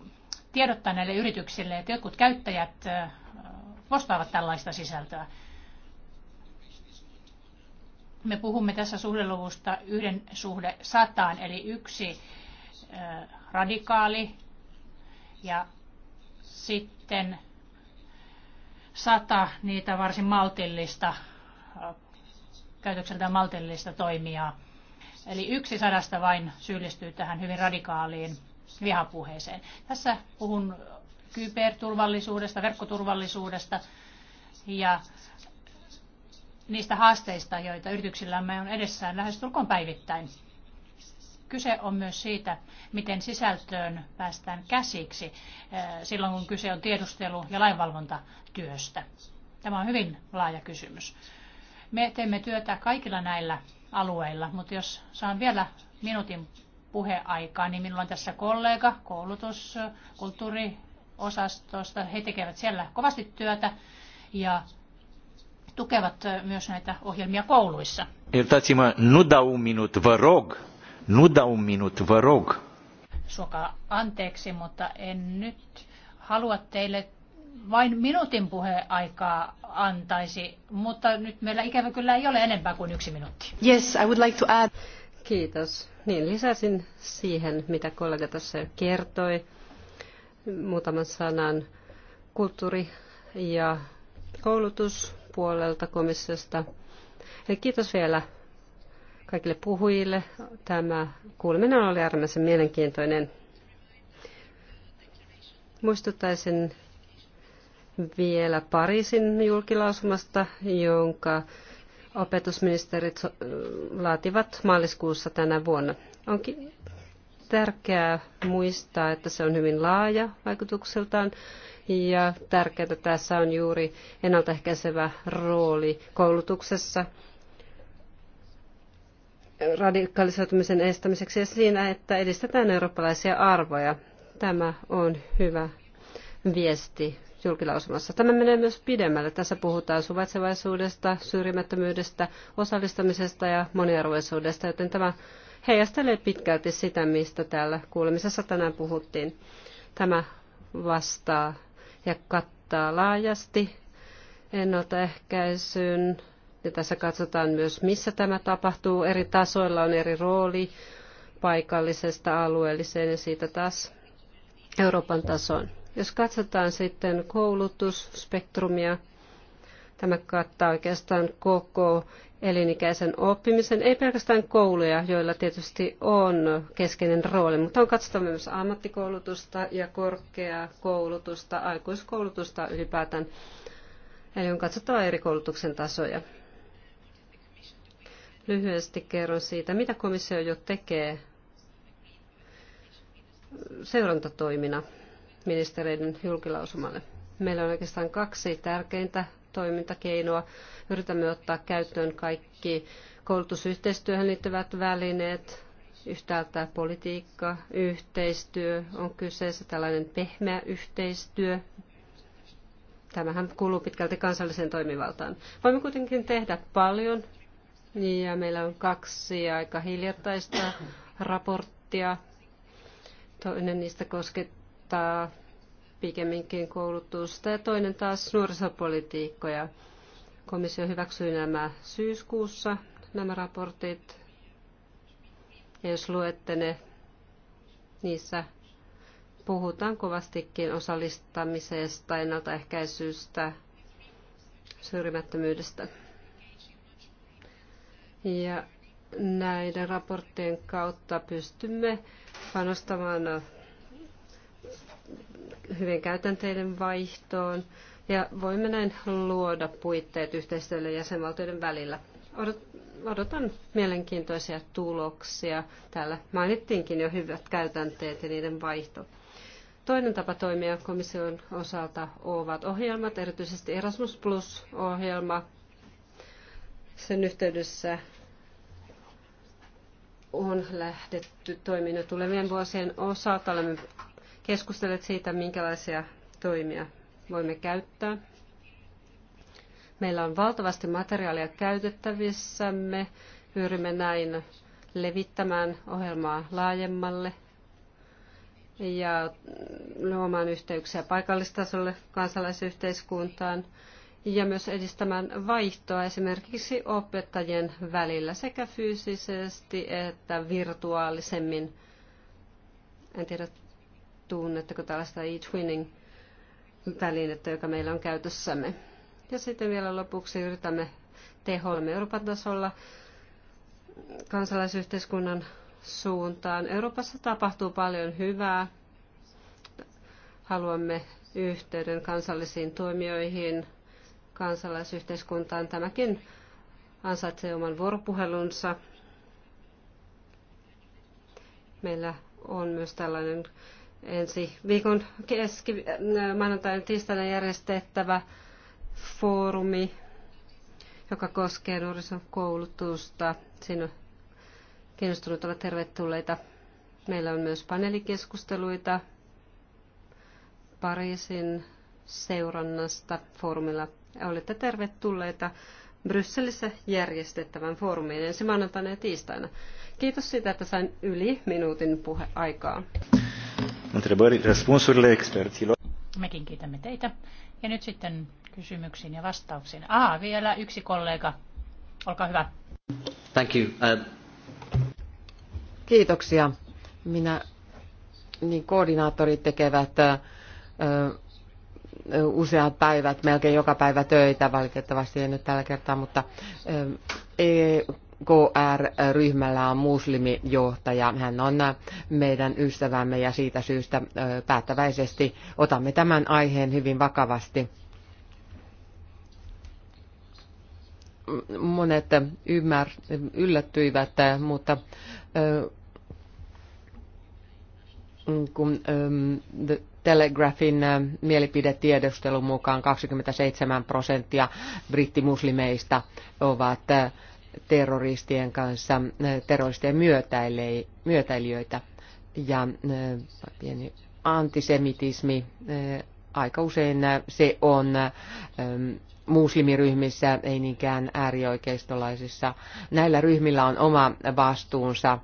tiedottaa näille yrityksille, että jotkut käyttäjät postaavat tällaista sisältöä. Me puhumme tässä suhdeluvusta yhden suhde sataan, eli yksi radikaali ja sitten sata niitä varsin maltillista, käytökseltä maltillista toimijaa. Eli yksi sadasta vain syyllistyy tähän hyvin radikaaliin vihapuheeseen. Tässä puhun kyberturvallisuudesta, verkkoturvallisuudesta ja niistä haasteista, joita yrityksillämme on edessään lähestulkoon päivittäin. Kyse on myös siitä, miten sisältöön päästään käsiksi eh, silloin, kun kyse on tiedustelu- ja lainvalvontatyöstä. Tämä on hyvin laaja kysymys. Me teemme työtä kaikilla näillä alueilla, mutta jos saan vielä minuutin puheaikaa, niin minulla on tässä kollega koulutus- kulttuuriosastosta. He tekevät siellä kovasti työtä ja tukevat myös näitä ohjelmia kouluissa. Iertați-mă, nu dau un minut, vă rog. Nu un minut, vă rog. Suokaa anteeksi, mutta en nyt halua teille vain minuutin puheaikaa antaisi, mutta nyt meillä ikävä kyllä ei ole enempää kuin yksi minuutti. Yes, I would like to add. Kiitos. Niin, lisäsin siihen, mitä kollega tässä jo kertoi. Muutaman sanan kulttuuri- ja koulutus puolelta komissiosta. Eli kiitos vielä kaikille puhujille. Tämä kuuleminen oli äärimmäisen mielenkiintoinen. Muistuttaisin vielä Pariisin julkilausumasta, jonka opetusministerit laativat maaliskuussa tänä vuonna. Onkin tärkeää muistaa, että se on hyvin laaja vaikutukseltaan ja tärkeää tässä on juuri ennaltaehkäisevä rooli koulutuksessa radikalisoitumisen estämiseksi ja siinä, että edistetään eurooppalaisia arvoja. Tämä on hyvä viesti julkilausumassa. Tämä menee myös pidemmälle. Tässä puhutaan suvaitsevaisuudesta, syrjimättömyydestä, osallistamisesta ja moniarvoisuudesta, joten tämä heijastelee pitkälti sitä, mistä täällä kuulemisessa tänään puhuttiin. Tämä vastaa ja kattaa laajasti ennaltaehkäisyn. Ja tässä katsotaan myös, missä tämä tapahtuu. Eri tasoilla on eri rooli paikallisesta alueelliseen ja siitä taas Euroopan tasoon. Jos katsotaan sitten koulutusspektrumia, Tämä kattaa oikeastaan koko elinikäisen oppimisen, ei pelkästään kouluja, joilla tietysti on keskeinen rooli, mutta on katsottava myös ammattikoulutusta ja korkeaa koulutusta, aikuiskoulutusta ylipäätään. Eli on katsottava eri koulutuksen tasoja. Lyhyesti kerron siitä, mitä komissio jo tekee seurantatoimina ministereiden julkilausumalle. Meillä on oikeastaan kaksi tärkeintä toimintakeinoa. Yritämme ottaa käyttöön kaikki koulutusyhteistyöhön liittyvät välineet, yhtäältä politiikka, yhteistyö, on kyseessä tällainen pehmeä yhteistyö. Tämähän kuuluu pitkälti kansalliseen toimivaltaan. Voimme kuitenkin tehdä paljon, ja meillä on kaksi aika hiljattaista raporttia. Toinen niistä koskettaa pikemminkin koulutusta ja toinen taas nuorisopolitiikkoja. Komissio hyväksyi nämä syyskuussa, nämä raportit. Ja jos luette ne, niissä puhutaan kovastikin osallistamisesta, ennaltaehkäisystä, syrjimättömyydestä. Ja näiden raporttien kautta pystymme panostamaan hyvien käytänteiden vaihtoon ja voimme näin luoda puitteet yhteistyölle jäsenvaltioiden välillä. Odotan mielenkiintoisia tuloksia. Täällä mainittiinkin jo hyvät käytänteet ja niiden vaihto. Toinen tapa toimia komission osalta ovat ohjelmat, erityisesti Erasmus Plus-ohjelma. Sen yhteydessä on lähdetty toimimaan tulevien vuosien osalta. Olemme keskustelleet siitä, minkälaisia toimia voimme käyttää. Meillä on valtavasti materiaalia käytettävissämme. Pyrimme näin levittämään ohjelmaa laajemmalle ja luomaan yhteyksiä paikallistasolle, kansalaisyhteiskuntaan ja myös edistämään vaihtoa esimerkiksi opettajien välillä sekä fyysisesti että virtuaalisemmin. En tiedä, Tunnetteko tällaista e-twinning-välinettä, joka meillä on käytössämme? Ja sitten vielä lopuksi yritämme tehoamme Euroopan tasolla kansalaisyhteiskunnan suuntaan. Euroopassa tapahtuu paljon hyvää. Haluamme yhteyden kansallisiin toimijoihin, kansalaisyhteiskuntaan. Tämäkin ansaitsee oman vuoropuhelunsa. Meillä on myös tällainen ensi viikon keski, äh, maanantaina tiistaina järjestettävä foorumi, joka koskee nuorison koulutusta. Siinä kiinnostuneet ovat tervetulleita. Meillä on myös paneelikeskusteluita Pariisin seurannasta foorumilla. Olette tervetulleita Brysselissä järjestettävän foorumiin ensi maanantaina ja tiistaina. Kiitos siitä, että sain yli minuutin puheaikaa întrebări, răspunsurile experților. Mekin kiitämme teitä. Ja nyt sitten kysymyksiin ja vastauksiin. Ah, vielä yksi kollega. Olkaa hyvä. Thank you. Uh... Kiitoksia. Minä, niin koordinaattorit tekevät uh, useat päivät, melkein joka päivä töitä, valitettavasti ei nyt tällä kertaa, mutta e KR-ryhmällä on muslimijohtaja. Hän on meidän ystävämme ja siitä syystä päättäväisesti otamme tämän aiheen hyvin vakavasti. Monet ymmär, yllättyivät, mutta kun Telegraphin mielipidetiedostelun mukaan 27 prosenttia brittimuslimeista ovat terroristien kanssa, terroristien myötäilijöitä. Ja pieni antisemitismi, aika usein se on muslimiryhmissä, ei niinkään äärioikeistolaisissa. Näillä ryhmillä on oma vastuunsa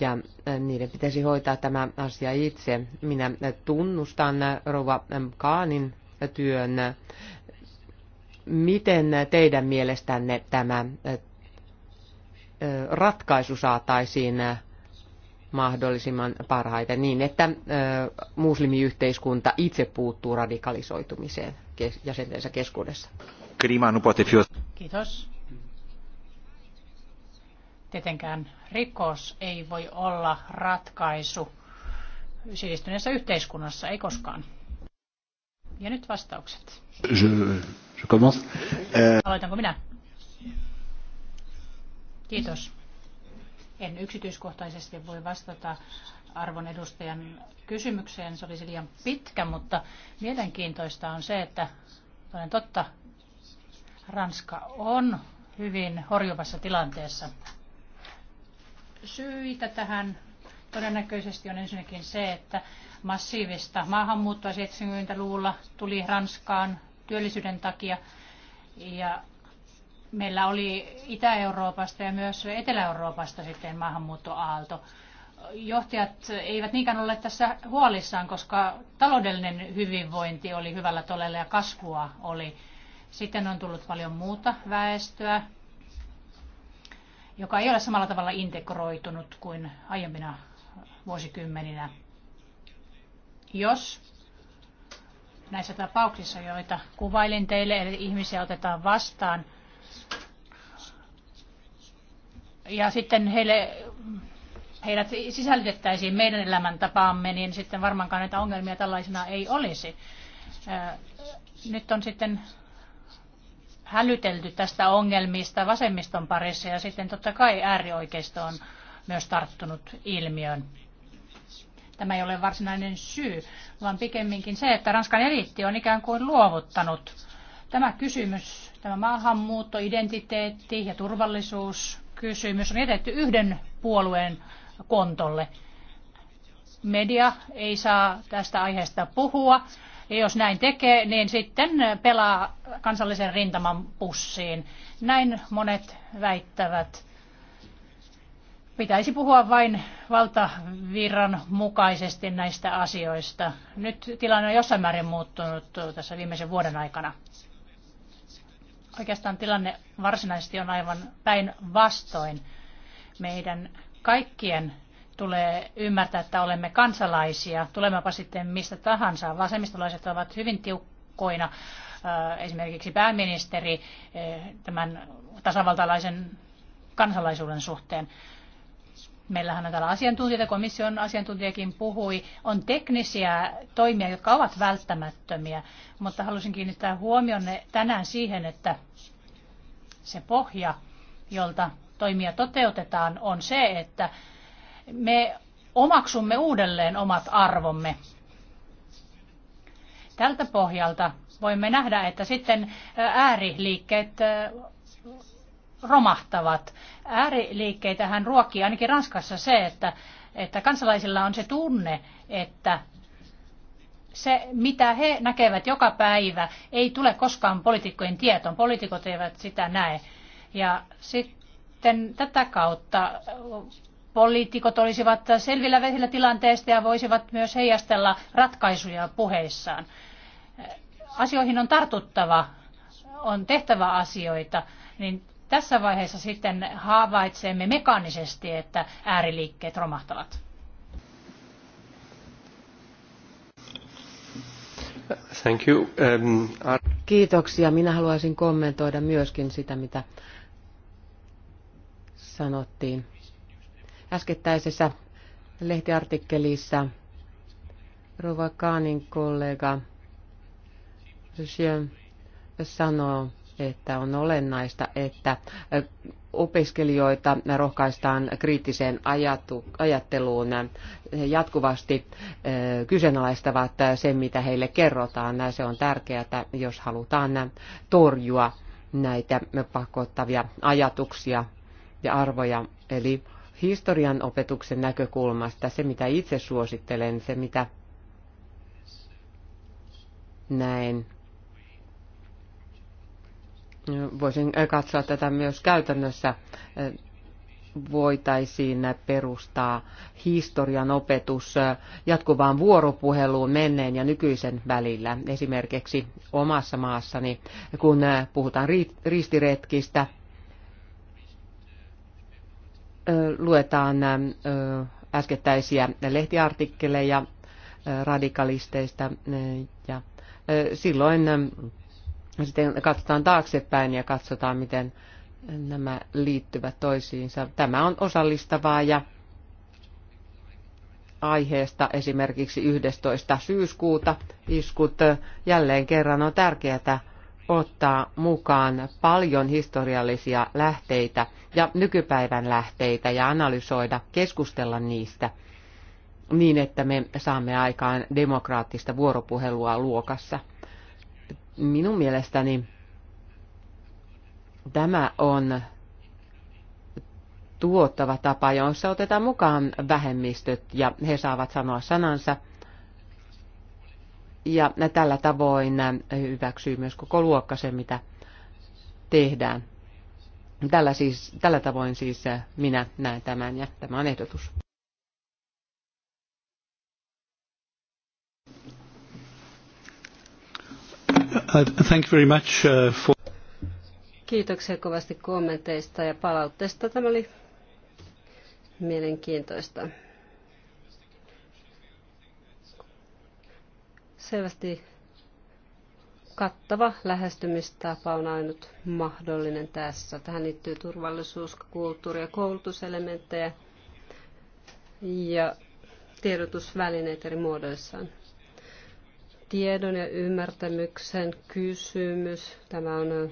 ja niiden pitäisi hoitaa tämä asia itse. Minä tunnustan Rova Kaanin työn. Miten teidän mielestänne tämä ratkaisu saataisiin mahdollisimman parhaiten niin, että muslimiyhteiskunta itse puuttuu radikalisoitumiseen jäsentensä keskuudessa. Kiitos. Tietenkään rikos ei voi olla ratkaisu sivistyneessä yhteiskunnassa, ei koskaan. Ja nyt vastaukset. Je, je commence. Aloitanko minä? Kiitos. En yksityiskohtaisesti voi vastata arvon edustajan kysymykseen, se olisi liian pitkä, mutta mielenkiintoista on se, että toden totta Ranska on hyvin horjuvassa tilanteessa. Syitä tähän todennäköisesti on ensinnäkin se, että massiivista maahanmuuttoa 70-luvulla tuli Ranskaan työllisyyden takia ja meillä oli Itä-Euroopasta ja myös Etelä-Euroopasta sitten maahanmuuttoaalto. Johtajat eivät niinkään ole tässä huolissaan, koska taloudellinen hyvinvointi oli hyvällä tolella ja kasvua oli. Sitten on tullut paljon muuta väestöä, joka ei ole samalla tavalla integroitunut kuin aiempina vuosikymmeninä. Jos näissä tapauksissa, joita kuvailin teille, eli ihmisiä otetaan vastaan ja sitten heille, heidät sisällytettäisiin meidän elämäntapaamme, niin sitten varmaankaan näitä ongelmia tällaisena ei olisi. Nyt on sitten hälytelty tästä ongelmista vasemmiston parissa ja sitten totta kai äärioikeisto on myös tarttunut ilmiön. Tämä ei ole varsinainen syy, vaan pikemminkin se, että Ranskan eliitti on ikään kuin luovuttanut Tämä kysymys, tämä maahanmuutto, identiteetti ja turvallisuuskysymys on jätetty yhden puolueen kontolle. Media ei saa tästä aiheesta puhua. Ja jos näin tekee, niin sitten pelaa kansallisen rintaman pussiin. Näin monet väittävät. Pitäisi puhua vain valtavirran mukaisesti näistä asioista. Nyt tilanne on jossain määrin muuttunut tässä viimeisen vuoden aikana. Oikeastaan tilanne varsinaisesti on aivan päinvastoin. Meidän kaikkien tulee ymmärtää, että olemme kansalaisia, tulemmepa sitten mistä tahansa. Vasemmistolaiset ovat hyvin tiukkoina. Esimerkiksi pääministeri tämän tasavaltalaisen kansalaisuuden suhteen meillähän on täällä asiantuntijoita, komission asiantuntijakin puhui, on teknisiä toimia, jotka ovat välttämättömiä, mutta halusin kiinnittää huomionne tänään siihen, että se pohja, jolta toimia toteutetaan, on se, että me omaksumme uudelleen omat arvomme. Tältä pohjalta voimme nähdä, että sitten ääriliikkeet romahtavat. hän ruokkii ainakin Ranskassa se, että, että kansalaisilla on se tunne, että se, mitä he näkevät joka päivä, ei tule koskaan poliitikkojen tietoon. Poliitikot eivät sitä näe. Ja sitten tätä kautta poliitikot olisivat selvillä vesillä tilanteesta ja voisivat myös heijastella ratkaisuja puheissaan. Asioihin on tartuttava, on tehtävä asioita, niin tässä vaiheessa sitten havaitsemme mekaanisesti, että ääriliikkeet romahtavat. Thank you. Um, are... Kiitoksia. Minä haluaisin kommentoida myöskin sitä, mitä sanottiin äskettäisessä lehtiartikkelissa. Rova Kaanin kollega Jean sanoo, että on olennaista, että opiskelijoita rohkaistaan kriittiseen ajatteluun. He jatkuvasti kyseenalaistavat sen, mitä heille kerrotaan. Se on tärkeää, jos halutaan torjua näitä pakottavia ajatuksia ja arvoja. Eli historian opetuksen näkökulmasta se, mitä itse suosittelen, se, mitä näen voisin äh, katsoa tätä myös käytännössä, äh, voitaisiin perustaa historian opetus äh, jatkuvaan vuoropuheluun menneen ja nykyisen välillä. Esimerkiksi omassa maassani, kun puhutaan ristiretkistä, luetaan äskettäisiä lehtiartikkeleja radikalisteista ja silloin sitten katsotaan taaksepäin ja katsotaan, miten nämä liittyvät toisiinsa. Tämä on osallistavaa ja aiheesta esimerkiksi 11. syyskuuta iskut jälleen kerran on tärkeää ottaa mukaan paljon historiallisia lähteitä ja nykypäivän lähteitä ja analysoida, keskustella niistä niin, että me saamme aikaan demokraattista vuoropuhelua luokassa – Minun mielestäni tämä on tuottava tapa, jossa otetaan mukaan vähemmistöt ja he saavat sanoa sanansa. Ja tällä tavoin hyväksyy myös koko luokka se, mitä tehdään. Tällä, siis, tällä tavoin siis minä näen tämän ja tämä on ehdotus. Uh, thank you very much uh, for... Kiitoksia kovasti kommenteista ja palautteesta. Tämä oli mielenkiintoista. Selvästi kattava lähestymistapa on ainut mahdollinen tässä. Tähän liittyy turvallisuus, kulttuuri- ja koulutuselementtejä ja tiedotusvälineet eri muodoissaan tiedon ja ymmärtämyksen kysymys. Tämä on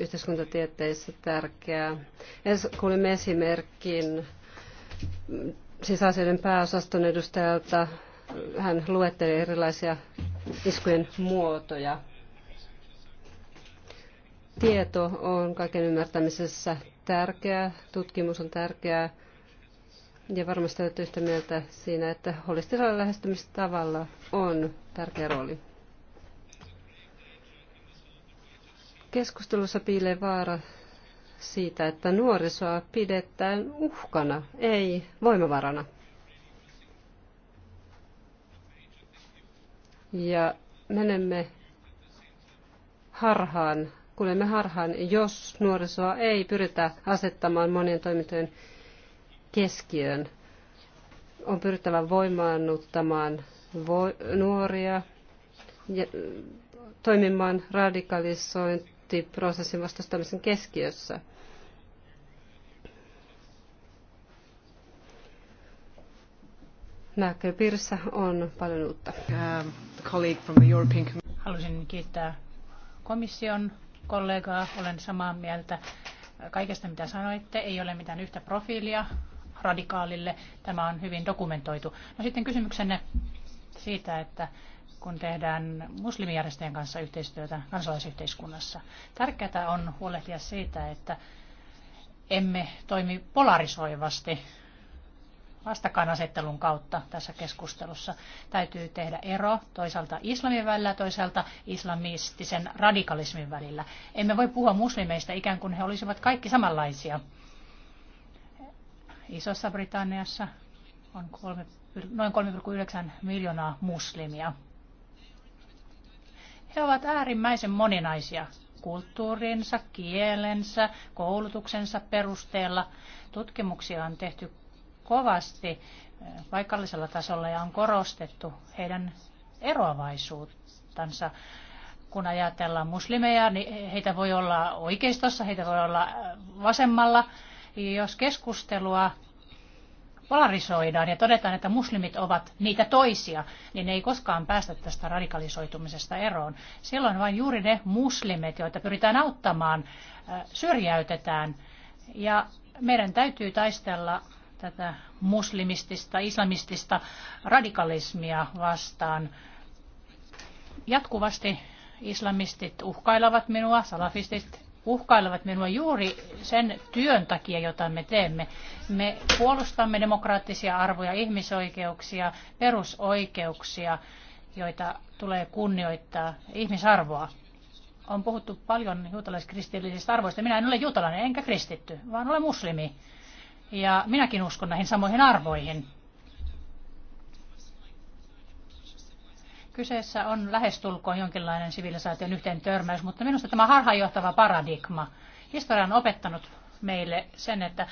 yhteiskuntatieteissä tärkeää. Ensin kuulimme esimerkin sisäasioiden pääosaston edustajalta. Hän luetteli erilaisia iskujen muotoja. Tieto on kaiken ymmärtämisessä tärkeää, tutkimus on tärkeää, ja varmasti olet yhtä mieltä siinä, että holistisella lähestymistavalla on tärkeä rooli. Keskustelussa piilee vaara siitä, että nuorisoa pidetään uhkana, ei voimavarana. Ja menemme harhaan, kuljemme harhaan, jos nuorisoa ei pyritä asettamaan monien toimintojen keskiöön. On pyrittävä voimaannuttamaan nuoria ja toimimaan radikalisointiprosessin vastustamisen keskiössä. näköpiirissä on paljon uutta. Um, Haluaisin kiittää komission kollegaa. Olen samaa mieltä kaikesta, mitä sanoitte. Ei ole mitään yhtä profiilia radikaalille. Tämä on hyvin dokumentoitu. No sitten kysymyksenne siitä, että kun tehdään muslimijärjestöjen kanssa yhteistyötä kansalaisyhteiskunnassa. Tärkeää on huolehtia siitä, että emme toimi polarisoivasti vastakkainasettelun kautta tässä keskustelussa. Täytyy tehdä ero toisaalta islamin välillä, toisaalta islamistisen radikalismin välillä. Emme voi puhua muslimeista ikään kuin he olisivat kaikki samanlaisia. Isossa Britanniassa on kolme, noin 3,9 miljoonaa muslimia. He ovat äärimmäisen moninaisia kulttuurinsa, kielensä, koulutuksensa perusteella. Tutkimuksia on tehty kovasti eh, paikallisella tasolla ja on korostettu heidän eroavaisuuttansa. Kun ajatellaan muslimeja, niin heitä voi olla oikeistossa, heitä voi olla eh, vasemmalla, jos keskustelua polarisoidaan ja todetaan, että muslimit ovat niitä toisia, niin ei koskaan päästä tästä radikalisoitumisesta eroon. Silloin vain juuri ne muslimit, joita pyritään auttamaan, syrjäytetään. Ja meidän täytyy taistella tätä muslimistista, islamistista radikalismia vastaan. Jatkuvasti islamistit uhkailevat minua, salafistit uhkailevat minua juuri sen työn takia, jota me teemme. Me puolustamme demokraattisia arvoja, ihmisoikeuksia, perusoikeuksia, joita tulee kunnioittaa, ihmisarvoa. On puhuttu paljon juutalaiskristillisistä arvoista. Minä en ole juutalainen enkä kristitty, vaan olen muslimi. Ja minäkin uskon näihin samoihin arvoihin. Kyseessä on lähestulkoon jonkinlainen sivilisaation yhteen törmäys, mutta minusta tämä harhaanjohtava paradigma. Historia on opettanut meille sen, että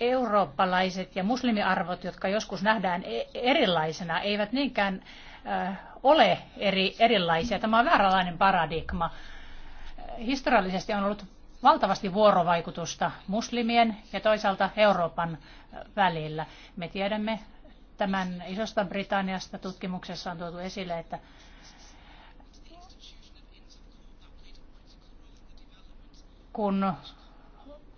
eurooppalaiset ja muslimiarvot, jotka joskus nähdään e- erilaisena, eivät niinkään ole eri, erilaisia. Tämä on vääränlainen paradigma. Historiallisesti on ollut valtavasti vuorovaikutusta muslimien ja toisaalta Euroopan välillä. Me tiedämme tämän isosta Britanniasta tutkimuksessa on tuotu esille, että kun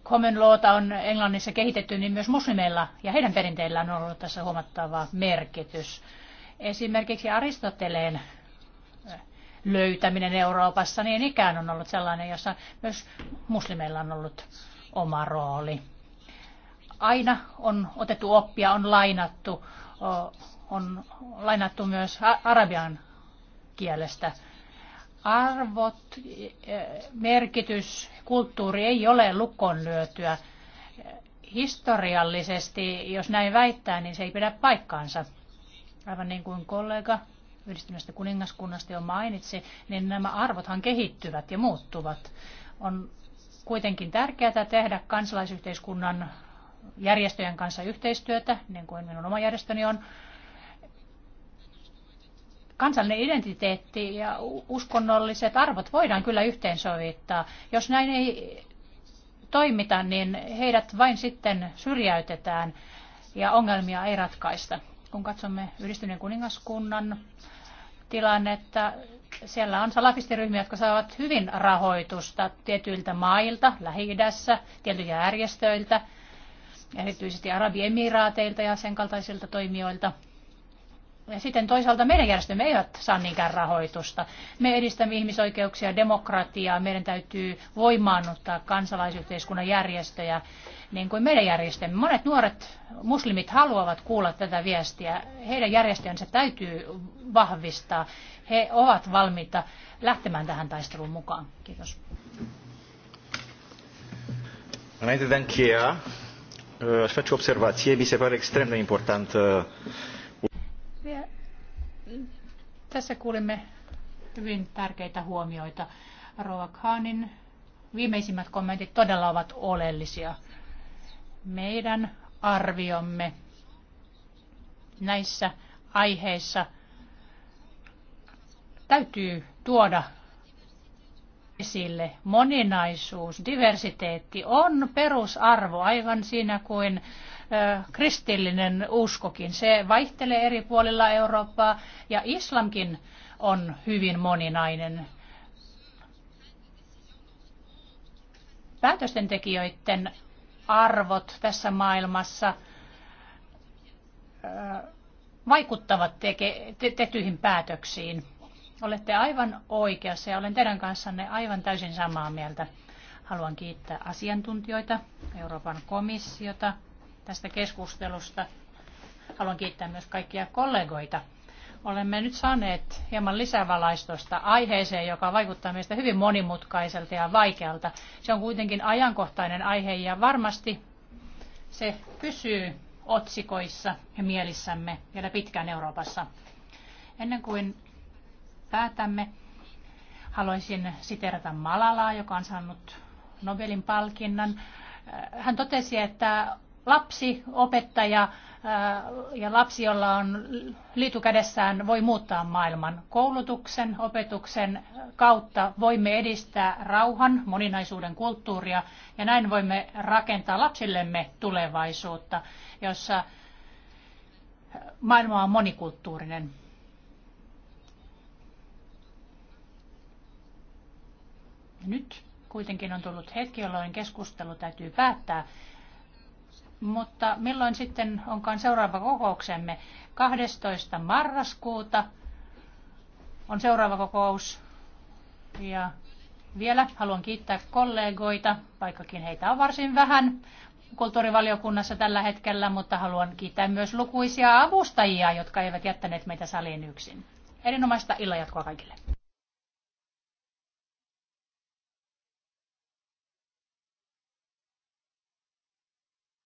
common lawta on Englannissa kehitetty, niin myös muslimeilla ja heidän perinteillään on ollut tässä huomattava merkitys. Esimerkiksi Aristoteleen löytäminen Euroopassa niin ikään on ollut sellainen, jossa myös muslimeilla on ollut oma rooli aina on otettu oppia, on lainattu, on lainattu myös arabian kielestä. Arvot, e, merkitys, kulttuuri ei ole lukon lyötyä. Historiallisesti, jos näin väittää, niin se ei pidä paikkaansa. Aivan niin kuin kollega yhdistyneestä kuningaskunnasta jo mainitsi, niin nämä arvothan kehittyvät ja muuttuvat. On kuitenkin tärkeää tehdä kansalaisyhteiskunnan järjestöjen kanssa yhteistyötä, niin kuin minun oma järjestöni on. Kansallinen identiteetti ja uskonnolliset arvot voidaan kyllä yhteensovittaa. Jos näin ei toimita, niin heidät vain sitten syrjäytetään ja ongelmia ei ratkaista. Kun katsomme yhdistyneen kuningaskunnan tilannetta, siellä on salafistiryhmiä, jotka saavat hyvin rahoitusta tietyiltä mailta, lähi tietyiltä järjestöiltä – erityisesti Arabiemiraateilta ja sen kaltaisilta toimijoilta. Ja sitten toisaalta meidän järjestömme eivät saa niinkään rahoitusta. Me edistämme ihmisoikeuksia, demokratiaa, meidän täytyy voimaannuttaa kansalaisyhteiskunnan järjestöjä, niin kuin meidän järjestömme. Monet nuoret muslimit haluavat kuulla tätä viestiä. Heidän järjestöjensä täytyy vahvistaa. He ovat valmiita lähtemään tähän taisteluun mukaan. Kiitos. Näitä tämän Aș face o observație. Mi se pare extrem de important. Uh, Tässä kuulimme hyvin tärkeitä huomioita. Rova Khanin viimeisimmät kommentit todella ovat oleellisia. Meidän arviomme näissä aiheissa täytyy tuoda esille. Moninaisuus, diversiteetti on perusarvo aivan siinä kuin kristillinen uskokin. Se vaihtelee eri puolilla Eurooppaa ja islamkin on hyvin moninainen. Päätösten tekijöiden arvot tässä maailmassa vaikuttavat teke, te, tehtyihin päätöksiin. Olette aivan oikeassa ja olen teidän kanssanne aivan täysin samaa mieltä. Haluan kiittää asiantuntijoita, Euroopan komissiota tästä keskustelusta. Haluan kiittää myös kaikkia kollegoita. Olemme nyt saaneet hieman lisävalaistusta aiheeseen, joka vaikuttaa meistä hyvin monimutkaiselta ja vaikealta. Se on kuitenkin ajankohtainen aihe ja varmasti se pysyy otsikoissa ja mielissämme vielä pitkään Euroopassa. Ennen kuin päätämme. Haluaisin siterata Malalaa, joka on saanut Nobelin palkinnan. Äh, hän totesi, että lapsi, opettaja äh, ja lapsi, jolla on kädessään, voi muuttaa maailman. Koulutuksen, opetuksen kautta voimme edistää rauhan, moninaisuuden kulttuuria ja näin voimme rakentaa lapsillemme tulevaisuutta, jossa maailma on monikulttuurinen. Nyt kuitenkin on tullut hetki, jolloin keskustelu täytyy päättää. Mutta milloin sitten onkaan seuraava kokouksemme? 12. marraskuuta on seuraava kokous. Ja vielä haluan kiittää kollegoita, vaikkakin heitä on varsin vähän kulttuurivaliokunnassa tällä hetkellä, mutta haluan kiittää myös lukuisia avustajia, jotka eivät jättäneet meitä saliin yksin. Erinomaista illanjatkoa kaikille.